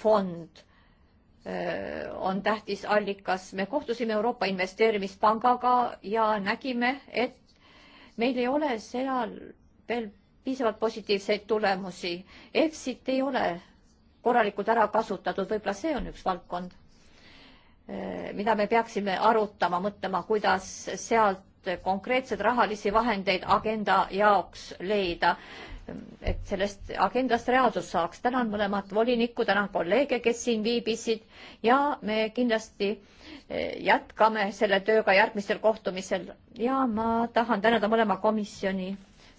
Fond äh, on tähtis allikas. me kohtusime Euroopa Investeerimispangaga ja nägime, et meil ei ole seal veel piisavalt positiivseid tulemusi. EFSit ei ole korralikult ära kasutatud, võib-olla see on üks valdkond, eh, mida me peaksime arutama, mõtlema, kuidas sealt konkreetseid rahalisi vahendeid agenda jaoks leida. et sellest agendast reaalsus saaks. tänan mõlemat volinikku, tänan kolleege, kes siin viibisid ja me kindlasti eh, jätkame selle tööga järgmisel kohtumisel ja ma tahan tänada mõlema komisjoni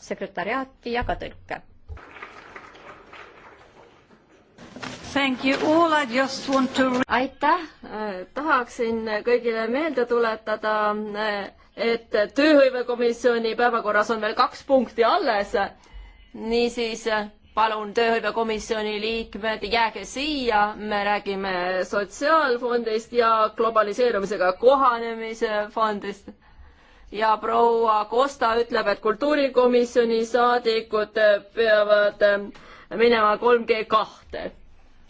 sekretariaati ja ka tõlke. To... aitäh, tahaksin kõigile meelde tuletada, et tööhõivekomisjoni päevakorras on veel kaks punkti alles. niisiis palun tööhõivekomisjoni liikmed, jääge siia, me räägime sotsiaalfondist ja globaliseerumisega kohanemise fondist ja proua Kosta ütleb, et kultuurikomisjoni saadikud peavad äh, minema 3G kahte